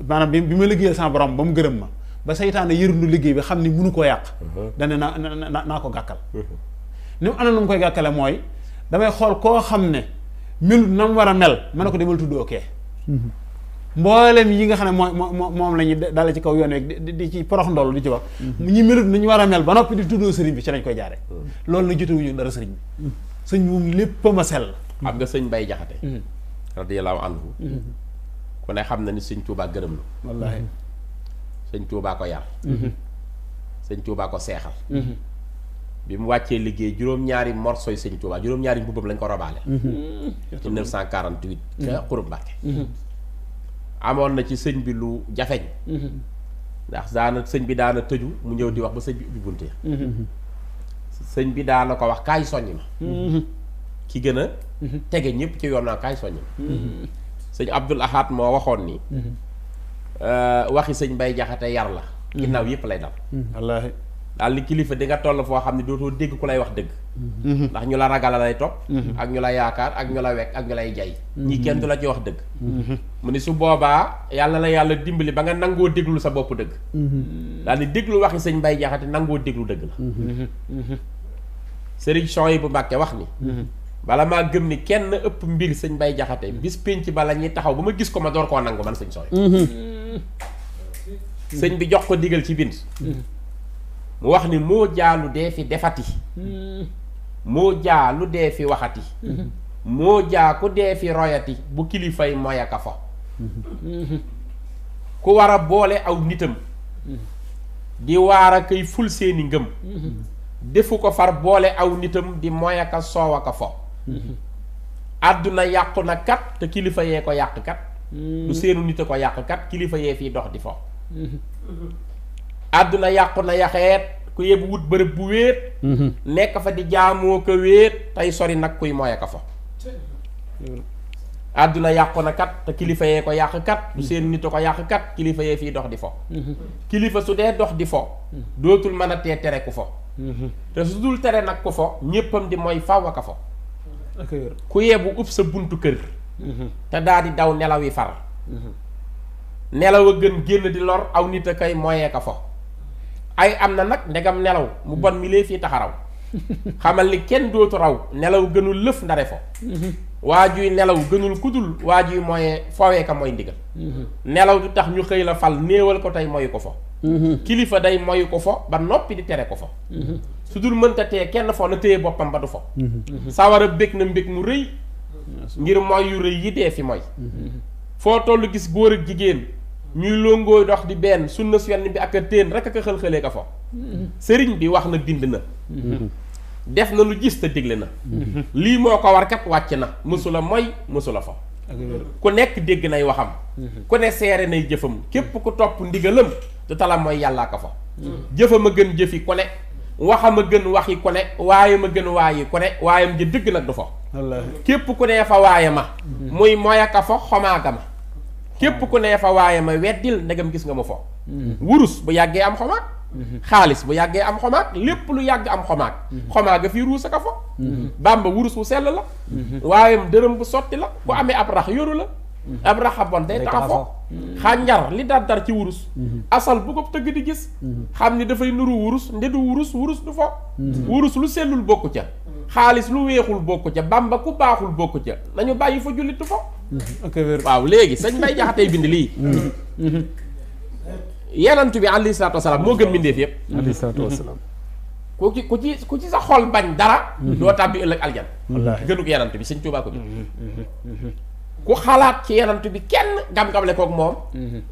maanaam bi ma liggéeyal sama borom ba mu gërëm ma ba seytaane yërundu liggéey bi xam ni mënu koo yàq uh-huh. dane naa naa ko gàkkal uh-huh. ni mu ana mu koy gàkkale mooy damay xool koo xam ne melut na mu war a mel ma ne ko demal tuddoo kee uh-huh. mboolem yi nga xam ne moom moom la ñuy dale ci kaw yoon wi di ci porox ndoll di ci wax. Mm-hmm. ñi melut ni ñu war a mel ba noppi di tuddoo sëriñ bi ci lañ koy jaare mm-hmm. loolu nag jotewuñu dara sëriñ bi. sëñ moom lépp ma sell. xam nga sëñ Baye Jaxate mm-hmm. radiyallahu anhu ku ne xam na ni sëñ Touba gërëm la. wallaahi sëñ Touba ko yar. sëñ Touba ko seexal. bi mu wàccee liggéey juróom-ñaari morsoy sëñ Touba juróom-ñaari mbubbam lañ ko robaale. 1948. ca Xurum Mbàkke. amoon na ci sëñ bi lu jafeñ mhm. ndax daana sëñ bi daana tëju mu ñëw di wax ba sëñ bi ubbi bunt sëñ bi daana ko wax kaay soññ ma mhm. ki gën a mhm. tege ñëpp ci yoon naa kaay soññ ma sëñ Abdul Ahad moo waxoon ni euh, waxi sëñ Bay Jaxate yar la ginnaaw yëpp lay dal daal ni kilifa di nga toll foo xam ne dootoo dégg ku lay wax dëgg mhm. ndax ñu la ragal a lay topp mhm. ak ñu la yaakaar ak ñu la wekk ak ñu lay jay mhm. ñi kenn du la ci wax dëgg mu ni su boobaa yàlla na yàlla dimbali ba nga nangoo déglu sa boppu dëgg daal di déglu waxi sëñ Mbay Jaxate nangoo déglu dëgg la sëriñ son yi bu Mbàkke wax ni bala maa gëm ni kenn ëpp mbir sëñ Mbay Jaxate bis pénc bala ñuy taxaw ba ma gis ko ma door koo nangu man sëñ son sëñ bi jox ko digal ci bind mu wax ni moo jaa lu dee fi defati hmm. moo jaa lu dee fi waxati hmm. moo jaa ku dee fi royati bu kilifay moy aka fo hmm. ku war boole aw nitam di waar a kay ful seeni ngëm defu ko far boole aw nitam di moy aka soow aka fo àdduna yàqu na kat te kilifa yee ko yàq kat du seenu nit a ko yàq kat kilifa yee fiy dox di fo àdduna yàqu na yaxeet ku yeb wut bërëb bu wéet mhm. nekk fa di jaamoo ko wéet tey sori nag kuy mooye ko àdduna yàqu na kat te kilifa yee ko yàq kat du mhm. seen nit a ko yàq kilifa yee fii dox di fo mhm. kilifa su dee dox di fo dootul mën a tee tere ku fo te su dul tere nag ku fo ñéppam di mooy faw a fo ku yebu ub sa buntu kër te daa daw nelaw yi far nelaw a gën génn di lor aw nit a koy mooyee fo ay am na nag ndegam nelaw mu bon mi lee fii taxaraw xamal ni kenn dootu raw nelaw gënul lëf ndare fo waa juy nelaw gënul kudul waa juy mooyee fowee ka mooy ndigal nelaw du tax ñu xëy la fal néewal ko tey moyu ko fo kilifa day moyu ko fo ba noppi di tere ko fo su dul mënta tee kenn fo na téye boppam ba du fo sawara bég na mbég mu rëy ngir moyu yu rëy yi dee fi mooy foo toll gis góor ak jigéen ñuy longoo dox di benn sunna su yenn bi ak a téen rek ak a xël-xëlee ka fo sëriñ bi wax na dind na def na lu gis te digle na lii moo ko war kat wàcc na mësula moy mësula fo ku nekk dégg nay waxam ku ne seere nay jëfam képp ku topp ndigalam te tala mooy yàllaa ko fo jëfam a gën jëfi ku ne waxam a gën waxi ku ne waaye ma gën yi ku ne waayam ji dëgg la du fo képp ku ne fa waaye ma muy moy aka fo xomaaga képp ku nee fa waaye ma weddil ndegam gis nga ma fo hmm. wurus bu yàggee am xomaag hmm. xaalis bu yàggee am xomaag lépp lu yàgg am xomaag hmm. xomaag a fii ruus ak a fo bàmba wurus wu sell la waaye dërëm bu sotti la bu amee ab rax yoru la ab raxa bon day tax fo xànjar li dar dar ci wurus asal bu ko tëgg di gis xam ni dafay nuru wurus nde du wurus wurus du fo wurus lu sellul bokku ca xaalis lu weexul bokk ca bàmba ku baaxul bokk ca nañu bàyyi fa jullitu ko waaw léegi sañ bay jaxatey bind lii yenantu bi alayhi salaatu wasalaam moo gën mbindeef yëpp alayhi salaatu wasalaam ku ci ku ci ku ci sa xol bañ dara mhm. doo tàbbi ëllëg aljan gënu ko yenantu bi sëñ Tuubaa ko bi mhm. mhm. ku xalaat ci yenantu bi kenn gam-gamle kook moom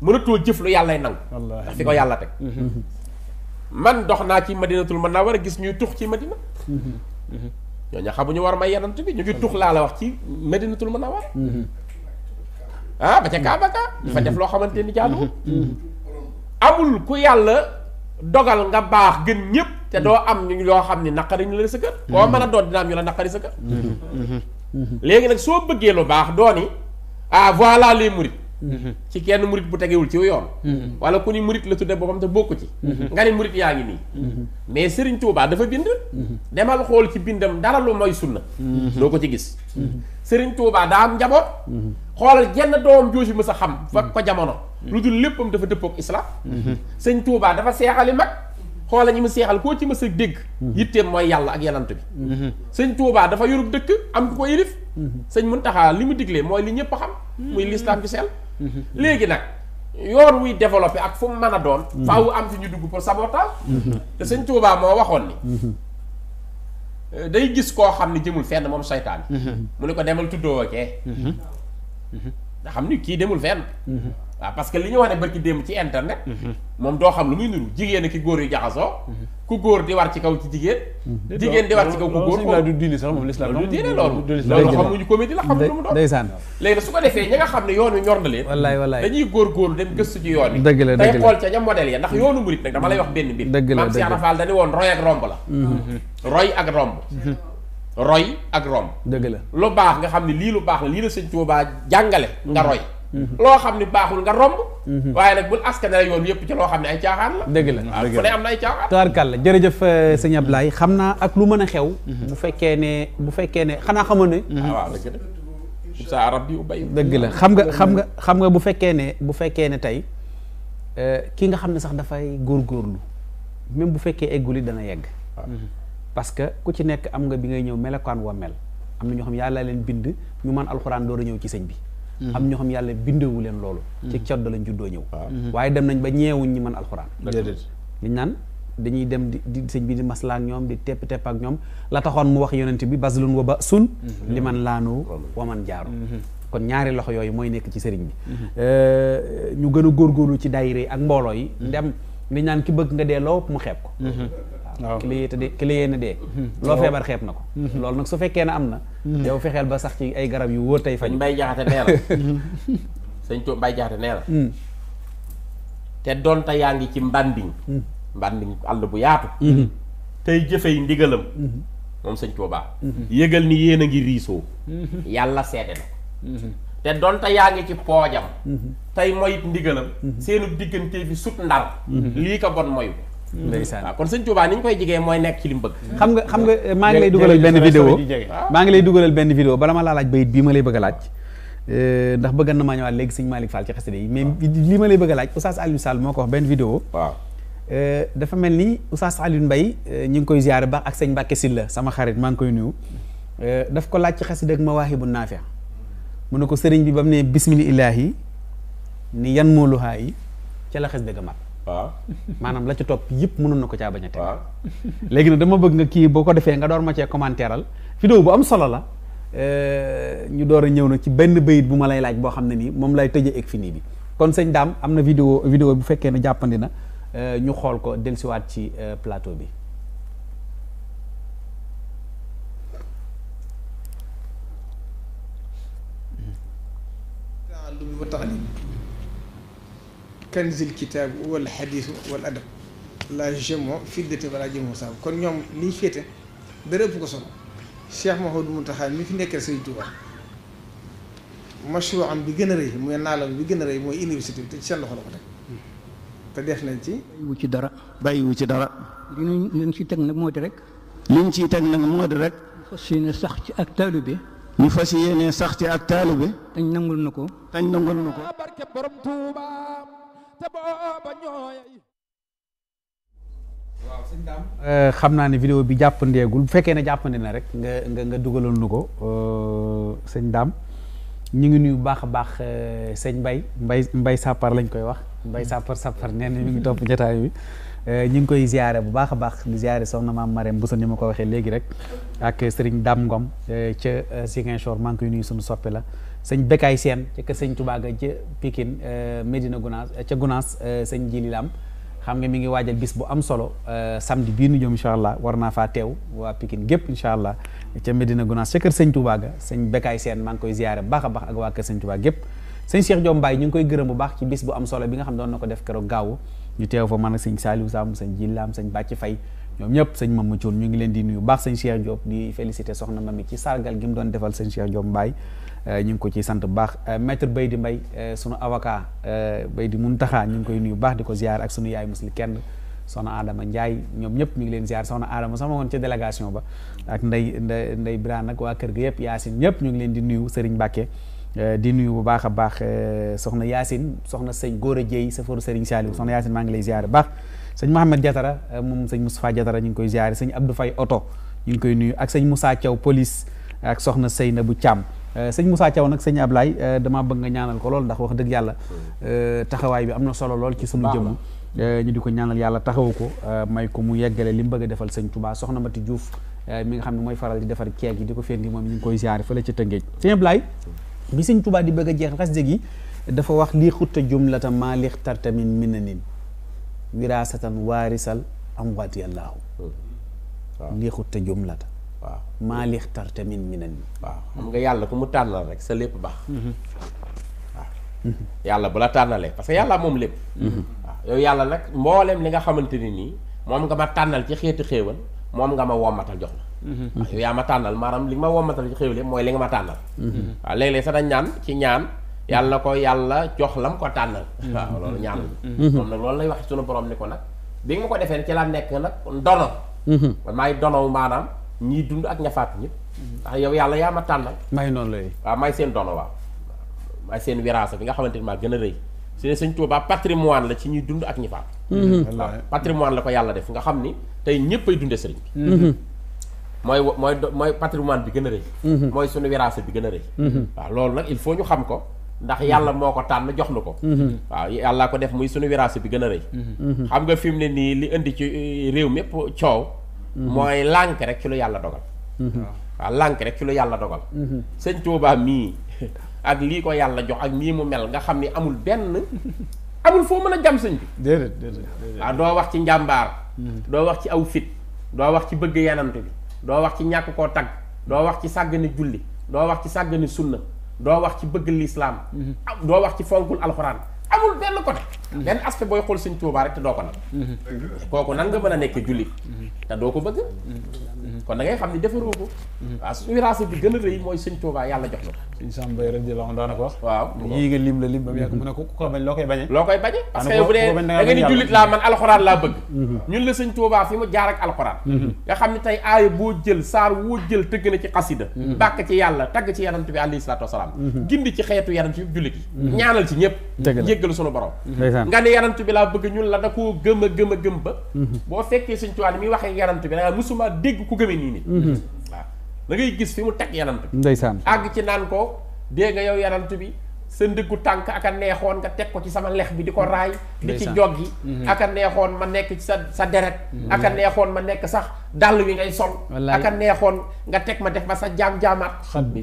mënatul jëf lu yàllay nangu ndax fi ko yàlla teg man dox naa ci madinatul man naa war a gis ñuy tux ci madina ñoo ñooñu ñu war may yenant bi ñu ngi tux laa la wax ci Medinatul Munawwar mhm. ah ba ca Kaaba ga mhm. dafa def loo xamante ni jaaduwul mhm. amul ku yàlla dogal nga baax gën ñëpp te doo am ñu loo xam ni naqari ñu la sa kër koo mën a doon dina am ñu la naqari sa kër léegi nag soo bëggee lu baax doo dooni ah voilà les mourides Mhm. ci kenn murit bu tegewul ci yoon mhm. wala ku ni murit la tudde boppam te bokk ci mhm. nga ni murit yaa ngi nii mais Serigne Touba dafa bind demal xool ci bindam dara lu mooy sunna loo ko ci gis sëriñ Touba daa am njaboot xoolal jenn doom jooju mës a xam fa ko jamono lu dul léppam dafa dëppook islam sëñ Touba dafa seexali mag xoola ñi mu seexal koo ci mës a dégg yitteem mooy yàlla ak yalant bi sëñ Touba dafa yorub dëkk am ku ko yilif sëñ taxaa li mu diglee mooy li ñëpp xam muy lislaam ci seel Mhm. léegi nag yoon wuy développé ak fu mu mën a doon. Mhm. faaw am fi ñu dugg pour sabotage. Mhm. te sëñ Tuubaa moo waxoon ni. Euh, day gis koo xam ne jëmul fenn moom seytaan. mu ne ko demal tuddoo kee. nga xam ni kii demul fenn. waaw ah, parce li ñu wax ne barki démb ci internet. Mhm. moom doo xam lu muy nuru jigéen ak ki góor yu jaxasoo. ku góor di war ci kaw ci jigéen. jigéen di war ci kaw ku góor loolu du diine sax moom l'islam du diine loolu. loolu xamuñu comédie la xamuñu lu mu doon ndeysaan. léegi su ko defee ñi nga xam ne yoon wi ñor na leen. wallaay wallaay dañuy góorgóorlu dem gëstu ci yoon wi. dëgg la dëgg la tey xool ca ña modèle ya ndax mhm. yoonu murit nag dama lay wax benn mbir. dëgg la dëgg la maam woon roy ak romb la. Mhm. roy ak romb. roy ak romb. dëgg la lu baax nga xam ne lii lu baax lii la sëñ Tuubaa jàngale nga Mhm. loo xam ni baaxul nga romb mhm. waaye nag bul askanale yoon yëpp ci loo xam ne ay caaxaan la dëgg la fu ne am na ay caaxaan tubaarkàlla jërëjëf euh, sëñ Ablaye xam naa ak lu mën a xew mhm. bu fekkee ne bu fekkee ne xanaa xamoon ne ah, waaw dëgg la xam nga xam nga xam nga bu fekkee ne bu fekkee ne tey euh, ki nga xam ne sax dafay góorgóorlu même bu fekkee eggul dana yegg parce que ku ci nekk am nga bi ngay ñëw melokaan wa mel am na ñoo xam yàlla leen bind ñu man alxuraan door a ñëw ci sëñ bi Mm-hmm. am ñoo xam yàlla bindewu leen loolu mm-hmm. ci codd lañ juddoo ñëw mm-hmm. waaye dem nañ ba ñeewuñ ñi mën alxuraan liñ naan dañuy dem di di sëñ bi di maslaa ñoom di tepp tepp ak ñoom la taxoon mu wax yonent bi baslun wa ba sun li man laanu wa man jaaru kon ñaari loxo yooyu mooy nekk ci sëriñ bi euh, ñu gën a góorlu ci daayira yi ak mbooloo yi ndem li naan ki bëgg nga delloo mu xeeb ko ki la yee te de ki yee na dee hmm. loo feebar xeeb na ko hmm. loolu nag su fekkee ne am na hmm. yow fexeel ba sax ci ay garab yu woo tey faju mbay jaxate nee la sañ Tuubaa mbay jaxate nee la te donta yaa ngi ci mbànding mbànding àll bu yaatu tey jëfey ndigalam moom sëñ Tuubaa yëgal ni yéen a ngi riisoo yàlla seede te donte yaa ngi ci poojam tey moyit ndigalam seenu diggante fi sut ndar lii ko bon moyu ndeysaan waaw kon sëñ Tuubaa ni ñu koy jigee mooy nekk ci li mu xam nga xam nga eh, maa ngi lay dugalal benn vidéo maa ngi lay dugalal benn vidéo bala ma laa laaj bayit bii ma lay bëgg a laaj eh, ndax bëggan na maa mais lii ma lay bëgg a laaj Oustaz Aliou Sall ko wax benn vidéo eh, dafa mel ni Oustaz Aliou Mbaye ñu ngi koy ziyaare baax ak sëñ Mbàkke Sylla sama xarit maa ngi koy nuyu daf ko laaj ci xasida ak Mawaahibu Naafi mu ne ko sëriñ bi ba mu ne bismillaahi ni yan mooluhaa yi ca la xasida ga mat waaw maanaam la ci topp yëpp mënoon na ko caa bañ a teg léegi nag dama bëgg nga kii boo ko defee nga door ma cee commentéral bu am solo la euh, ñu door a ñëw nag ci benn bayit bu ma lay laaj boo xam ne nii moom lay tëje ak fini bi kon sëñ daam am na vidéo vidéo bu fekkee ne jàppandi na euh, ñu xool ko dellusiwaat ci euh, plateau bi lu kanzil kitaab wala xadiisu wala adab la jemo fiddati wala jemo saabu kon ñoom liy féete dara ëpp ko solo Cheikh Mouhamadou Mountakha mi fi nekkal Sëriñ Tuubaa mashru am bi gën a rëy bi gën a rëy mooy université bi te ci seen loxo la ko te def nañ ci. bàyyiwu ci dara. bàyyiwu ci dara. li ñu si teg nag moo di rek. li ñu ciy teg nag moo di rek. ñu fas yéene sax ci ak taalu bi. ñu fas yéene sax ci ak taalu bi. tañ nangul na ko. te booba ñooy waaw euh, xam naa ne vidéo bi jàppandeegul bu fekkee ne jàppandi na rek nga nga nga dugaloon nu ko euh, sëñ daam ñu ngi nuyu bu baax a baax euh, sëñ Mbaye Mbaye Mbaye Sapar lañ koy wax mbay Sapar Sapar nee na mi ngi topp jotaay bi ñu ngi koy ziare bu baax a baax di ziare soxna maam Marème bu sa ni ma ko waxee léegi rek ak sëriñ Dame Ngom ca Ziguinchor maa ngi koy nuyu suñu soppe la. sëñ Bekay Seen ca kër sëñ Touba ga ca Pikine euh, Medina Gunaas euh, ca Gunaas euh, sëñ Jili Lam xam nga mi ngi waajal bis bu am solo samedi bii nu jëm incha allah war naa faa teew waa Pikine gépp incha allah ca Medina Gunaas ca kër sëñ Touba ga sëñ Bekay Seen maa ngi koy ziyaare baax a baax ak waa kër sëñ Touba gépp sëñ Cheikh Diom Mbaye ñu ngi koy gërëm bu baax ci bis bu am solo bi nga xam doon na ko def keroog gaawu ñu teew fa man ak sëñ Saliou Sam sëñ Jili Lam sëñ Bàcci Fay ñoom ñëpp sëñ Mama Thioune ñu ngi leen di nuyu baax sëñ Cheikh Diop di félicité soxna Mami ci sargal gi mu doon defal sëñ Cheikh Diop Mbaye euh, ñu ngi ko ciy sant bu baax euh, maître Baydi Mbaye euh, sunu avocat mun Muntaxa ñu ngi koy nuyu baax di ko ziar ak sunu yaay musli kenn soxna Adama Ndiaye ñoom ñëpp ñu ngi leen ziar soxna Adama sama woon ca délégation ba ak nday nday nday Birane ak waa kër ga yëpp Yacine ñëpp ñu ngi leen di nuyu Serigne Mbacke di nuyu bu baax a baax soxna Yacine soxna a Gora sa safaru Serigne Saliou soxna Yacine maa ngi lay ziar baax sëñ Mouhamed jatara euh, moom sëñ Moustapha Diatara ñu ngi koy ziare sëñ Abdou Faye oto ñu ngi koy nuyu ak sëñ Moussa Thiaw police ak soxna na bu Thiam euh, sëñ Moussa Thiaw nag sëñ Ablaye euh, damaa bëgg nga ñaanal ko lool ndax wax dëgg yàlla taxawaay bi am na solo lool ci sunu jëmm ñu di ko ñaanal yàlla taxawu ko may ko mu yeggale li mu bëgg defal sëñ Touba soxna Mati Diouf mi nga xam ne mooy faral di defar ceeg yi di ko fendi moom ñu ngi koy ziare fële ca Tëngéej sëñ Ablaye bi sañ tubaa di bëgg a jeex xas dëgg yi dafa wax lii xutta jumlata maa tamit min minanin wiraasatan waarisal amwaati yàllaahu liixut hmm. te jumlata waaw maa lixtarte min minan ni waaw moom nga yàlla ku mu tànnal rek sa lépp baax hmm. Hmm. waaw yàlla bu la tànnalee parce que yàlla moom lépp waaw yow yàlla nag mbooleem li nga xamante ni nii moom nga ma tànnal ci xeeti xéewal moom nga ma wommatal jox la waaw yow yaa ma tànnal maanaam li nga ma wommatal ci xéewal yëpp mooy li nga ma tànnal waaw léeg-léeg sax dañ ñaan ci ñaan yàlla ko yàlla jox lam ko tànnal. Mm-hmm. waaw loolu ñaan la. Mm-hmm. kon nag loolu lay wax sunu borom ni ko nag bi nga ma ko defee ci laa nekk nag ndono. Mm-hmm. man maay donow maanaam ñiy dund ak ñafaatu ñëpp. yow yàlla yaa ma may noonu lay waaw may seen dono waaw. may seen wiraasa bi nga xamante ni maa gën a rëy. su ne sëñ Tuubaa la ci ñuy dund ak ñi faatu. waaw patrimoine la ko yàlla def nga xam ni tey ñëpp ay dunde sëriñ bi. mooy mooy mooy patrimoine bi gën a rëy. sunu wiraasa bi gën a rëy. waaw loolu nag il faut ñu xam ko. ndax yàlla moo ko tànn jox na ko mhm. waaw yàlla ko def muy sunu wiraasu bi gën a rëy mhm. xam nga fi mu ne nii li indi ci eh, réew mépp coow mhm. mooy lànk rek ci lu yàlla dogal waaw lànk rek ci lu yàlla dogal sëñ Tuubaa mii ak lii ko yàlla jox ak nii mu mel nga xam ni amul benn amul foo mën a jam sëñ bi déedéet déedéet waaw doo wax ci njàmbaar doo wax ci aw fit doo wax ci bëgg yanant bi doo wax ci ñàkk koo tagg doo wax ci sàgg ni julli doo wax ci sàgg ni sunna doo wax ci bëgg lislaam mm-hmm. doo wax ci fonkul alxuraan amul benn côté mm-hmm. benn aspect booy xool sëñ Tuubaa rek te doo ko nag mm-hmm. kooku nan nga mën a nekk jullit te doo ko bëgg kon da xam ne defaroo ko. Mhm. waaw su wiraase bi gën a rëy mooy sëñ Touba yàlla jox na ko. suñu sàmbay radiyallahu anhu daanaka la lim ba mu yàgg mu ne ko ku ko bañ loo koy bañee. loo koy bañee parce que ni jullit laa man alxuraan laa bëgg. Mhm. ñun la sëñ Touba fi mu jaar ak alxuraan. Mhm. nga xam ne tey saar woo jël tëgg na ci xasida. bàkk ci yàlla tagg ci yonent bi alayhi salaatu wasalaam. gindi ci xeetu yonent yi jullit yi. ñaanal ci ñëpp. dëgg la jéggal nga ne yonent bi laa bëgg ñun la da koo gëm a gëm a gëm ba. boo fekkee sëñ Touba bëri nii nit mhm. waaw da ngay gis fi mu teg yanant bi ndeysaan àgg ci naan ko dee nga yow yanant bi sa dëkku tànk ak aka neexoon nga teg ko ci sama lex bi di ko mhm. raay di ci joggi mhm. aka neexoon ma nekk ci sa sa deret aka neexoon ma nekk sax dàll wi ngay sol a neexoon nga teg ma def ba sa jaam-jaamaat xaddi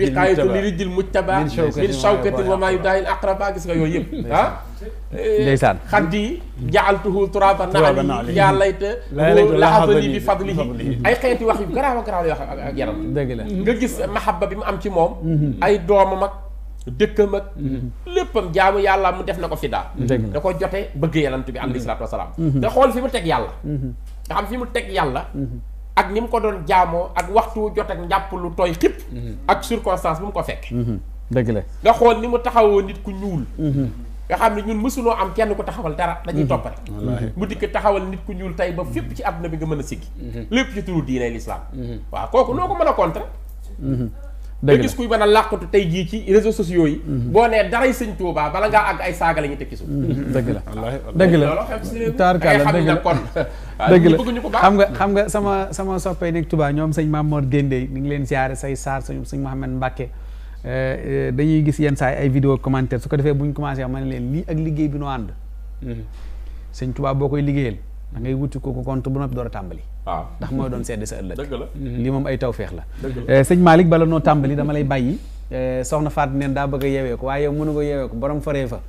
wi xayatu li rijil mujtaba min shawkatin wa ma yudaayil aqraba gis nga yooyu yëpp Eh, ndeysaan xaddi jaaltuhu turaban naali yaa layta lahabani bi fadlihi ay xeeti wax yu garaaw a garaaw la yoo xam ak yaram la nga gis mahabba bi mu am ci moom mhm. ay doomam ak dëkkam ak mhm. léppam jaamu yàlla mu def na ko fi fidaa da ko jote bëgg yonent bi alayhi salaatu wasalaam te mhm. xool fi mu teg yàlla nga xam fi mu teg yàlla ak ni mu ko doon jaamoo ak waxtu jot ak njàpp lu tooy xib ak circonstance bu mu ko fekk dëgg la nga xool ni mu taxawoo nit ku ñuul nga xam ne ñun mësuloo am kenn ku taxawal dara dañuy mhm. toppare mu dikk taxawal nit ku ñuul tey ba fépp ci àdduna bi nga mën a siggi mhm. lépp ci turu diine l'islam mhm. waaw kooku noo ko mën a contre da gis kuy mën a làqatu tey jii ci réseaux sociaux yi boo nee daray sëñ Tuubaa bala ngaa àgg ay saaga la ñu tekki suuf dëgg la dëgg la taarkaala dëgg la kon dëgg la xam nga xam nga sama sama soppee nekk tubaa ñoom sëñ Mamoor Géndé ni ngi leen siyaare say saar sañu sëñ Mouhamed Mbacke Euh, euh, dañuy gis yenn saa ay vidéo commentaire su ko defee bu ñu commencé ma ne leen lii ak liggéey bi noo ànd. Mhm. sëñ Tuubaa boo koy liggéeyal da ngay ko ko compte bu noppi doo a tàmbali. waaw ndax mooy doon sedd sa ëllëg. la mhm. lii moom ay taw feex la. Euh, sëñ Malick bala noo tàmbali dama lay bàyyi. soxna Fatou neen daa bëgg a yeewee ko waaye yow mënu ko yeewee ko borom faree fa.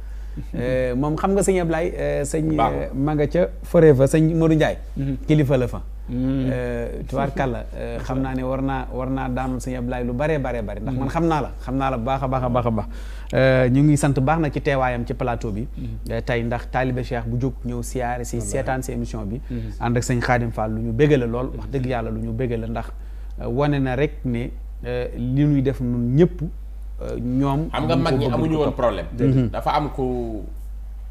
Euh, moom xam nga sëñ Ablaye euh, sëñ euh, ma nga ca fëree fa sëñ Modou Ndiaye mhm. kilifa la fa mhm. tubaarkàlla xam naa ne war naa war naa daanul sëñ Ablaye lu bare baree bari ndax mhm. man xam naa la xam naa la baax a baax baax a baax ñu ngi sant baax na ci teewaayam ci plateau bi tey ndax taalibe Cheikh bu jóg ñëw siyaare si seetaan si émission bi ànd ak sëñ Khadim lu ñu bégga la lool wax dëgg yàlla lu ñu bégga la ndax wane na rek ne li ñuy def nun ñëpp ñoom. xam nga mag ñi amuñu woon problème. Mhm. dafa am ku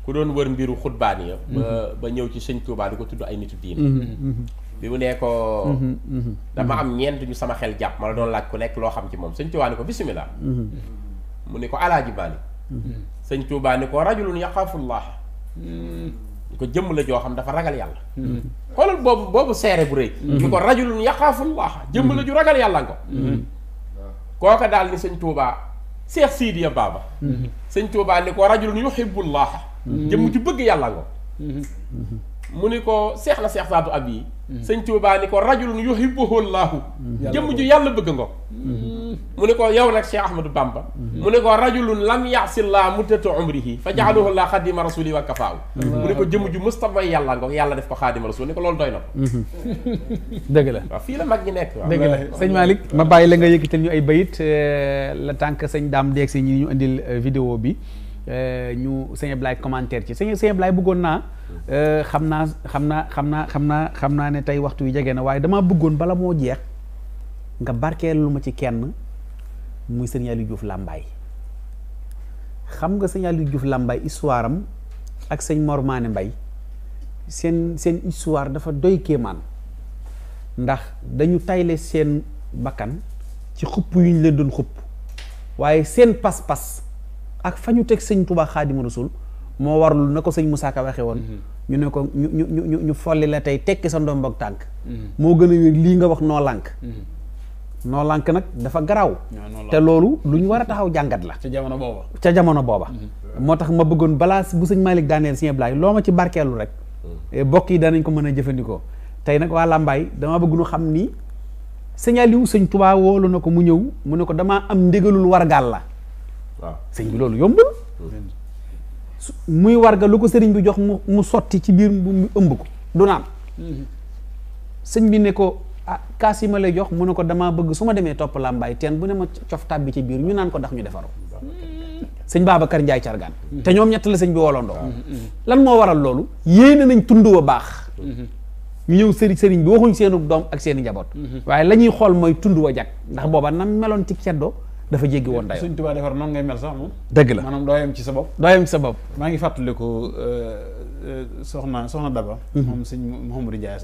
ku doon wër mbiru xutbaan ya ba mhm. ba ñëw ci sëñ Touba di ko tudd ay nitu diine. Mhm. bi mu ne ko. dama am ñeent ñu sama xel jàpp ma la doon laaj ku nekk loo xam ci moom sëñ Touba ni ko bisimilah. mu ne ko alaaji baali. sëñ Touba ni ko rajulun yaxaafullah. ñu ko jëmm la joo xam dafa ragal yàlla xoolal boobu boobu bu rëy ñu ko rajulun yaxaafullah jëmm la ju ragal yàlla nga ni sëñ Tuubaa Cheikh Sidiya Baba. sëñ Touba ni ko rajulun yuhibbullaha. jëmm ju bëgg yàlla nga. mu ni ko seex na seex Saadu Abi. sëñ Touba ni ko rajulun yuhibbuhullahu. jëmm ju yàlla bëgg nga. mu ne ko yow nag Cheikh Ahmadou Bamba mhm. mu ne ko rajulun lam yaasillaa muddatu umrihi fa jaaluhu laa xaadima rasuli wa kafaaw mhm. mu ne ko jëmm ju mustafa yàlla nga yàlla def ko xaadima rasul ne ko loolu doy na ko mhm. la waaw fii la mag ñi nekk dëgg la ma bàyyi la nga yëkkatal ñu ay bayit euh, la tànk sëñ daam deeg si ñi ñu indil euh, vidéo bi euh, ñu sëñ Ablaye commentaire ci sëñ sëñ Ablaye bëggoon naa xam naa xam naa xam naa xam naa xam naa ne tey waxtu wi jege na waaye damaa bëggoon bala moo jeex nga barkeel lu ma ci kenn muy sëñ Aliou Diouf Lambaye xam nga sëñ Aliou Diouf Lambaye histoire ak sëñ mormaane mbay seen seen histoire dafa doy kéemaan ndax dañu tayle seen bakkan ci xupp yu ñu leen doon xupp waaye seen pas-pas ak fa ñu teg sëñ Touba Xaadimu Rasul moo warul na ko sëñ Moussa Ka waxe woon mhm. ñu ne ko ñu ñu ñu folli la tey tekki sa ndombog tànk mhm. moo gën a wér lii nga wax noo lànk mhm. noo lànk nag dafa garaaw te loolu lu ñu war a taxaw jàngat la ca jamono booba ca jamono booba mhm. moo tax ma bëggoon balaa bu sëñ Malick daaneel sëñ Ablaye loo ma ci barkeelu rek mhm. eh, bokk yi danañ ko mën a jëfandikoo tey nag waa Lambaay dama bëgg nu xam ni signalé wu sëñ Tuubaa woolu na ko mu ñëw mu ne ko damaa am ndigalul wargaal la sëñ bi loolu yombul mhm. muy warga lu ko sëriñ bi jox mu mu sotti ci biir mu ëmb ko du naan sëñ bi ne ko a ah, kaas yi ma lay jox mu ne ko damaa bëgg su ma demee topp làmbaay teen bu ne ma cof tàbbi ci biir ñu naan ko ndax ñu defaru sëñ Babacar Ndiaye Cargaan te ñoom ñett la sëñ bi wolondoo lan moo waral loolu yéene nañ tund wa baax ñu ñëw sëriñ sëriñ bi waxuñ seenu doom ak seeni njaboot waaye la ñuy xool mooy tund wa jag ndax booba nam meloon ci ceddo dafa jéggi woon dayoo suñ tubaab defar noonu ngay mel sax moom dëgg la maanaam dooyam ci sa bopp dooyam ci sa bopp maa ngi fàttaliku euh, euh, soxna soxna Daba mhm. moom sëñ Mouhamadou Ndiaye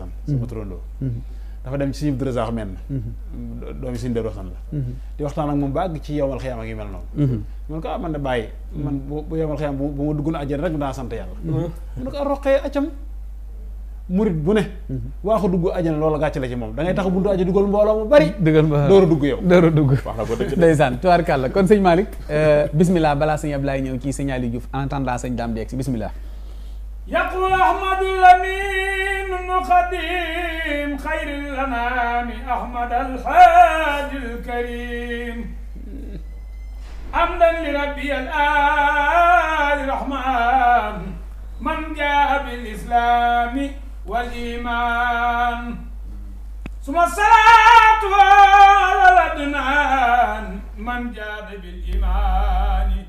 dafa dem ci sëñ Abdu Razaax men doomi sëñ Daaru Xasan la mhm. di waxtaan ak moom ba àgg ci yowmal xiyaam ak yu mel noonu mhm. mun ko ah man da bàyyi mhm. man bu yowmal xiyaam bu ma dugg na àjjana rek naa sant yàlla mun ko a ah, roqee acam murit bu ne waaxu dugg àjjana loola gàcce la ci moom da ngay tax buntu àjjana dugal mbooloo mu bari dugal mbooloo door dugg yow door a dugg ndeysaan tubaarkàlla kon sëñ Malick euh, bismillah balaa sëñ Ablaye ñëw ci sëñ Aliou Diouf en attendant sëñ Dame Dieng si bismillah يقول أحمد الأمين مقدم خير الأنام أحمد الحاج الكريم حمدا لربي الآل الرحمن من جاء بالإسلام والإيمان ثم الصلاة على الأدنان من جاد بالإيمان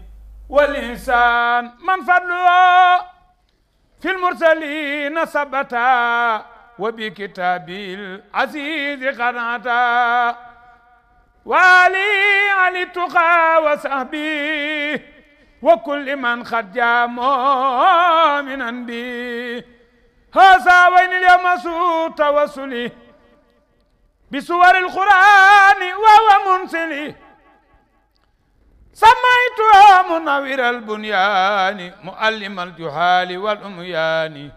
والإنسان من فضله في المرسلين ثبتا وبكتاب العزيز قناتا والي علي التقى وصحبي وكل من قد جاء مؤمنا بي هذا وين اليوم سوء توسلي بسور القران وهو منسلي سميتها منور البنيان مؤلم الجهال والأميان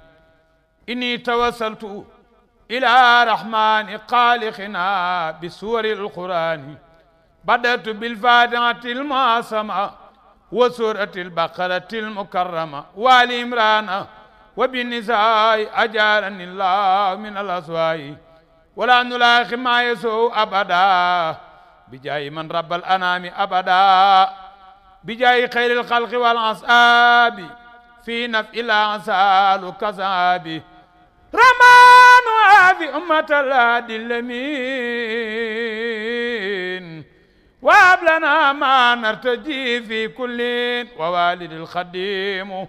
إني توسلت إلى رحمن خالقنا بسور القرآن بدأت بالفاتحة المعصمة وسورة البقرة المكرمة وآل عمران وبالنساء أجارني الله من الأسواء ولا نلاقي ما يسوء أبدا bijaayi man rabbal anaami abada bijaayi xayril xalqi wal asaabi fi naf ila ansaalu kasaabi ramaanu aafi ummatal adillamin waab lana ma nartaji fi kullin wa walidil xadimu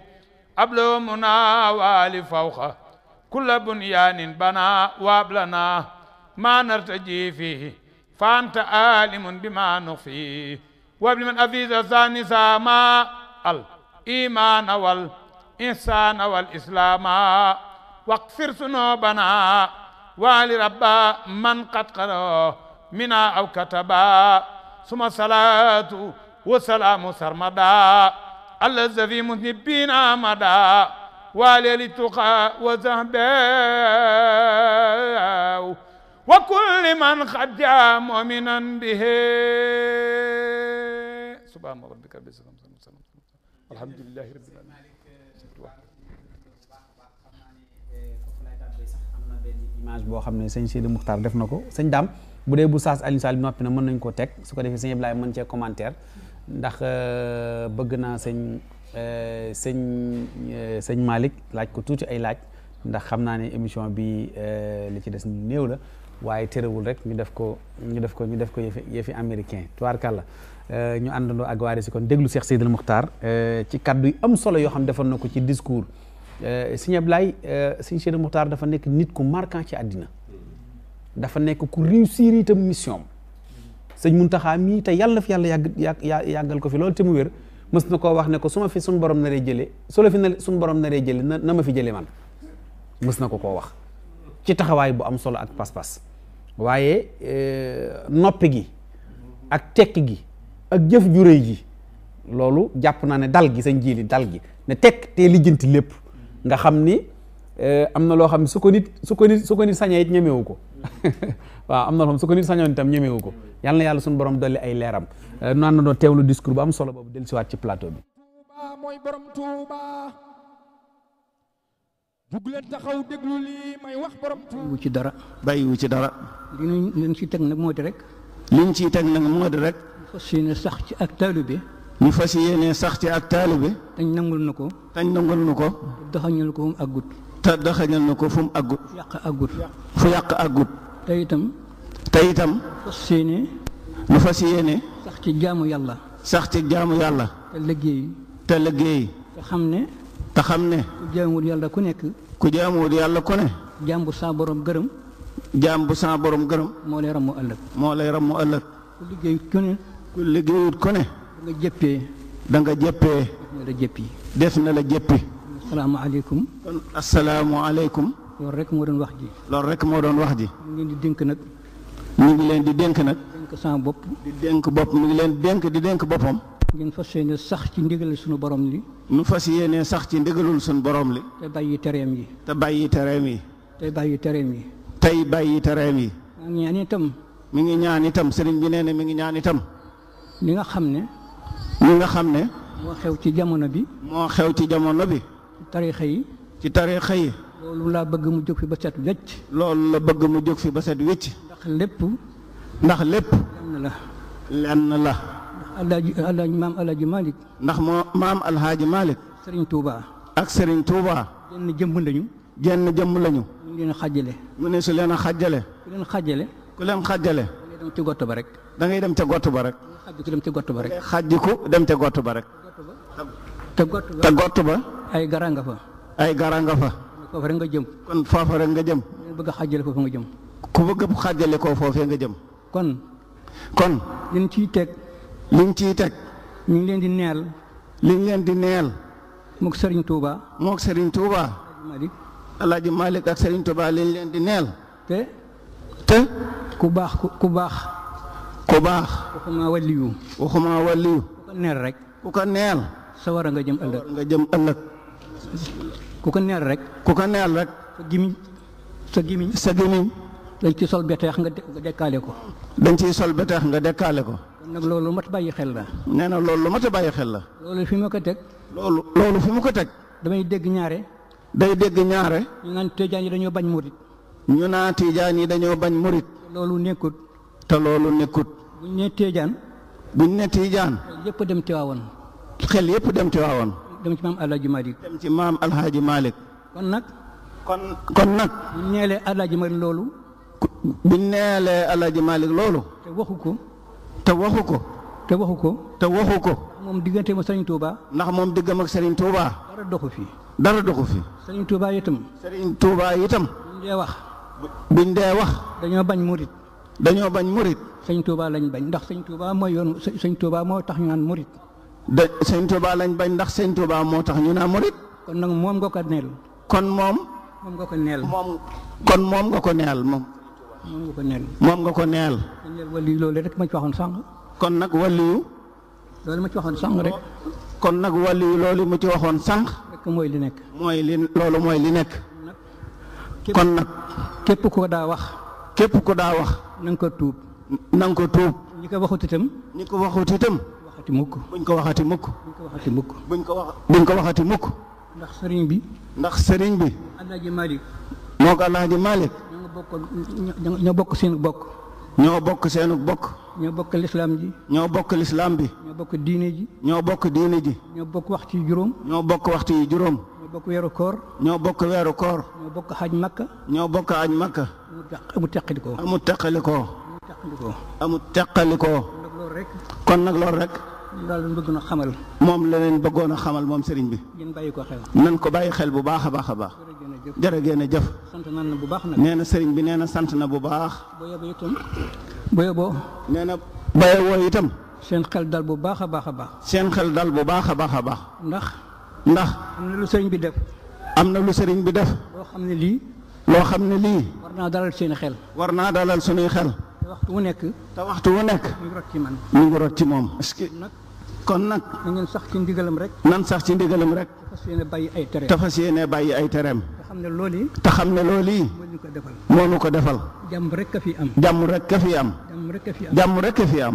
ablomuna wali fawqa kulla bunyanin bana waab lana ma nartaji fihi فأنت عالم بما نخفي وبمن أفيز الزانسام الإيمان والإنسان والإسلام واغفر ذنوبنا ولرب من قد قرأ منا أو كتبا ثم صلاة وسلام سرمدا الذي مذنبين مدى وللتقى وزهبا wa kulli man xad muminan bihi image boo xam ne sëñ Sidi Muxtaar def na ko sëñ Dame bu dee bu saas Alioune Sall bi noppi na mën nañ koo teg su ko defee sëñ Ibrahima mën cee commentaire ndax euh, bëgg naa sëñ euh, sëñ euh, sëñ Malick laaj ko tuuti ay laaj ndax xam naa ne émission bi li ci des néew la waaye terewul rek ñu def ko ñu def ko ñu def ko yëfi yëfi américain tubaarkàlla euh, ñu àndandoo ak waari si kon déglu Cheikh Seydil Muxtaar euh, ci kaddu yu am solo yoo xam defoon na ko ci discours euh, Sëñ Ablaay Sëñ Seydil Muxtaar dafa nekk nit ku marquant ci àddina dafa nekk ku réussir itam mission sëñ taxaam mii te yàlla fi yàlla yàgg yàggal ko fi loolu te mu wér mës na koo wax ne ko su ma fi suñu borom naree jëlee su la fi na suñ borom naree jëlee na ma fi jëlee man mës na ko koo wax ci taxawaay bu am solo ak pas waaye euh, noppi gi ak tekki gi ak jëf ju réy ji loolu jàpp naa ne dal gi sañ jili dal gi ne tekk te lijjanti lépp nga xam ni euh, am na loo xam su ko nit su ko nit su ko nit sañee it ñemewu ko waaw am na loo xam su ko nit sañoon tam ñemewu ko yal na yàlla suñu borom dolli ay leeram euh, naan na doon teewlu discours bu am solo boobu dellusiwaat ci plateau bi bugg leen taxaw déglu lii may wax borom. bàyyiwu ci dara. bàyyiwu ci dara. li ñu li teg nag moo di rek. li ñu ciy teg nag moo di rek. ñu fas yéene sax ci ak taalu bi. ñu fas yéene sax ci ak taalu bi. tañ nangul na ko. tañ nangul na ko. doxañal ko fu mu àggut. te na ko fu mu àggut. fu yàq àggut. fu yàq àggut. te itam. te itam. fas yéene. fas yéene. sax ci jaamu yàlla. sax ci jaamu yàlla. te liggéey. te liggéey. te xam ne. te xam ne. ku jaamuwul yàlla ku nekk. ku jaamuwul yàlla ku ne. jaam bu saa borom gërëm. jaam bu saa borom gërëm. moo lay rammu ëllëg. moo lay rammu ëllëg. ku liggéeyut ku ne. ku liggéeyut ku ne. da nga jëppee. da jëppee. def na la jëppi. def na la jëppi. aleykum kon asalaamaaleykum. loolu rek moo doon wax ji. loolu rek moo doon wax ji. ñu ngi leen di dénk nag. mu ngi leen di dénk nag. dénk sama bopp. di dénk bopp mu ngi leen dénk di dénk boppam. ngeen fas yéene sax ci ndigalul suñu borom li nu fas yéene sax ci ndigalul suñu borom li te bàyyi yi te bàyyi tereem yi bàyyi tereem yi tey bàyyi tereem yi ngi ñaan itam mi ngi ñaan itam sëriñ bi nee mi ngi ñaan itam li nga xam ne li nga xam ne moo xew ci jamono bi moo xew ci jamono bi ci tariixa yi ci tariixa yi loolu laa bëgg mu jóg fi ba set wecc loolu la bëgg mu jóg fi ba set wecc ndax lépp ndax lépp lenn la lenn la alaaji alaaji maam alaaji Malick. ndax moo maam alaaji Malick. Serigne Touba. ak Serigne Touba. jenn jëmm lañu. jenn jëmm lañu. mu leen a xàjjale. mu ne su leen a xajale ku leen xàjjale. ku leen xàjjale. da dem ca gott ba rek. dangay dem ca gott ba rek. xàjjiku dem ca gott ba rek. xàjjiku dem ca gott ba rek. te gott ba te gott ba. ay gara fa. ay gara nga fa. foofa rek nga jëm. kon foofa rek nga jëm. bëgg a xàjjale foofa nga jëm. ku bëgg a xàjjale koo nga jëm. kon. kon. liñ ciy teg. liñ ci teg. ñu ngi leen di neel. liñ leen di neel. mook sëriñ Touba. mook sëriñ Touba. El Hadj Malick ak sëriñ Touba liñ leen di neel. te. te. ku baax ku baax. ku baax. waxuma waliyu. waxuma waliyu. ku ko neel rek. ku ko neel. nga jëm ëllëg nga jëm ëllëg. ku ko neel rek. ku ko neel sa gimiñ sa gimiñ. sa dañ ciy sol beteex nga dekkaale ko. dañ ciy sol beteex nga dekkaale ko. nag loolu lu mat bàyyi xel la. nee na loolu lu mat a bàyyi xel la. loolu fi ma ko teg. loolu loolu fi ma ko teg. damay dégg ñaare. day dégg ñaare. ñu naan tijaan yi dañoo bañ murit. ñu naan tijaan yi dañoo bañ murit. loolu nekkut. te loolu nekkut. buñ ne tijaan. buñ ne tijaan. yëpp dem Tiwaawan. xel yëpp dem Tiwaawan. dem ci maam Alhaji Malick. dem ci maam Alhaji Malick. kon nag. kon kon nag. buñ neelee Alhaji Malick loolu. buñ neelee Alhaji Malick loolu. te waxu ko. te waxu ko. te waxu ko. te waxu ko. moom digganteem ak Serigne Touba. ndax moom diggam ak Serigne Touba. dara doxu fi. dara doxu fi. Serigne Touba itam. Serigne Touba itam. buñ dee wax. buñ dee wax. dañoo bañ murit. dañoo bañ murit. Serigne Touba lañ bañ ndax Serigne Touba mooy yoon Serigne Touba moo tax ñu naan murit. de Serigne lañ bañ ndax Serigne moo tax ñu naan murit. kon nag moom nga ko neel. kon moom. moom nga ko neel. moom kon moom nga ko neel moom. moom nga ko neel. moom nga ko neel. wàllu loolu rek ma ci waxoon sànq. kon nag wàllu. loolu ma ci waxoon sànq rek. kon nag wàllu loolu ma ci waxoon sànq. rek mooy li nekk. mooy li loolu mooy li nekk. kon nag. képp ku daa wax. képp ko daa wax. na ko tuub. na nga ko tuub. ñi ko waxut itam. ñi ko waxut itam. waxati mukk. buñ ko waxati mukk. buñ ko waxati mukk. buñ ko wax buñ ko waxati mukk. ndax sëriñ bi. ndax sëriñ bi. Alaaji Malick. moo ko Alaaji Malick. bokk ñoo bokk seen bokk. ñoo bokk seenu bokk. ñoo bokk lislaam ji. ñoo bokk lislaam bi. ñoo bokk diine ji. ñoo bokk diine ji. ñoo bokk waxtu yu juróom. ñoo bokk waxtu yu juróom. ñoo bokk weeru koor. ñoo bokk xaaj koor. ñoo bokk xaj makka. ñoo bokk xaj makka. amut teqalikoo. amut teqalikoo. amut teqalikoo. kon nag loolu rek. daal lañ bëggoon moom la leen bëggoon a xamal moom sëriñ bi. ngeen ko bàyyi xel bu baax a baax a baax. jërë ngeen a jëf sant nañ la bu baax nag nee na sëriñ bi nee na sant na bu baax. boo yeboo itam boo yeboo. nee na boo yeboo itam. seen xel dal bu baax a baax a baax. seen xel dal bu baax a baax a baax. ndax. ndax. am na lu sëriñ bi def. am na lu sëriñ bi def. loo xam ne lii. loo xam ne lii. war naa dalal seen xel. war naa dalal suñuy xel. te waxtu wu nekk. te waxtu wu nekk. mu ngi rot ci moom. kon nag. na sax ci ndigalam rek. nan sax ci ndigalam rek. fas yéene bàyyi ay tereem. te fas yéene bàyyi ay tereem. te xam ne loolu te moo ñu ko defal moo ñu ko defal. jàmm rek fi am. jàmm rek ka fi am. jàmm rek ka fi am jàmm rek ka fi am.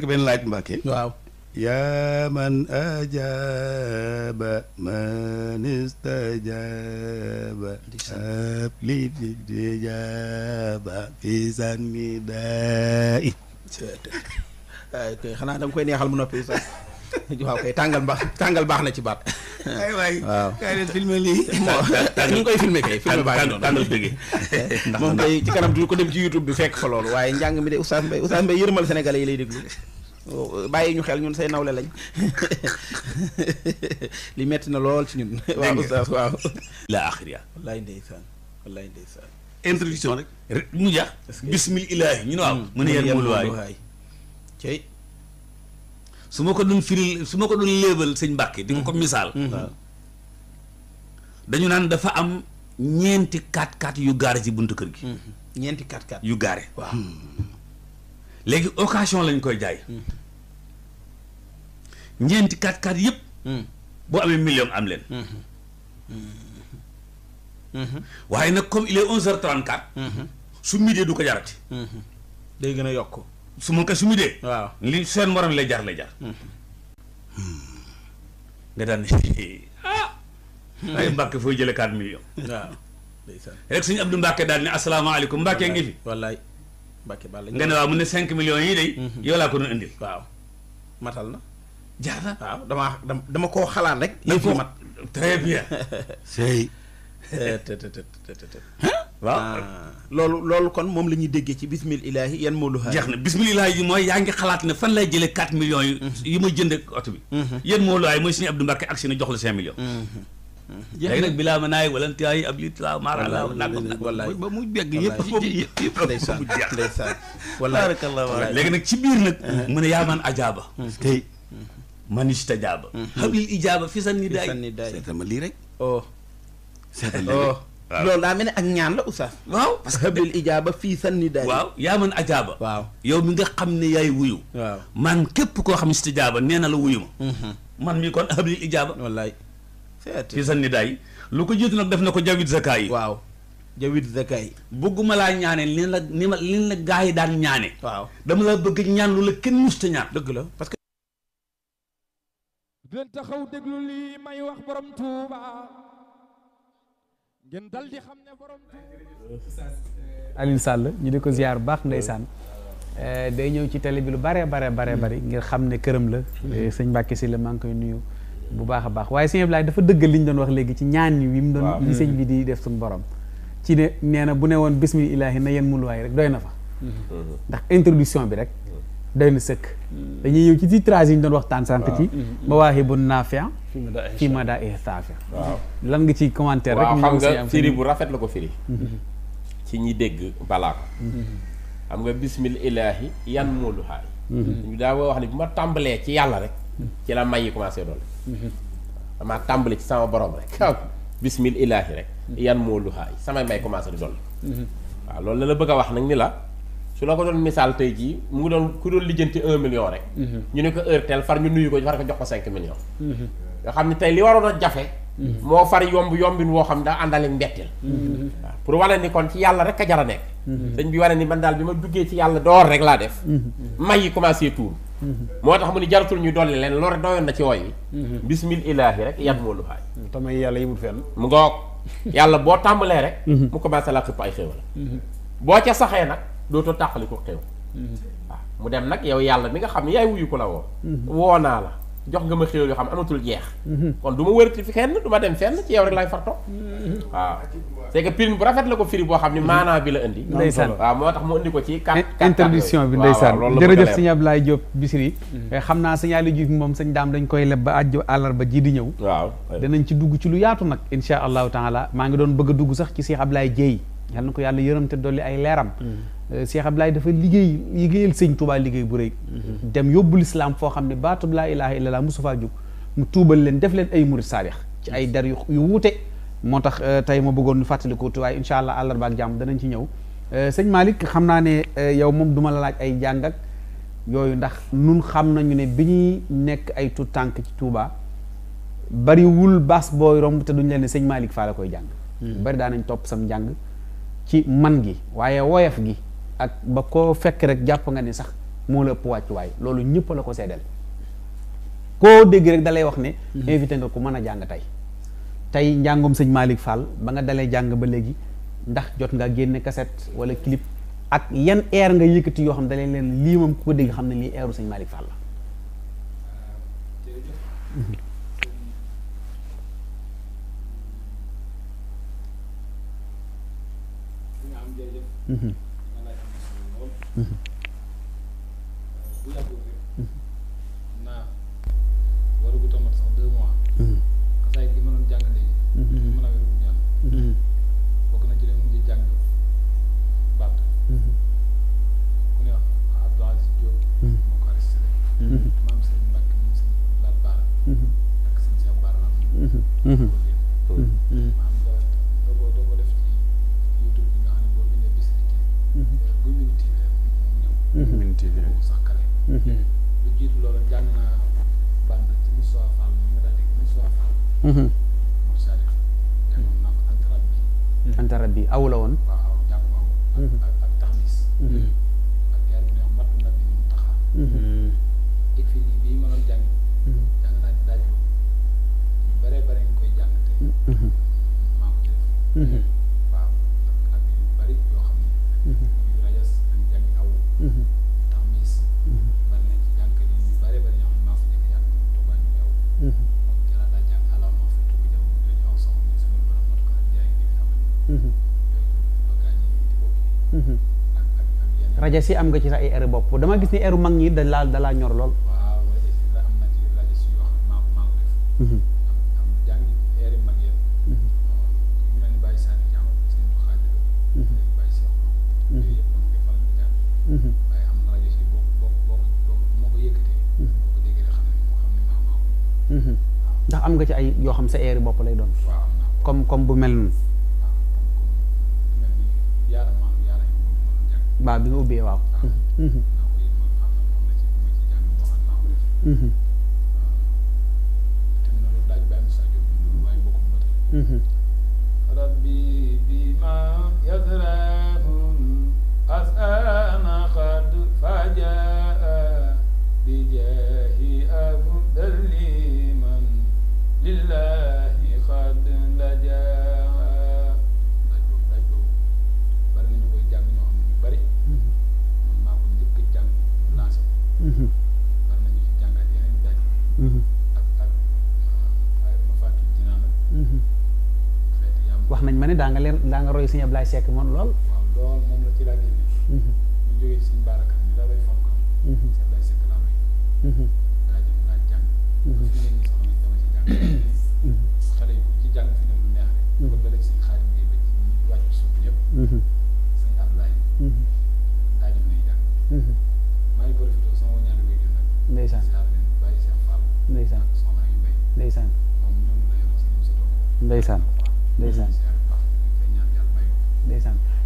ko benn laaj Mbàkke. waaw. yaa man ajaaba man istajaaba abli ijaaba fi sanni daa i. xanaa da nga koy neexal mu noppi sax. waaw kay tàngal baax tàngal baax na ci baat. ay waay waaw kay leen filmé lii. ñu ngi koy filmé kay. filmé baax na tàngal bëgge moom kay ci kanam du ko dem ci YouTube bi fekk fa loolu waaye njàng mi de Oustaz Mbaye Oustaz Mbaye yërmal Sénégalais yi lay déglu. Oh, bàyyi ñu xel ñun say nawle lañ li metti na lool ci ñun. waaw Oustaz waaw. la akhiriya. wallaay ndeysaan wallaay ndeysaan. introduction rek. mu bismil ilaahi ñu waaw. Hmm. mu ne yéen mu waay cey su ma ko doon firil su ma ko doon léebal sëñ Mbàkke di ko ko mm-hmm. misaal mm-hmm. dañu naan dafa am ñeenti kaat kaat yu gaare ci buntu kër gi mm-hmm. ñeenti kaat kaat yu gaare waaw hmm. léegi occasion lañ koy jaay ñeenti kaat kaat yëpp mm. boo amee million am leen waaye nag comme il est onze heures trente-quatre su midi du ko jarati day gën a yokk su ma ko sumu dee. waaw li seen morom lay jar lay jar. Hmm. Hmm. nga daan ah. Hmm. ay Mbacke fooy jëlee 4 millions. waaw ndeysaan rek suñu Abdou Mbacke daal ne asalaamaaleykum Mbacke ngi fi. wallaay Mbacke bàll nga ne waaw mu ne 5 millions yi de. yow laa ko doon indil. waaw matal na. jaar na waaw damaa dama koo xalaat rek. yëpp mat très bien. sëy. waaw ah. loolu loolu kon moom la ñuy déggee ci bismil ilaahi yan moo lu xaar jeex na bismil ilaahi yi mooy yaa ngi xalaat ne fan lay jëlee 4 millions yu mhm. yi ma jënd oto bi mhm. yan moo lu xaar mooy si na jox la 5 millions mhm. léegi nag bilaa ma naay wala tiyaay ab li tilaa maara laa nangam nag wallaay ba mu begg yëpp foofu yëpp yëpp ndeysaan ndeysaan wallaay léegi nag ci biir nag mu ne yaa man ajaaba tey man istajaaba habil ijaaba fi sanni daay seetal ma lii rek oh waaw loolu daa mel ne ak ñaan la oustaz. waaw parce que xëbil ijaaba fii sanni daal. waaw yaa man ajaaba. waaw yow mi nga xam ne yaay wuyu. waaw man képp koo xam istijaaba nee na la wuyu ma. Mhm. man mi kon xëbil ijaaba. wallaay. fii sanni daay lu ko jiitu nag def na ko jawit zakaa yi. waaw bëgguma laa ñaane li la ni ma li la gaa yi daan ñaane. waaw dama la bëgg ñaan lu la kenn musta ñaan. dëgg la parce que. ngeen dal di xam ne borom Alioune Sall ñu di ko bu baax ndeysaan eh, day ñëw ci télé bi lu bare bare bare hmm. bari ngir xam ne këram la eh, sëñ Mbàkke si la maa ngi koy nuyu bu baax a baax waaye si Ablaye dafa dëgg li doon wax léegi ci ñaan yi mu doon li sëñ bi di def suñu borom ci ne nee na bu ne woon bismillaahi na yéen muluwaay rek doy na fa hmm. ndax introduction bi rek doy na sëkk dañuy ñëw ci titrage yi ñu doon waxtaan sànq ci mm-hmm. mawaahibu naafi' fii madaa'ih saafi' waaw lan nga ci commentaire rek xam nga firi bu rafet la ko firi mm-hmm. ci ñi dégg balaa ko mm-hmm. xam nga bismil ilaahi yan mooluhaay ñu daa wax ne bu ma tàmbalee ci yàlla rek ci la may yi commencé doon dama tàmbali ci sama borom rek bismil ilaahi rek yan mooluhaay samay may commencé di doon waaw loolu la la bëgg a wax nag ni la su la ko doon misaal tey jii mu ngi doon ku doon lijjanti un million rek. Mhm. ñu ne ko heure far ñu nuyu ko far ko jox ko cinq millions. Mhm. nga xam ne tey li waroon a jafe. Mhm. moo far yomb yombin woo xam ne daa àndale mbetteel. waaw pour wane ni kon ci yàlla rek a jar a nekk. sëñ bi wane ni man daal bi ma duggee ci yàlla door rek laa def. may yi commencé tuur. moo tax mu ni jaratul ñu dolli leen loolu doyoon na ci woy yi. bismil ilaahi rek yat moo lu xaay. Mm, tamay yàlla yëmul fenn. mu ngoog yàlla boo tàmbalee rek. mu commencé laa boo ca saxee nag. dootoo tàqali ko xew mhm. mu dem nag yow yàlla mi nga xam ne yaay wuyu ko la woo mhm. woo naa la jox nga ma xéwal yoo xam amatul jeex mhm. kon du ma wërati fi kenn du ma dem fenn ci yow rek laay farto waaw c'est que bu rafet la ko firi boo xam ne maanaa bi la indi ndeysaan waaw moo tax mu indi ko ci carte introduction bi ndeysaan jërëjëf sëñ Abdoulaye Diop Bichri eh, xam naa sëñ Aliou Diouf moom sëñ daam dañ koy leb ba àjj àllarba ji di ñëw waaw danañ ci dugg ci lu yaatu nag insha allahu taala maa ngi doon bëgg dugg sax ci Cheikh Abdoulaye Dieye yal na ko yàlla yërëm te dolli ay leeram Euh, Cheikh Ablaye dafa liggéey liggéeyal sëñ Touba liggéey bu rëy. Mhm. dem yóbbu lislaam foo xam ne baatub laa ilaaha illallaah musu faa jóg mu tuubal leen def leen ay murid saadix ci ay dar yu yu wuute moo tax euh, tey ma bëggoon ñu fàttaliku waaye incha allah àllarba ak jàmm danañ ci ñëw euh, sëñ Malick xam naa ne yow moom duma la laaj ay jàng ak yooyu ndax nun xam nañu ne bi ñuy nekk ay tuut tànk ci tuubaa bariwul baas booy romb te duñ leen ne sëñ Malick faa la koy jàng. Mhm. bari daa nañ topp sam njàng ci man gi waaye woyaf gi. ak ba ko fekk rek jàpp nga ni sax moo la ëpp wàccuwaay loolu ñëpp la ko seddal koo dégg rek dalay wax ne mhm. invité nga ku mën a jàng tey tey njàngum sëñ Malick Fall ba nga dalee jàng ba léegi ndax jot nga génne kaset wala kilip ak yan air nga yëkkati yoo xam ne dalee leen lii moom ku ko dégg xam ne lii airu sëñ Malick Fall la bu yàggul rek naa waragut a mat sax deux mois. xasaayit gi ma doon jàng léegi. li ma la wér bu ñaan. bokk na ci leen mujj jàng baat. ku ne Abdou Aziz Diop. moo ko arrêté rek. maam sëñ Mbacke moom sëñ Laal Baara. ak sëñ Cheikh Baara la. minti bi sax kale lu jiitu loolu jàng naa band ci Moussa Fall mu daal di Moussa Fall mm-hmm. moom Sadiq jàngoon naa ko antarab bi antarab mm-hmm. bi aw la woon waaw jàng aw ak mm-hmm. taxmis fi nii bii ma doon jàng jàng naa bare bare nga koy jàng te maa rajo si am nga ci sa ay erreur bopp dama gis ni erreur mag ñi da laa da ñor lool. ndax am nga ci ay yoo xam sa erreur bopp lay doon. comme comme bu mel baa bi nga ubbee waaw. Mhm. Mhm. te ni daa nga leen daa nga roy Serigne Ablaye Seck moom lool. waaw lool moom la ci daa génne. Mhm. ñu jógee ci Serigne Baraka ñu daa lay fonk. Mhm. Serigne Ablaye Seck laa roy. Mhm. daa jëm daa jàng. fi ngeen ñu soxla dama ci jàng. xale yi ku ci jàng fi ñoom lu neex rek. kon dalee Serigne Khadim Gueye ba ci wàcc suuf ñëpp. Serigne Ablaye. daa jëm lay jàng. maa ngi profité sama ñaari wéy jëm nag. ndeysaan ziar leen bàyyi Cheikh Fall. ndeysaan soxna yu mbay. ndeysaan moom ñoom la yor Serigne Sotomo. ndeysaan ndeysaan.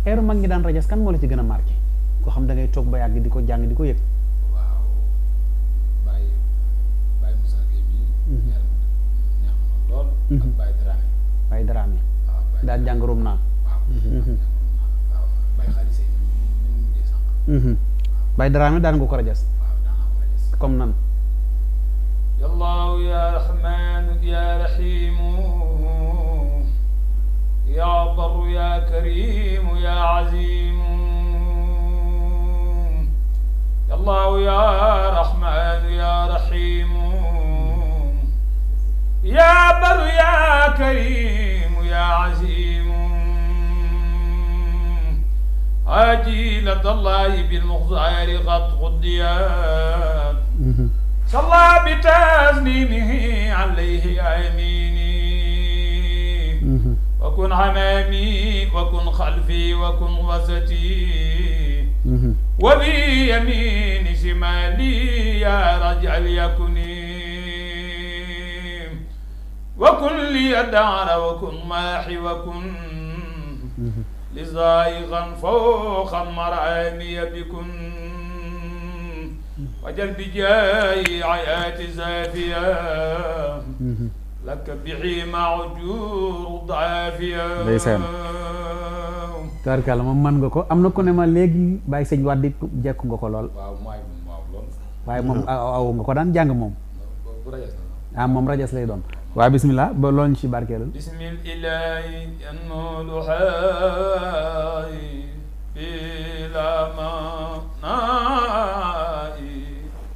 xeeru mag ñi daan rajas kan moo la ci gën a marqué koo xam da toog ba yàgg di ko jàng di ko yëg. waaw Baye Baye Moussa mhm. mhm. ah, jàng rum mhm. naa. waaw. waaw Baye Xaalis nga ko rajas. comme nan. yallaahu ya rahmaanu ya rahiimu. يا بر يا كريم يا عزيم يا الله يا رحمن يا رحيم يا بر يا كريم يا عزيم عجيلة الله بالمخزار قد غديات صلى بتسليمه عليه امين وكن أمامي وكن خلفي وكن وسطي وبي يميني شمالي يا رجل يكني وكن لي الدار وكن ماحي وكن لزائغا فوقا مرامي بكن وجل بجاي عياتي زافيه laka bii maajur daafiya ndeysaan tabarkàlla man nga ko am na ko ne ma léegi bàyyi sëñ waat jekku nga ko lool waaye moom aw nga ko daan jàng moom ah moom rajas lay doon waaw bismillah ba loon ci barkeelal bismil ilaahi anuluhaay bila manaai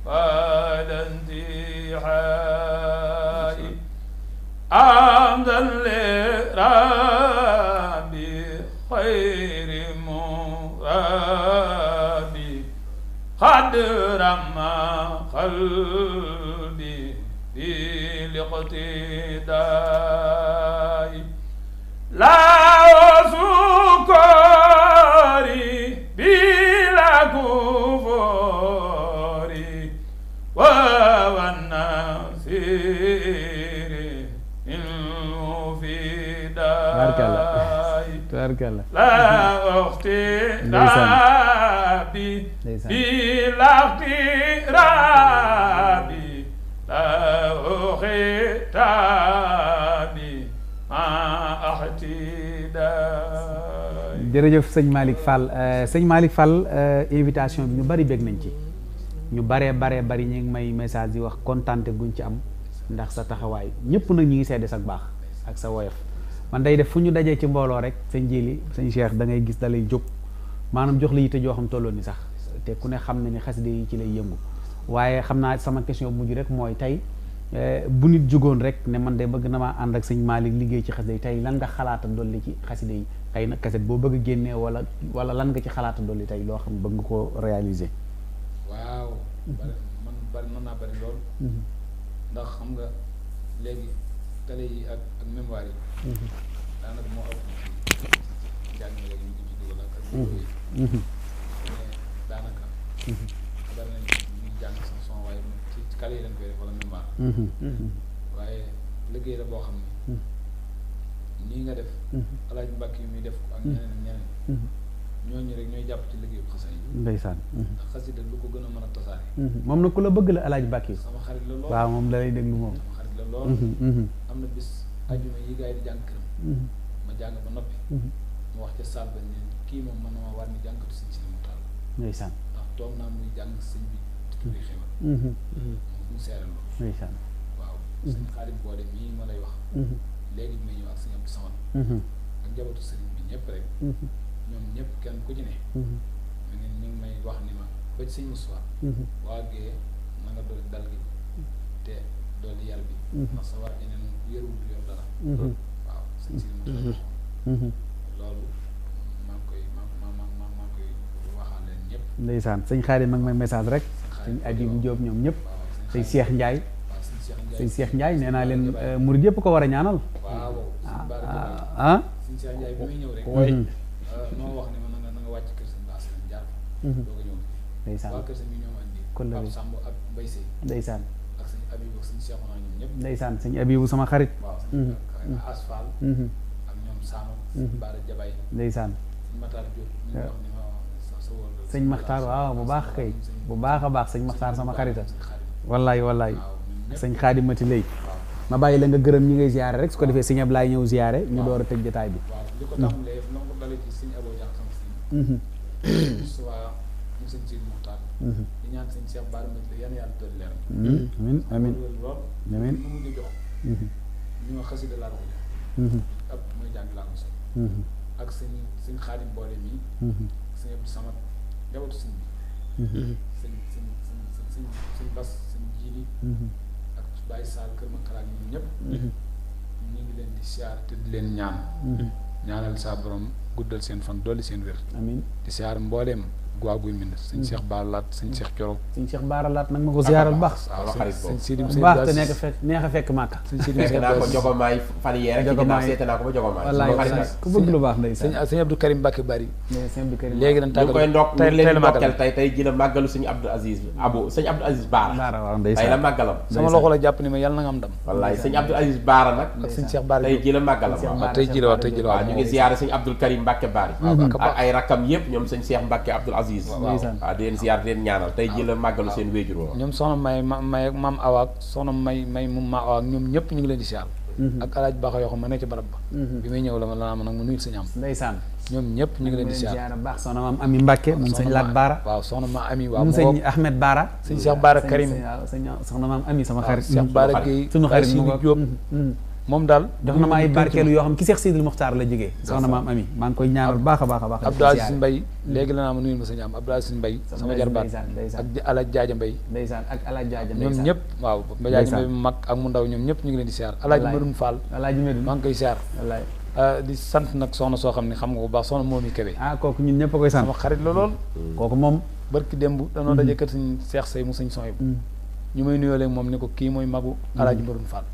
walantihaai hamdan li rabbi xayri murabi xad rama xalbi bi liqtidaay laa sukori bi la kufori wa wanasi tubaarkàlla tubaarkàlla laa jërëjëf sëñ Malick Fall euh, sëñ Malick Fall euh, invitation bi ñu bari bég nañ ci ñu baree baree bari ñu ngi may message yi wax kontaante guñ ci am ndax sa taxawaay ñëpp nag ñu ngi seede sa baax ak sa woyof man day def fu ñu dajee ci mbooloo rek sëñ jili sëñ Cheikh da ngay gis dalay jóg maanaam jox la yitte joo xam tolloo ni sax te ku ne xam na ni xasida yi ci lay yëngu waaye xam naa sama question bu mujj rek mooy tey eh, bu nit jógoon rek ne man de bëgg na maa ànd ak sëñ Malick liggéey ci xasida yi tey lan nga xalaata dolli ci xasida yi xëy na kaset boo bëgg génnee wala wala lan nga ci xalaata dolli tey loo xam bëgg nga koo réaliser. waaw. man bari mën naa ba lool. Mm-hmm. xam nga léegi daanaka moo ëpp jàngale yi ñu ci boo xam ne nga def alaaj mbàkk yi muy def ko ak ñeneen jàpp ci liggéeyu xasida yi ndeysaan ndax xasida lu ko gën a mën a tosaan moom na ku la bëgg la alaaj mbàkk yi waaw moom la lay déglu moom mhm, mhm. am na bis ajuma yi gars yi mhm. ma jàng ba noppi. Mhm. mu wax ca saal ba kii moom man maa war ni jàngatu si mu taal. ndeysaan ndax toog naa muy jàng sëñ mhm. mu seeral loolu. ndeysaan waaw. sëñ xaarit boole ma lay wax. léegi may ñëw ak sëñ Abdou Samad. ak njabootu sëriñ bi ñëpp rek. ñoom ñëpp kenn ku ci ne. ñu ngi may wax ni ma ba ci sëñ Moussa. waa Guèye na nga doon dal gi te doon yar bi. ndax sa waa yeneen yërwul yoon. waaw sëñ si loolu maa ngi koy maa maa maa maa ngi xaari mag may message rek sëñ Abibu Jóob ñoom ñëpp sëñ Seex Njaay sëñ Seex Njaay nee naa leen euh, murid yëpp ko war a ñaanal waaw ah, ah sëñ mm-hmm. euh, na mm-hmm. ñëw ndeysaan waa kër sëñ bi ñoom andi kon la Abibu sama xarit ak asfal mm-hmm. mm-hmm. ak ñoom Saamu mm-hmm. Baara Jabay ndeysaan Matar Diop ñu wax ni ma sëñ Maxtaar waaw bu baax kay bu baax a baax sëñ Maxtaar sama xarita wallaay wallaay sëñ xaadimati lay ma bàyyi la nga gërëm ñi ngay ziyaare rek su ko defee sëñ Ablaay ñëw ziyaare ñu door a tëj jotaay bi di ñaan sëñ Cheikh Bara Mati la yan yàlla doon leer amin amin amin ñoo wax xasida laa koy def ëpp mooy jàng laa koy sol mhm. ak sëñ sëñ xaadim boole mii mhm. sëñ Abdou Samad njabootu sëñ bi mhm. sëñ sëñ sëñ sëñ sëñ bas sëñ jiili ak bàyyi saal kër ma xalaat ñun ñëpp ñu ngi leen di siyaar te di leen ñaan ñaanal saa borom guddal seen fan dolli seen wér amiin di siyaar mbooleem waa Guy Mbind sëñ mm-hmm. Cheikh Bara Laat sëñ Cheikh Corom sëñ Cheikh Bara Laat nag ma ko ziyaaral baax sëñ Sidim Sëñ baax te nekk a Karim Mbacke Bari léegi dañ tàggal koy ndokk leen sama loxo la jàpp ni ma yàlla na nga am ndam Karim Mbacke Bari ay rakkam yëpp ñoom sëñ Cheikh Mbacke Abdou Aziz Ah, tey ji la seen wéejur wa ñoom soxna may ma may maam awaak soxna may may mu ma awaak ñoom ñëpp ñu ngi leen di ziar mhm. ak alaaj baax yoo xam ma ne ci barab ba mhm. bi may ñëw la ma lana ma nag ma nuyul sëñ am ndeysaan ñoom ñëpp ñu ngi leen di ziar baax soxna maam ami Mbacke moom sëñ Laat Baara waaw soxna Baara sëñ Cheikh Baara Karim soxna sama xarit Cheikh xarit Jóob moom daal jox na ma ay barkeelu yoo xam ki Seex Sidil Muxtaar la jógee soxna maam ami maa ngi koy ñaanal baax a baax a baax Abdou Aziz Mbaye léegi la naa ma nuyul ma sëñ am Abdou Aziz Mbaye sama jarbaat ak Alaaj Jaaja Mbaye ndeysaan ak Alaaj ñëpp waaw ba Jaaja Mbaye mu mag ak mu ndaw ñoom ñëpp ñu ngi leen di siyaar Alaaj Medoun Fall Alaaj Medoun maa ngi koy siyaar euh, di sant nag soxna soo xam ne xam nga bu baax soxna Momi Kébé ah kooku ñun ñëpp a koy sant sama xarit la lool kooku moom barki démb danoo daje mm-hmm. kër sañ Seex Sey mu sëñ Soyibu mm-hmm. ñu may nuyoo léegi moom ni ko kii mooy magu mm-hmm. Alaaj Medoun Fall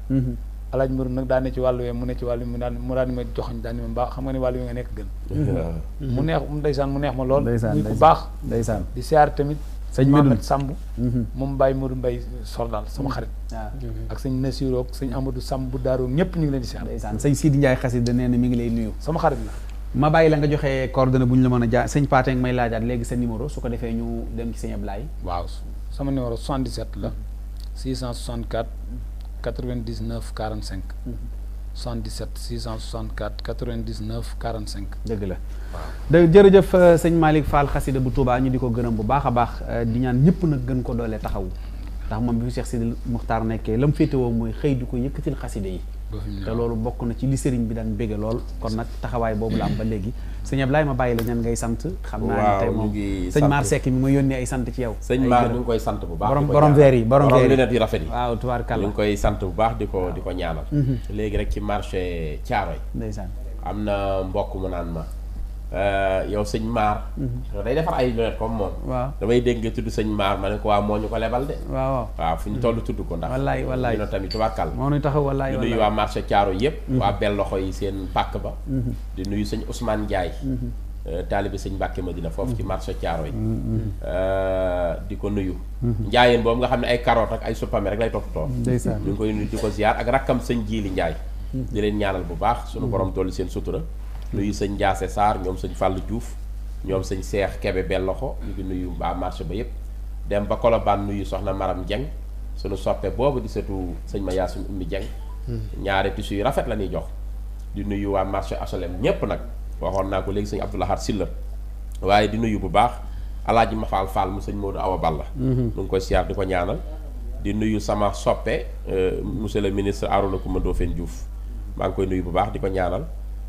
alaaj mbirum nag daan ne ci wàllu wee mu ne ci wàllu mu daan mu daan ma joxoñ daan ma mbaa xam nga ne wàllu wi nga nekk gën mm-hmm. mu neex ndeysaan mu neex ma lool muy ku baax ndeysaan di siyaar tamit sëñ Medoune Samb mm-hmm. moom Baye Modou Mbaye soldal sama mm-hmm. xarit ah. ak sëñ Nasiroo ak sëñ Amadou Samb bu daaroo ñëpp ñu ngi leen di siyaar ndeysaan sëñ Sidi Ndiaye xasida nee na mi ngi lay nuyu sama xarit la ma bàyyi la nga joxe coordonnée bu ñu la mën a jaa sëñ Paate may laajaat léegi sa numéro su ko defee ñu dem ci sëñ Ablaye waaw sama numéro 77 la 664 99 45. 77 664 99 45. dëgg la waaw jërëjëf euh, sëñ Malick Fall xasida bu Touba ñu di ko gënam bu baax a baax euh, di ñaan ñëpp nag gën ko doole taxawu ndax moom bi fi Cheikh Sidil Muxtaar nekkee la mu féetewoo mooy xëy di ko yëkkatil xasida yi. te loolu bokk na ci li sëriñ bi daan bége lool kon nag taxawaay boobu la am ba léegi sëñ Ablaye ma bàyyi la ngay sant xam naa ne tey moom sëñ Maar Seck mi ma yónnee ay sant ci yow sëñ Maar ñu ngi koy sant bu baax borom borom verre yi borom verre yi lunette rafet yi waaw tubaarkàlla ñu koy sant bu baax di ko di ko ñaanal mhm. léegi rek ci marché Thiaroye ndeysaan am na mbokk mu naan ma Euh, yow sëñ maar. Mhm. day defar ay lunette comme moom. damay dégg nga tudd sëñ maar ma ne ko waaw moo ñu ko lebal de. waaw fu ñu toll tudd ko ndax. wallaay wallaay ñu tamit tubaarkàlla. moo ñu taxaw wallaay di nuyu waa marché Thiaro yëpp. Mhm. waa bel loxo yi seen pàkk ba. Mhm. di nuyu sëñ Ousmane Ndiaye. Euh, taalibi sëñ Mbàkke Madina foofu ci marché caaro yi. Euh, di ko nuyu. njaayeen boobu nga xam ne ay carottes ak ay supame rek lay toppatoo. ndeysaan ñu ngi koy nuyu di ko ziar ak rakkam sëñ Jiili Ndiaye. di leen ñaanal bu baax. sunu borom dolli seen sutura nuyu sëñ Ndiassé saar ñoom sëñ Fallou Diouf ñoom sëñ Seex Kebe Belloxo ñu ngi nuyu mbaa marché ba yépp dem ba Colobane nuyu soxna Maram Dieng suñu soppe boobu di setu sëñ ma yaa suñu ummi Dieng hmm. ñaari tissu yu rafet la ñuy jox di nuyu waa marché HLM ñépp nag waxoon naa ko léegi sëñ Abdou Lahad Sylla waaye di nuyu bu baax alaaji ma faal faal mu sëñ Modou Awa Balla hmm. mu ngi koy siyaar di ko ñaanal di nuyu sama soppe euh, monsieur le ministre Arouna Koumba Ndoffène Diouf maa ngi koy nuyu bu baax di ko ñaanal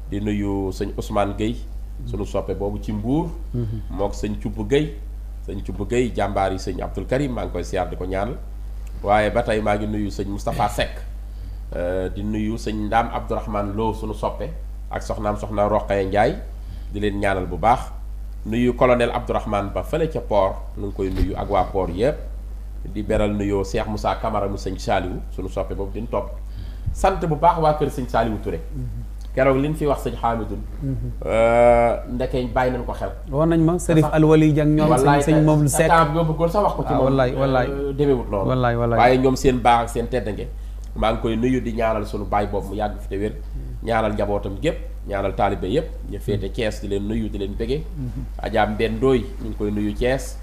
di nuyu sëñ Ousmane Gueye suñu soppee boobu ci mbuur mm-hmm. mook sëñ Cubb Gueye sëñ Cubb Gueye jàmbaar yi sëñ Abdul Karim maa ngi koy siyaar di ko ñaanal waaye ba tey maa ngi nuyu sëñ Moustapha Seck euh, di nuyu sëñ Ndaam Abdourahmane loo suñu soppee ak soxnaam soxna Roqaya Ndiaye di leen ñaanal bu baax nuyu colonel Abdourahmane ba fële ca port nu ngi koy nuyu ak waa port yëpp di beral nuyoo Cheikh Moussa Camara mu sëñ Saliou suñu soppe boobu din topp mm-hmm. sant bu baax waa kër sëñ Saliou Touré mm-hmm. keroog li mu fi wax sëñ Xaamidun mhm. euh, ndeke bàyyi nañ ko xel. war nañ ma Serif Alwali Dieng ñoom. wallaay sëñ moom lu sekk waaw bëggoon sax wax ko ci ah, moom. wallaay euh, wallaay demewut loolu. wallaay wallaay waaye ñoom seen baax ak seen teddange maa ngi koy nuyu di ñaanal suñu baay boobu mu yàgg fi te wér. Mhm. ñaanal njabootam gépp ñaanal taalibe yëpp ñu féete mhm. Thiès di leen nuyu di leen bëggee. Adja Mbène Ndoye ñu ngi koy nuyu Thiès.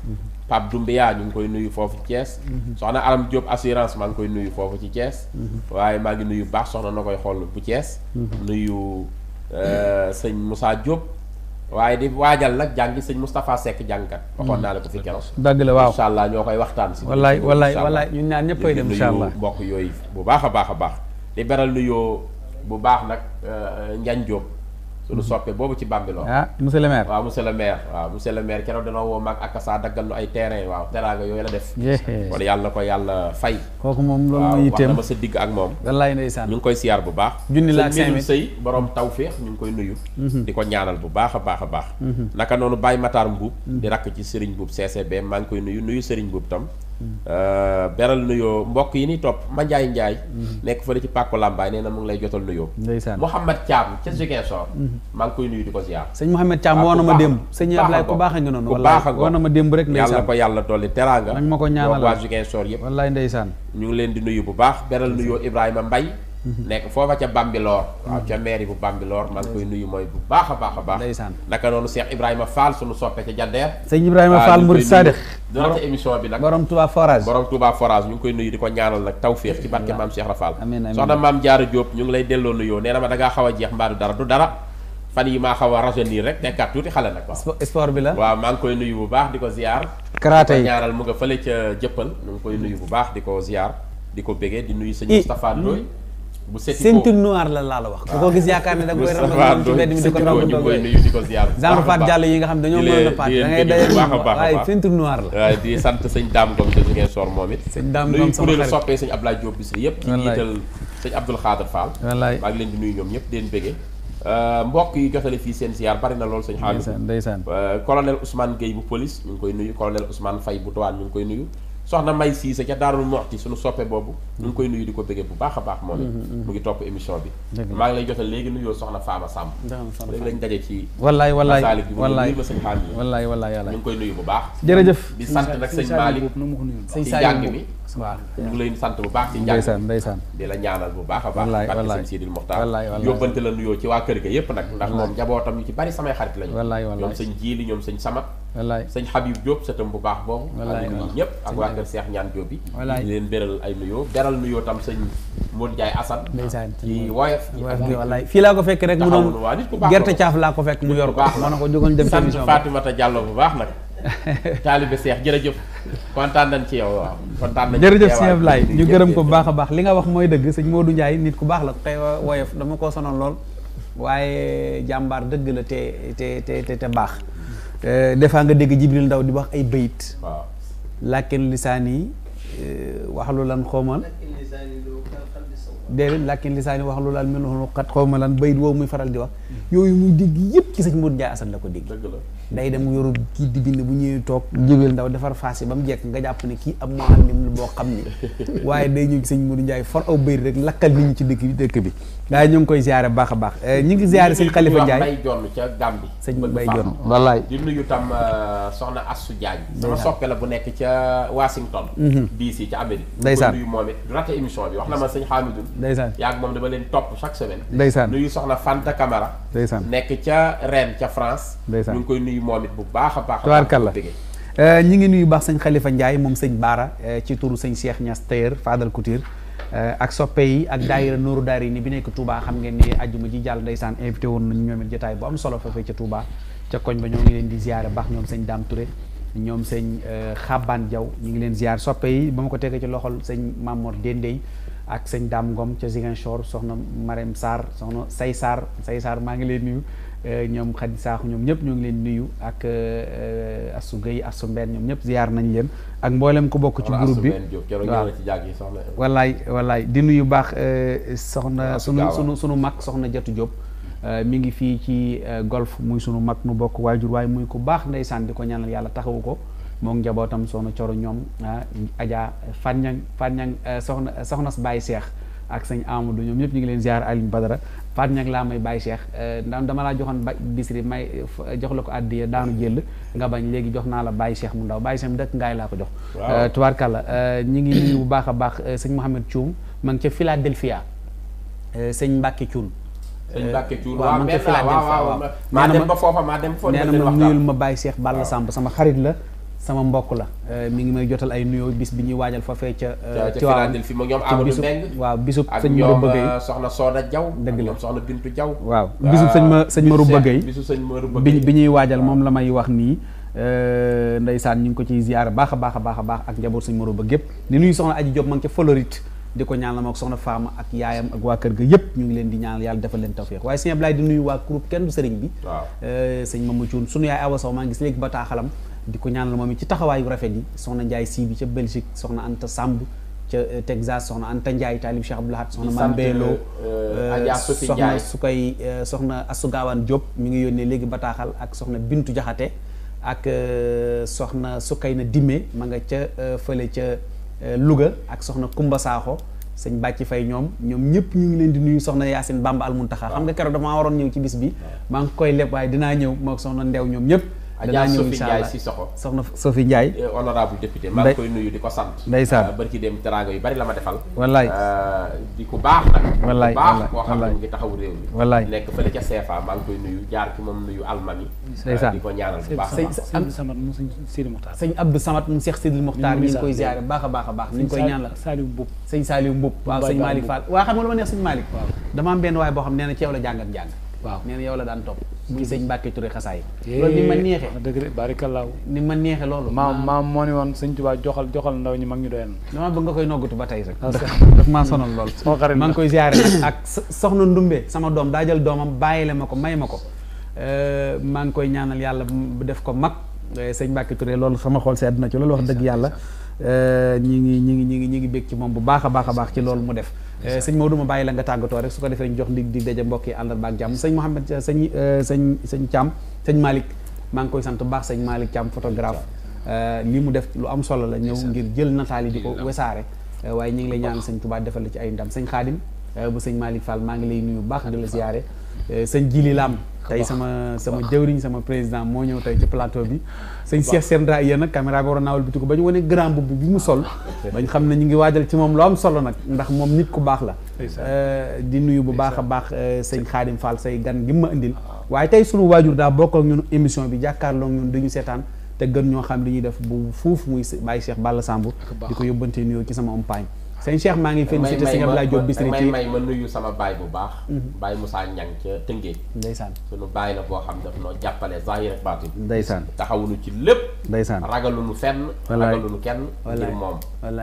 Pape Doumbia ñu ngi koy nuyu foofu Thiès. Mhm. soxna Aram Diop assurance maa ngi koy nuyu foofu ci Thiès. Mhm. waaye maa ngi nuyu baax soxna na koy xool bu cees mhm. nuyu euh, sëñ Moussa Diop. waaye di waajal nag jàngi sëñ Moustapha Seck jàngkat. waxoon naa la ko fi keroog. dëgg allah ñoo koy waxtaan si. wallaay wallaay wallaay ñun ñaan ñëppay dem incha allah mbokk yooyu bu baax a baax a baax. di beral nuyoo bu baax nag euh, Ndiagne Diop. suñu soppe boobu ci Bambilor ah monsieur le maire waaw monsieur le maire waaw monsieur le maire keroog danoo woo maag ak saa daggal lu ay terrain waaw teraanga yooyu la def kon yàlla ko yàlla fay kooku moom loolu mooy yitteem waaw sa digg ak moom wallaay ndeysaan ñu ngi koy siyaar bu baax junni la ak cinq sëy borom tawféex ñu ngi koy nuyu mhm. di ko ñaanal bu baax a baax a baax mhm. naka noonu Baye Matar Mbuub mhm. di rakk ci Serigne Mbuub CCB maa ngi koy nuyu nuyu Serigne Mbuub tam Euh, beral nuyoo mbokk yi ni topp ma njaay njaay mm-hmm. nekk fële ci pàkku làmbaay nee na mu ngi lay jotal nuyoo ndeysaan Mouhamed Thiam ca Ziguinchor mm-hmm. maa ngi koy nuyu di ko ziar sëñ Mouhamed Thiam woo na ma démb sëñ Ablaye ku baax a ngi noonu ku baax na ma démb rek ndeysaan yàlla ko yàlla dolli teraanga nañ ma ko ñaanal waa Ziguinchor yëpp wallaay ndeysaan ñu ngi leen di nuyu bu baax beral nuyoo Ibrahima mbay Mm-hmm. nekk foofa ca Bambilor waaw mm-hmm. ca mairie bu Bambilor maa ngi koy nuyu mooy bu baax a baax a baax ndeysaan naka noonu Cheikh Ibrahima Fall sunu soppe ca Jandeer sëñ Ibrahima Fall Murid Sadikh doonata émission bi nag borom ko ñaanal nag tawféex ci barke maam Cheikh Rafal soxna maam Jaara Diop ñu ngi lay delloo nuyoo nee na ma da xaw a jeex mbaa du dara du dara fan yi maa xaw a rajeunir rek nekkaat tuuti xale nag waaw sport bi la waaw maa ngi koy nuyu bu baax di ko ziar karaté ñaanal mu nga fële ca jëppal ñu ngi koy nuyu bu baax di ko ziar di ko bégee di nuyu sëñ Moustapha Ndoye bu seeti ceinture noire la laa la wax. waaw ah. ko gis yaakaar ne da nga koy rafetlu ci mbedd mi di ko taw a toogee genre Fat Diallo yi nga xam dañoo mën a faat da ngay daje waaye ceinture noire la. waaw di sant sëñ Dame Ngom sa ngeen sor moom it. sëñ Dame Ngom sama xarit nuyu kuréelu soppee sëñ Abdoulaye Diop Bichri yëpp. wallaay ci njiital sëñ Abdoul Khader Fall. wallaay maa ngi leen di nuyu ñoom ñëpp di leen bëggee. Euh, mbokk yi jotale fii seen ziar bari na lool sëñ Xaalis. ndeysaan ndeysaan euh, colonel Ousmane Gueye bu police ñu ngi koy nuyu colonel Ousmane Faye bu douane ñu ngi koy nuyu soxna May Siise ca Daarul Moxti suñu soppe boobu ñu ngi koy nuyu di ko bëggee bu baax a baax moom mm-hmm. mu ngi topp émission bi maa ngi lay jotal léegi nuyoo soxna Faama Samb léegi lañ daje ci wallaay wallaay Malick bi mu ngi nuyu ma sëñ Xaami wallaay wallaay ñu ngi koy nuyu bu baax jërëjëf di sant nag sëñ Malick ci jàng mi waaw ñu ngi lay sant bu baax ci njàng ndeysaan ndeysaan di la ñaanal bu baax a baax wallaay wallaay sëñ Sidil yóbbante la nuyoo ci waa kër ga yépp nag ndax moom njabootam ñu ci bari samay xarit lañu wallaay wallaay ñoom sëñ Jiili ñoom sëñ Samat wallaay sëñ Habib Diop sëtam bu baax boobu wallaay ñëpp waa kër Seex Ñaan Diop bi wallaay leen beral ay nuyoo beral nuyoo tam sëñ Modou Ndiaye Assane ndeysaan ci woyof wallaay fii laa ko fekk rek mu doon gerte caaf laa ko fekk mu yor ko ma ne ko jógoon dem sant Fatimata Diallo bu baax nag taalibe Seex jërëjëf kontaan ci yow waaw kontaan nañ jërëjëf Sëñ Ablaye ñu gërëm ko bu baax a baax li nga wax mooy dëgg sëñ Modou njaay nit ku baax la tey woyof dama koo sonoon lool waaye jàmbaar dëgg la te te te baax mm. euh, des nga dégg Jibril Ndaw di wax ay bayit waaw làkkin lisaan yi euh, wax lu lan xoomal déedéet làkkin lisaan wax lu lan mel xat xoomal lan bayit woowu muy faral di wax mm. yooyu muy dégg yëpp ci sëñ Modou Ndiaye Assane la ko dégg dëgg day dem yoru kii di bind bu ñuy toog jébél ndaw defar faas yi ba mu jekk nga jàpp ne kii ab muallim lu boo xam ni waaye day ñëw sëñ Modou Ndiaye for aw bëy rek lakkal nit ñi dëkk bi dëkk bi ngi koy ziare baax a baax eh, ñu ngi ziare sëñ Khalifa Ndiaye bay jonn ca Gambie sëñ bay jonn wallaay di nuyu tam euh, soxna Assu Diagne sama soppe bu nekk ca Washington mhm. DC ca Amérique ndeysaan nuyu moom it rate émission bi wax na ma sëñ Hamidou ndeysaan yaag moom dama leen topp chaque semaine ndeysaan nuyu soxna Fanta Camara ndeysaan nekk ca Rennes ca France ñu ngi koy nuyu nuyu moom it bu baax a baax. tubaarkalla euh, ñi ngi nuyu baax sëñ Khalifa euh, euh, bi nekk Touba xam ngeen ni ajjuma ji jàll ndeysaan invité woon nañu ñoom it jotaay bu am solo foofee ca Touba ca koñ ba ñoo ngi leen di ziare baax ñoom sëñ Dame Touré ñoom sëñ Xabaan Jaw ñu ngi leen ziar soppe yi ba ma ko tegee ci loxol sëñ Mamor Dendey ak sëñ Dame Ngom ca Ziguinchor soxna Marème Sarr soxna Say Sarr Say Sarr maa ngi leen nuyu Eh, ñoom Khady Sakho ñoom ñëpp ñoo ngi leen nuyu ak eh, eh, Assou Gueye Assou Mbène ñoom ñëpp ziar nañ leen ak mboolem ku bokk ci groupe bi waaw wallaay wallaay di nuyu baax soxna sunu sunu mag soxna Jatu Diop mi ngi fii ci golf muy sunu mag nu bokk waajur waaye muy ku baax ndeysaan di ko ñaanal yàlla taxawu ko moom njabootam soxna coro ñoom ah Adja Fàññang Fàññang soxna soxna baay Seex ak sëñ du ñoom ñëpp ñu ngi leen ziar Alioune Badara faat ñag laa may bàyyi seex euh, ndax dama laa joxoon ba bisri may jox la ko àddiya daanu jël nga bañ léegi jox naa la bàyyi cheikh mu ndaw bàyyi cheikh dëkk ngaay laa ko jox euh, tubaarkàlla euh, ñu ngi nuyu bu baax a baax sëñ Mouhamed Thioum ma ngi ca Philadelphia sëñ Mbacke Thioun sëñ Mbacke Thioun waaw ma ngi ca Philadelphia maa dem ba foofa maa dem foofa nee na ma nuyul ma bàyyi seex Balla Samb sama xarit la sama mbokk la euh, mi ngi may jotal ay nuyoo bis bi ñuy waajal fa fee ca. Euh, Tiwaawan fi ñoom Amadou Mbengue waaw bisub sëñ Maru Bëggey ak euh, soxna Soda Diaw. dëgg la soxna Bintu Diaw. waaw bisub sëñ ma sëñ Maru Bëggey bisub sëñ Maru Bëggey bi ñuy waajal moom la may wax nii. ndeysaan ñu ngi ko ciy ziyaara baax a baax a baax a ak njaboot sëñ Maru Bëgg yëpp di nuyu soxna Aji Diop ma ngi ca Floride. di ko ñaanal ma ak soxna Faama ak yaayam ak waa kër ga yëpp ñu ngi leen di ñaan yàlla defal leen tawféex waaye sëñ Ablaye di nuyu waa groupe kenn du sëriñ bi. waaw sëñ Mamadou Thioune sunu yaay Awa maa ngi gis léegi bataaxalam di ko ñaanal moom it ci taxawaayu rafet yi soxna Ndiaye Sy bi ca Belgique soxna Anta Samb ca euh, Texas soxna Anta Ndiaye taalib Cheikh Abdoul Ahad soxna Mame Bello euh, euh, soxna su koy soxna Asugawaan Diop mi ngi yónnee léegi bataaxal ak soxna Bintu Jaxate ak soxna Sukayna Dimme ma nga ca fële ca Louga ak soxna Kumba Saaxo sëñ bàcci fay ñoom ñoom ñëpp ñu ngi leen di nuyu soxna Yaasin Bamba Almuntaxa xam nga keroog damaa waroon ñëw ci bis bi maa ngi koy leb waaye dinaa ñëw mook soxna Ndew ñoom ñëpp danaa ñëw incha allah soxna Sophie Ndiaye eh, honorable député maa ngi koy nuyu di ko sant ndeysaan ah, bari ci dem teraanga yu bari la ma defal wallaay ah, di ku baax nag wallaay ku baax xam ne mu taxaw réew mi wallaay nekk fële ca CFA maa ngi koy nuyu jaar ci moom nuyu almami ndeysaan ah, di ko ñaanal bu baax Abdou Samad moom sëñ Sidil Mokhtar sëñ Abdou Samad moom Cheikh Sidil Mokhtar baax a baax a koy ñaanal Saliou Mboup sëñ Saliou Mboup waaw sëñ Malick Fall waaw xam nga lu ma neex sëñ Malick am benn waay boo xam nee na la jàngat jàng waaw nee yow la daan topp muy sëñ Mbacke Touré xasaay eh, loolu ni ma neexe dëgg barikallaaw ni ma neexe loolu maam maam moo ni woon sëñ Tuubaa joxal joxal ndaw ñi mag ñu doyal dama bëgg nga koy noggatu ba tey rek daf maa hmm. sonal lool maa ngi koy ziare ak soxna Ndumbe sama doom daajal jël doomam bàyyile ma ko may ma ko eh, maa ngi koy ñaanal yàlla bu def ko mag eh, sëñ Mbacke Touré loolu sama xool sedd na ci loolu wax dëgg yàlla ñi ngi ñi ngi ñi ngi ñi ngi bég ci moom bu baax a baax a baax ci loolu mu def Eh, sëñ Maodo ma bàyyi la nga tàggatoo rek su ko defee ñu jox dig di daje mbokk yi àndarba ak jàmm sañ Mouhamed eh, sañ eh, sañ sëñ Thiam sëñ Malick maa ngi koy sant bu baax sëñ Malick Thiam photographe lii mu def lu am solo la ñëw ngir jël nataal yi di ko wesaare waaye ñu ngi lay ñaan sëñ Touba defal la ci ay ndam sëñ Xaadim bu sëñ malik Fall maa ngi lay nuyu bu baax di la ziyaare sëñ Jili laam tey sama sama jëwriñ sama président moo ñëw tey ci plateau bi sëñ Cheikh Sendra yéen nag caméra bi war a naawal ko ba ñu wane grand boubou bi mu sol bañ xam ne ñu ngi waajal ci moom loo am solo nag ndax moom nit ku baax la euh, di nuyu bu baax a baax euh, sëñ Xaadim Fall say gan gi ma indil waaye tey sunu waajur daa bokk ak ñun émission bi jàkkaarloo ñun duñu seetaan te gën ñoo xam li ñuy def bu fuuf muy bàyyi Cheikh Balla Samb di ko yóbbante nuyoo ci sama campagne sëñ Cheikh maa ngi félicité sëñ Abdoulaye Diop Bichri ci may ma nuyu sama baay bu baax mhm. baay Moussa Niang ca Tëngéej ndeysaan suñu baay la boo xam daf noo jàppale zahir ak baatin ndeysaan taxawuñu ci lépp ndeysaan ragaluñu fenn ragaluñu kenn ngir moom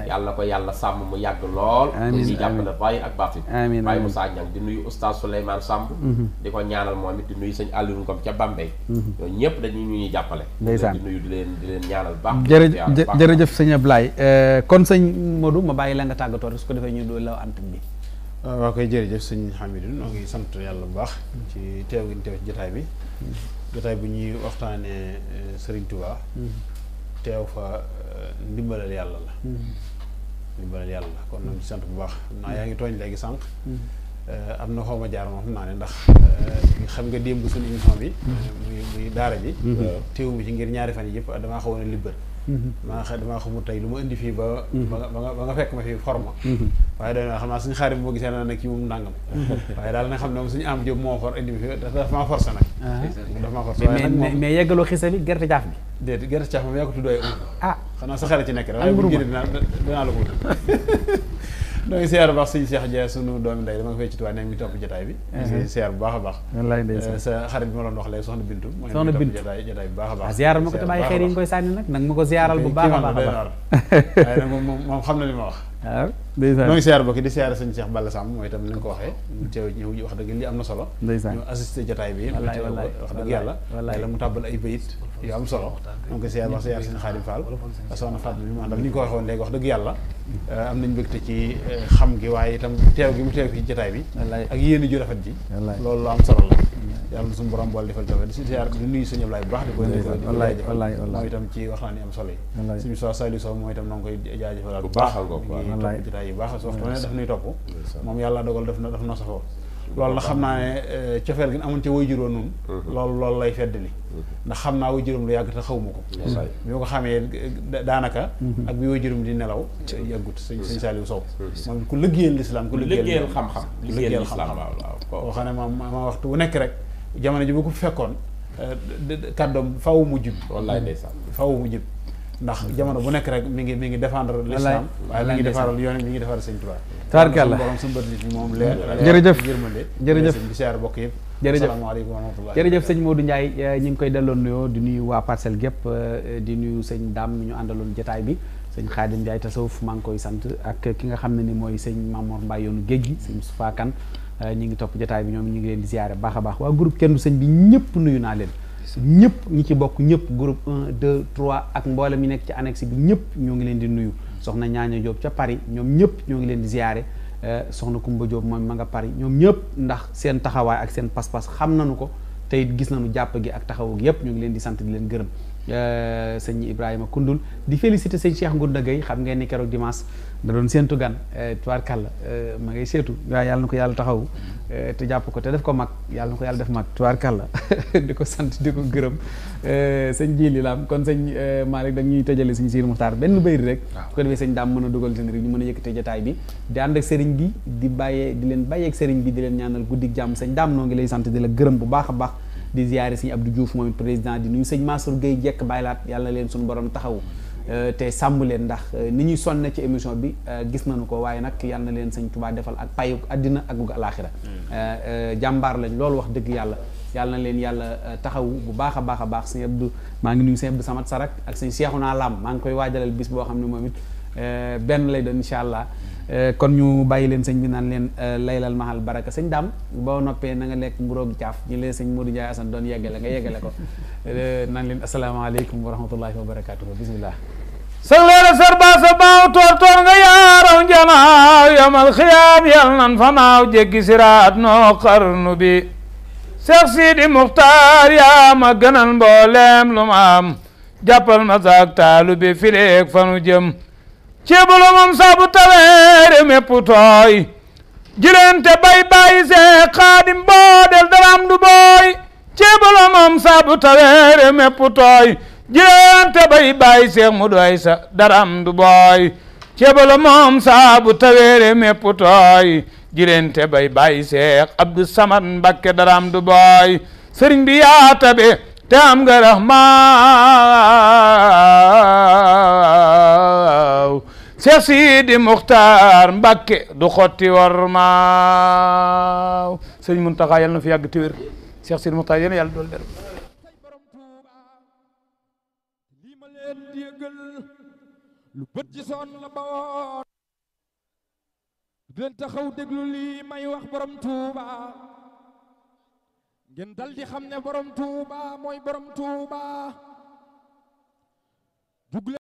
yàlla ko yàlla sàmm mu yàgg lool ñi jàppale zahir ak baatin amiin baay Moussa Niang di nuyu oustaz Souleymane Samb mhm. di ko ñaanal moom it di nuyu sañ Aliou Ngom ca Bambey mhm. ñooñu ñëpp dañu ñu jàppale ndeysaan di di leen di leen ñaanal baax jërëjëf sëñ Abdoulaye eh, kon sëñ Modou ma bàyyi la nga tàgg tàggatoo rek su ko defee ñu doon law antenne bi. Ah, waaw koy jërëjëf sëñ Hamidou noo ngi sant yàlla bu baax. ci teew gi ñu teew ci jotaay bi. jotaay bu ñuy waxtaanee eh, Serigne Touba. teew fa eh, ndimbalal yàlla la. ndimbalal yàlla kon nag ci sant bu baax xam naa yaa ngi tooñ léegi sànq. Eh, am na xaw ma jaar moom xam naa ne ndax xam nga démb suñu émission bi. Mm-hmm. muy muy daara bi. Mm-hmm. teewu ci ngir ñaari fan yi yëpp damaa xaw a libbër. Mm-hmm. maa xam damaa xamul tey lu ma indi fii ba. Mm-hmm. ba nga ba nga fekk ma fi xorma. Mm-hmm. waaye dañu xam naa suñ xarit boo gisee naa ne kii moom nangam. waaye daal na xam ne moom suñu am jóg moo for indi fi dafa maa forcé nag. Ah. dafa maa forcé mais mais yeggaloo xisa bi gerte caaf bi. déedéet gerte caaf moom yaa ko tuddee. ah xanaa sa xarit ci nekk rek waaye bu ñu génnee dinaa dinaa la ko ñoo ngi siyaar bu baax suñu Cheikh Dia sunu doomi ndey dama nga fay ci tuwaay nekk mi topp jotaay bi si mhm. siyaar bu baax a baax sa xarit bi ma doon wax léegi soxna Bintu soxna Bintu jotaay bu baax a baax ah, ziyaaral ma ko tam xeer yi nga koy sànni nag nag ma ko ziyaaral bu baax a baax a baax waaye nag moom moom xam na li ma wax waaw ndeysaan ñoo ngi siyaar bokki di siyaar sëñ Cheikh Balla Samb mooy itam li nga ko waxee teew ñëw wax dëgg li am na solo ñu assisté jotaay bi wax dëgg yàlla yàlla mu tàbbal ay bayit yu am solo bi mu àndal eh, eh, teew gi mu bi ak yéen ju rafet ji loolu lu am solo la yàlla na suñu borom boole defal tawfeex di si ziar di nuyu sëñ Ablaye bu baax di ko suñu soo Sow na nga koy jaajëfal bu baax ngi jotaay yu baax su waxtu ne daf nuy moom yàlla dogal daf na daf naa ne eh, cofeel mm-hmm. mm-hmm. lu yàgg te xaw ma ko bi ma ko xamee eh, daanaka mm-hmm. ak bi way juróom di nelaw yàggut sëñ sëñ Saliou Sow moom ku liggéeyal lislaam ku liggéeyal xam-xam liggéeyal xam-xam koo xam ne moom ma waxtu wu nekk rek jamono ji bu ko fekkoon euh, kàddoom faw mu jub. wallaay ndeysaan faw mu jub. ndax jamono bu nekk rek mi ngi mi ngi défendre l'islam waaye mi ngi défendre yoon mi ngi défendre sëñ Tuubaa tabarkalla borom suñu bët nit ñi moom leer jërëjëf jërëjëf bi siyaar bokk yëpp jërëjëf asalaamaaleykum wa rahmatullah jërëjëf sëñ Modou Ndiaye euh, ñu ngi koy delloon nuyoo di nuyu waa parcelle gépp euh, di nuyu sëñ daam mi ñu àndaloon jotaay bi sëñ Khadim Ndiaye tasawuf maa ngi koy sant ak ki nga xam ne ni mooy sëñ Mamour Mbaye yoonu géej gi sëñ Soufa Kane Euh, ñu ngi topp jotaay bi ñoom ñu ngi leen di ziare baax a baax waa groupe kenn du sëñ bi ñëpp nuyu naa leen ñëpp ñi ci bokk ñëpp groupe 1 2 3 ak mboolem ñi nekk ci annexe bi ñëpp ñoo ngi leen di nuyu soxna ñaaña Diop ca Paris ñoom ñëpp ñoo ngi leen di ziare euh, soxna Kumba Diop moom ma nga Paris ñoom ñëpp ndax seen taxawaay ak seen pas-pas xam nañu ko te it gis nañu jàpp gi ak taxawu gi yëpp ñu ngi leen di sant di leen gërëm euh, sëñ Ibrahima Koundoul di féliciter sëñ Cheikh Ngounda Gueye xam ngeen ni keroog dimanche da doon séentu gan eh, tuwaar kàlla eh, ma ngay seetu waaye yàlla na ko yàlla taxawu eh, te jàpp ko te def ko mag yàlla na ko yàlla def mag tuwaar kàlla di ko sant di ko gërëm sëñ Jili Lam kon sañ Malick da ñuy tëjale suñu Sidi Muxtaar benn bayri rek bu ko defee sëñ daam mën a dugal seen rek ñu mën a yëkkate jotaay bi ànd ak sëriñ bi bàyyee di leen bàyyeeg sëriñ bi di leen ñaanal guddi jàmm sëñ daam noo ngi lay sant di la gërëm bu baax a baax di ziyaare sëñ Abdou Diouf moom président di nuyu sëñ Mansour Gueye jekk bàyyilaat yàlla leen suñu borom taxawu Euh, te sàmm leen ndax euh, ni ñuy sonne ci émission bi euh, gis nañu ko waaye nag yàlla na leen sëñ Tuubaa defal ak payu àddina ak alaaxira mm. jàmbaar lañ loolu wax dëgg yàlla yàlla leen yàlla taxaw bu baax a baax a baax sëñ bu maa ngi nuyu sëñ Abdou Samad Sarak ak sëñ naa Lam maa ngi koy waajalal bis boo xam ne moom it benn lay doon incha allah mm. kon ñu bàyyi leen sëñ bi naan leen laylal mahal baraka sëñ daam boo noppee na nga lekk mburoog caaf ñu leen sëñ Modou Ndiaye Assane doon yeggale nga yeggale ko naan leen asalaamaaleykum wa rahmatullahi wa barakaatu bisimilah. saxleera sarba baaw toor toor nga yaaraw njanaaw yamal xiyaam yal fanaaw jéggi siraat noo xarnu bi Seex Sidi Muxtaar yaa ma gënal mbooleem lu ma ma saak taalu bi fileeg fanu jëm ceebulu moom saabu taweere mépp tooy jurente bay bàyyi see xaadim boo del du booy ceebulu moom saabu taweere mépp tooy jirante bay bàyyi seex mu doy sa daram du booy cebalo moom saabu taweere mépp tooy jirante bay bàyyi seex abdu samad mbakke daram du booy sëriñ bi yaa tabe te am nga raxmaaw seex sidi muxtaar mbakke du xotti war maaw sëriñ muntaxa yal na fi yàgg téwér seex sidi muxtaar yéen yàlla dool der lu bët gisoon la bawoon ngeen taxaw déglu lii may wax borom tuuba ngeen dal di xam ne borom tuuba mooy borom tuuba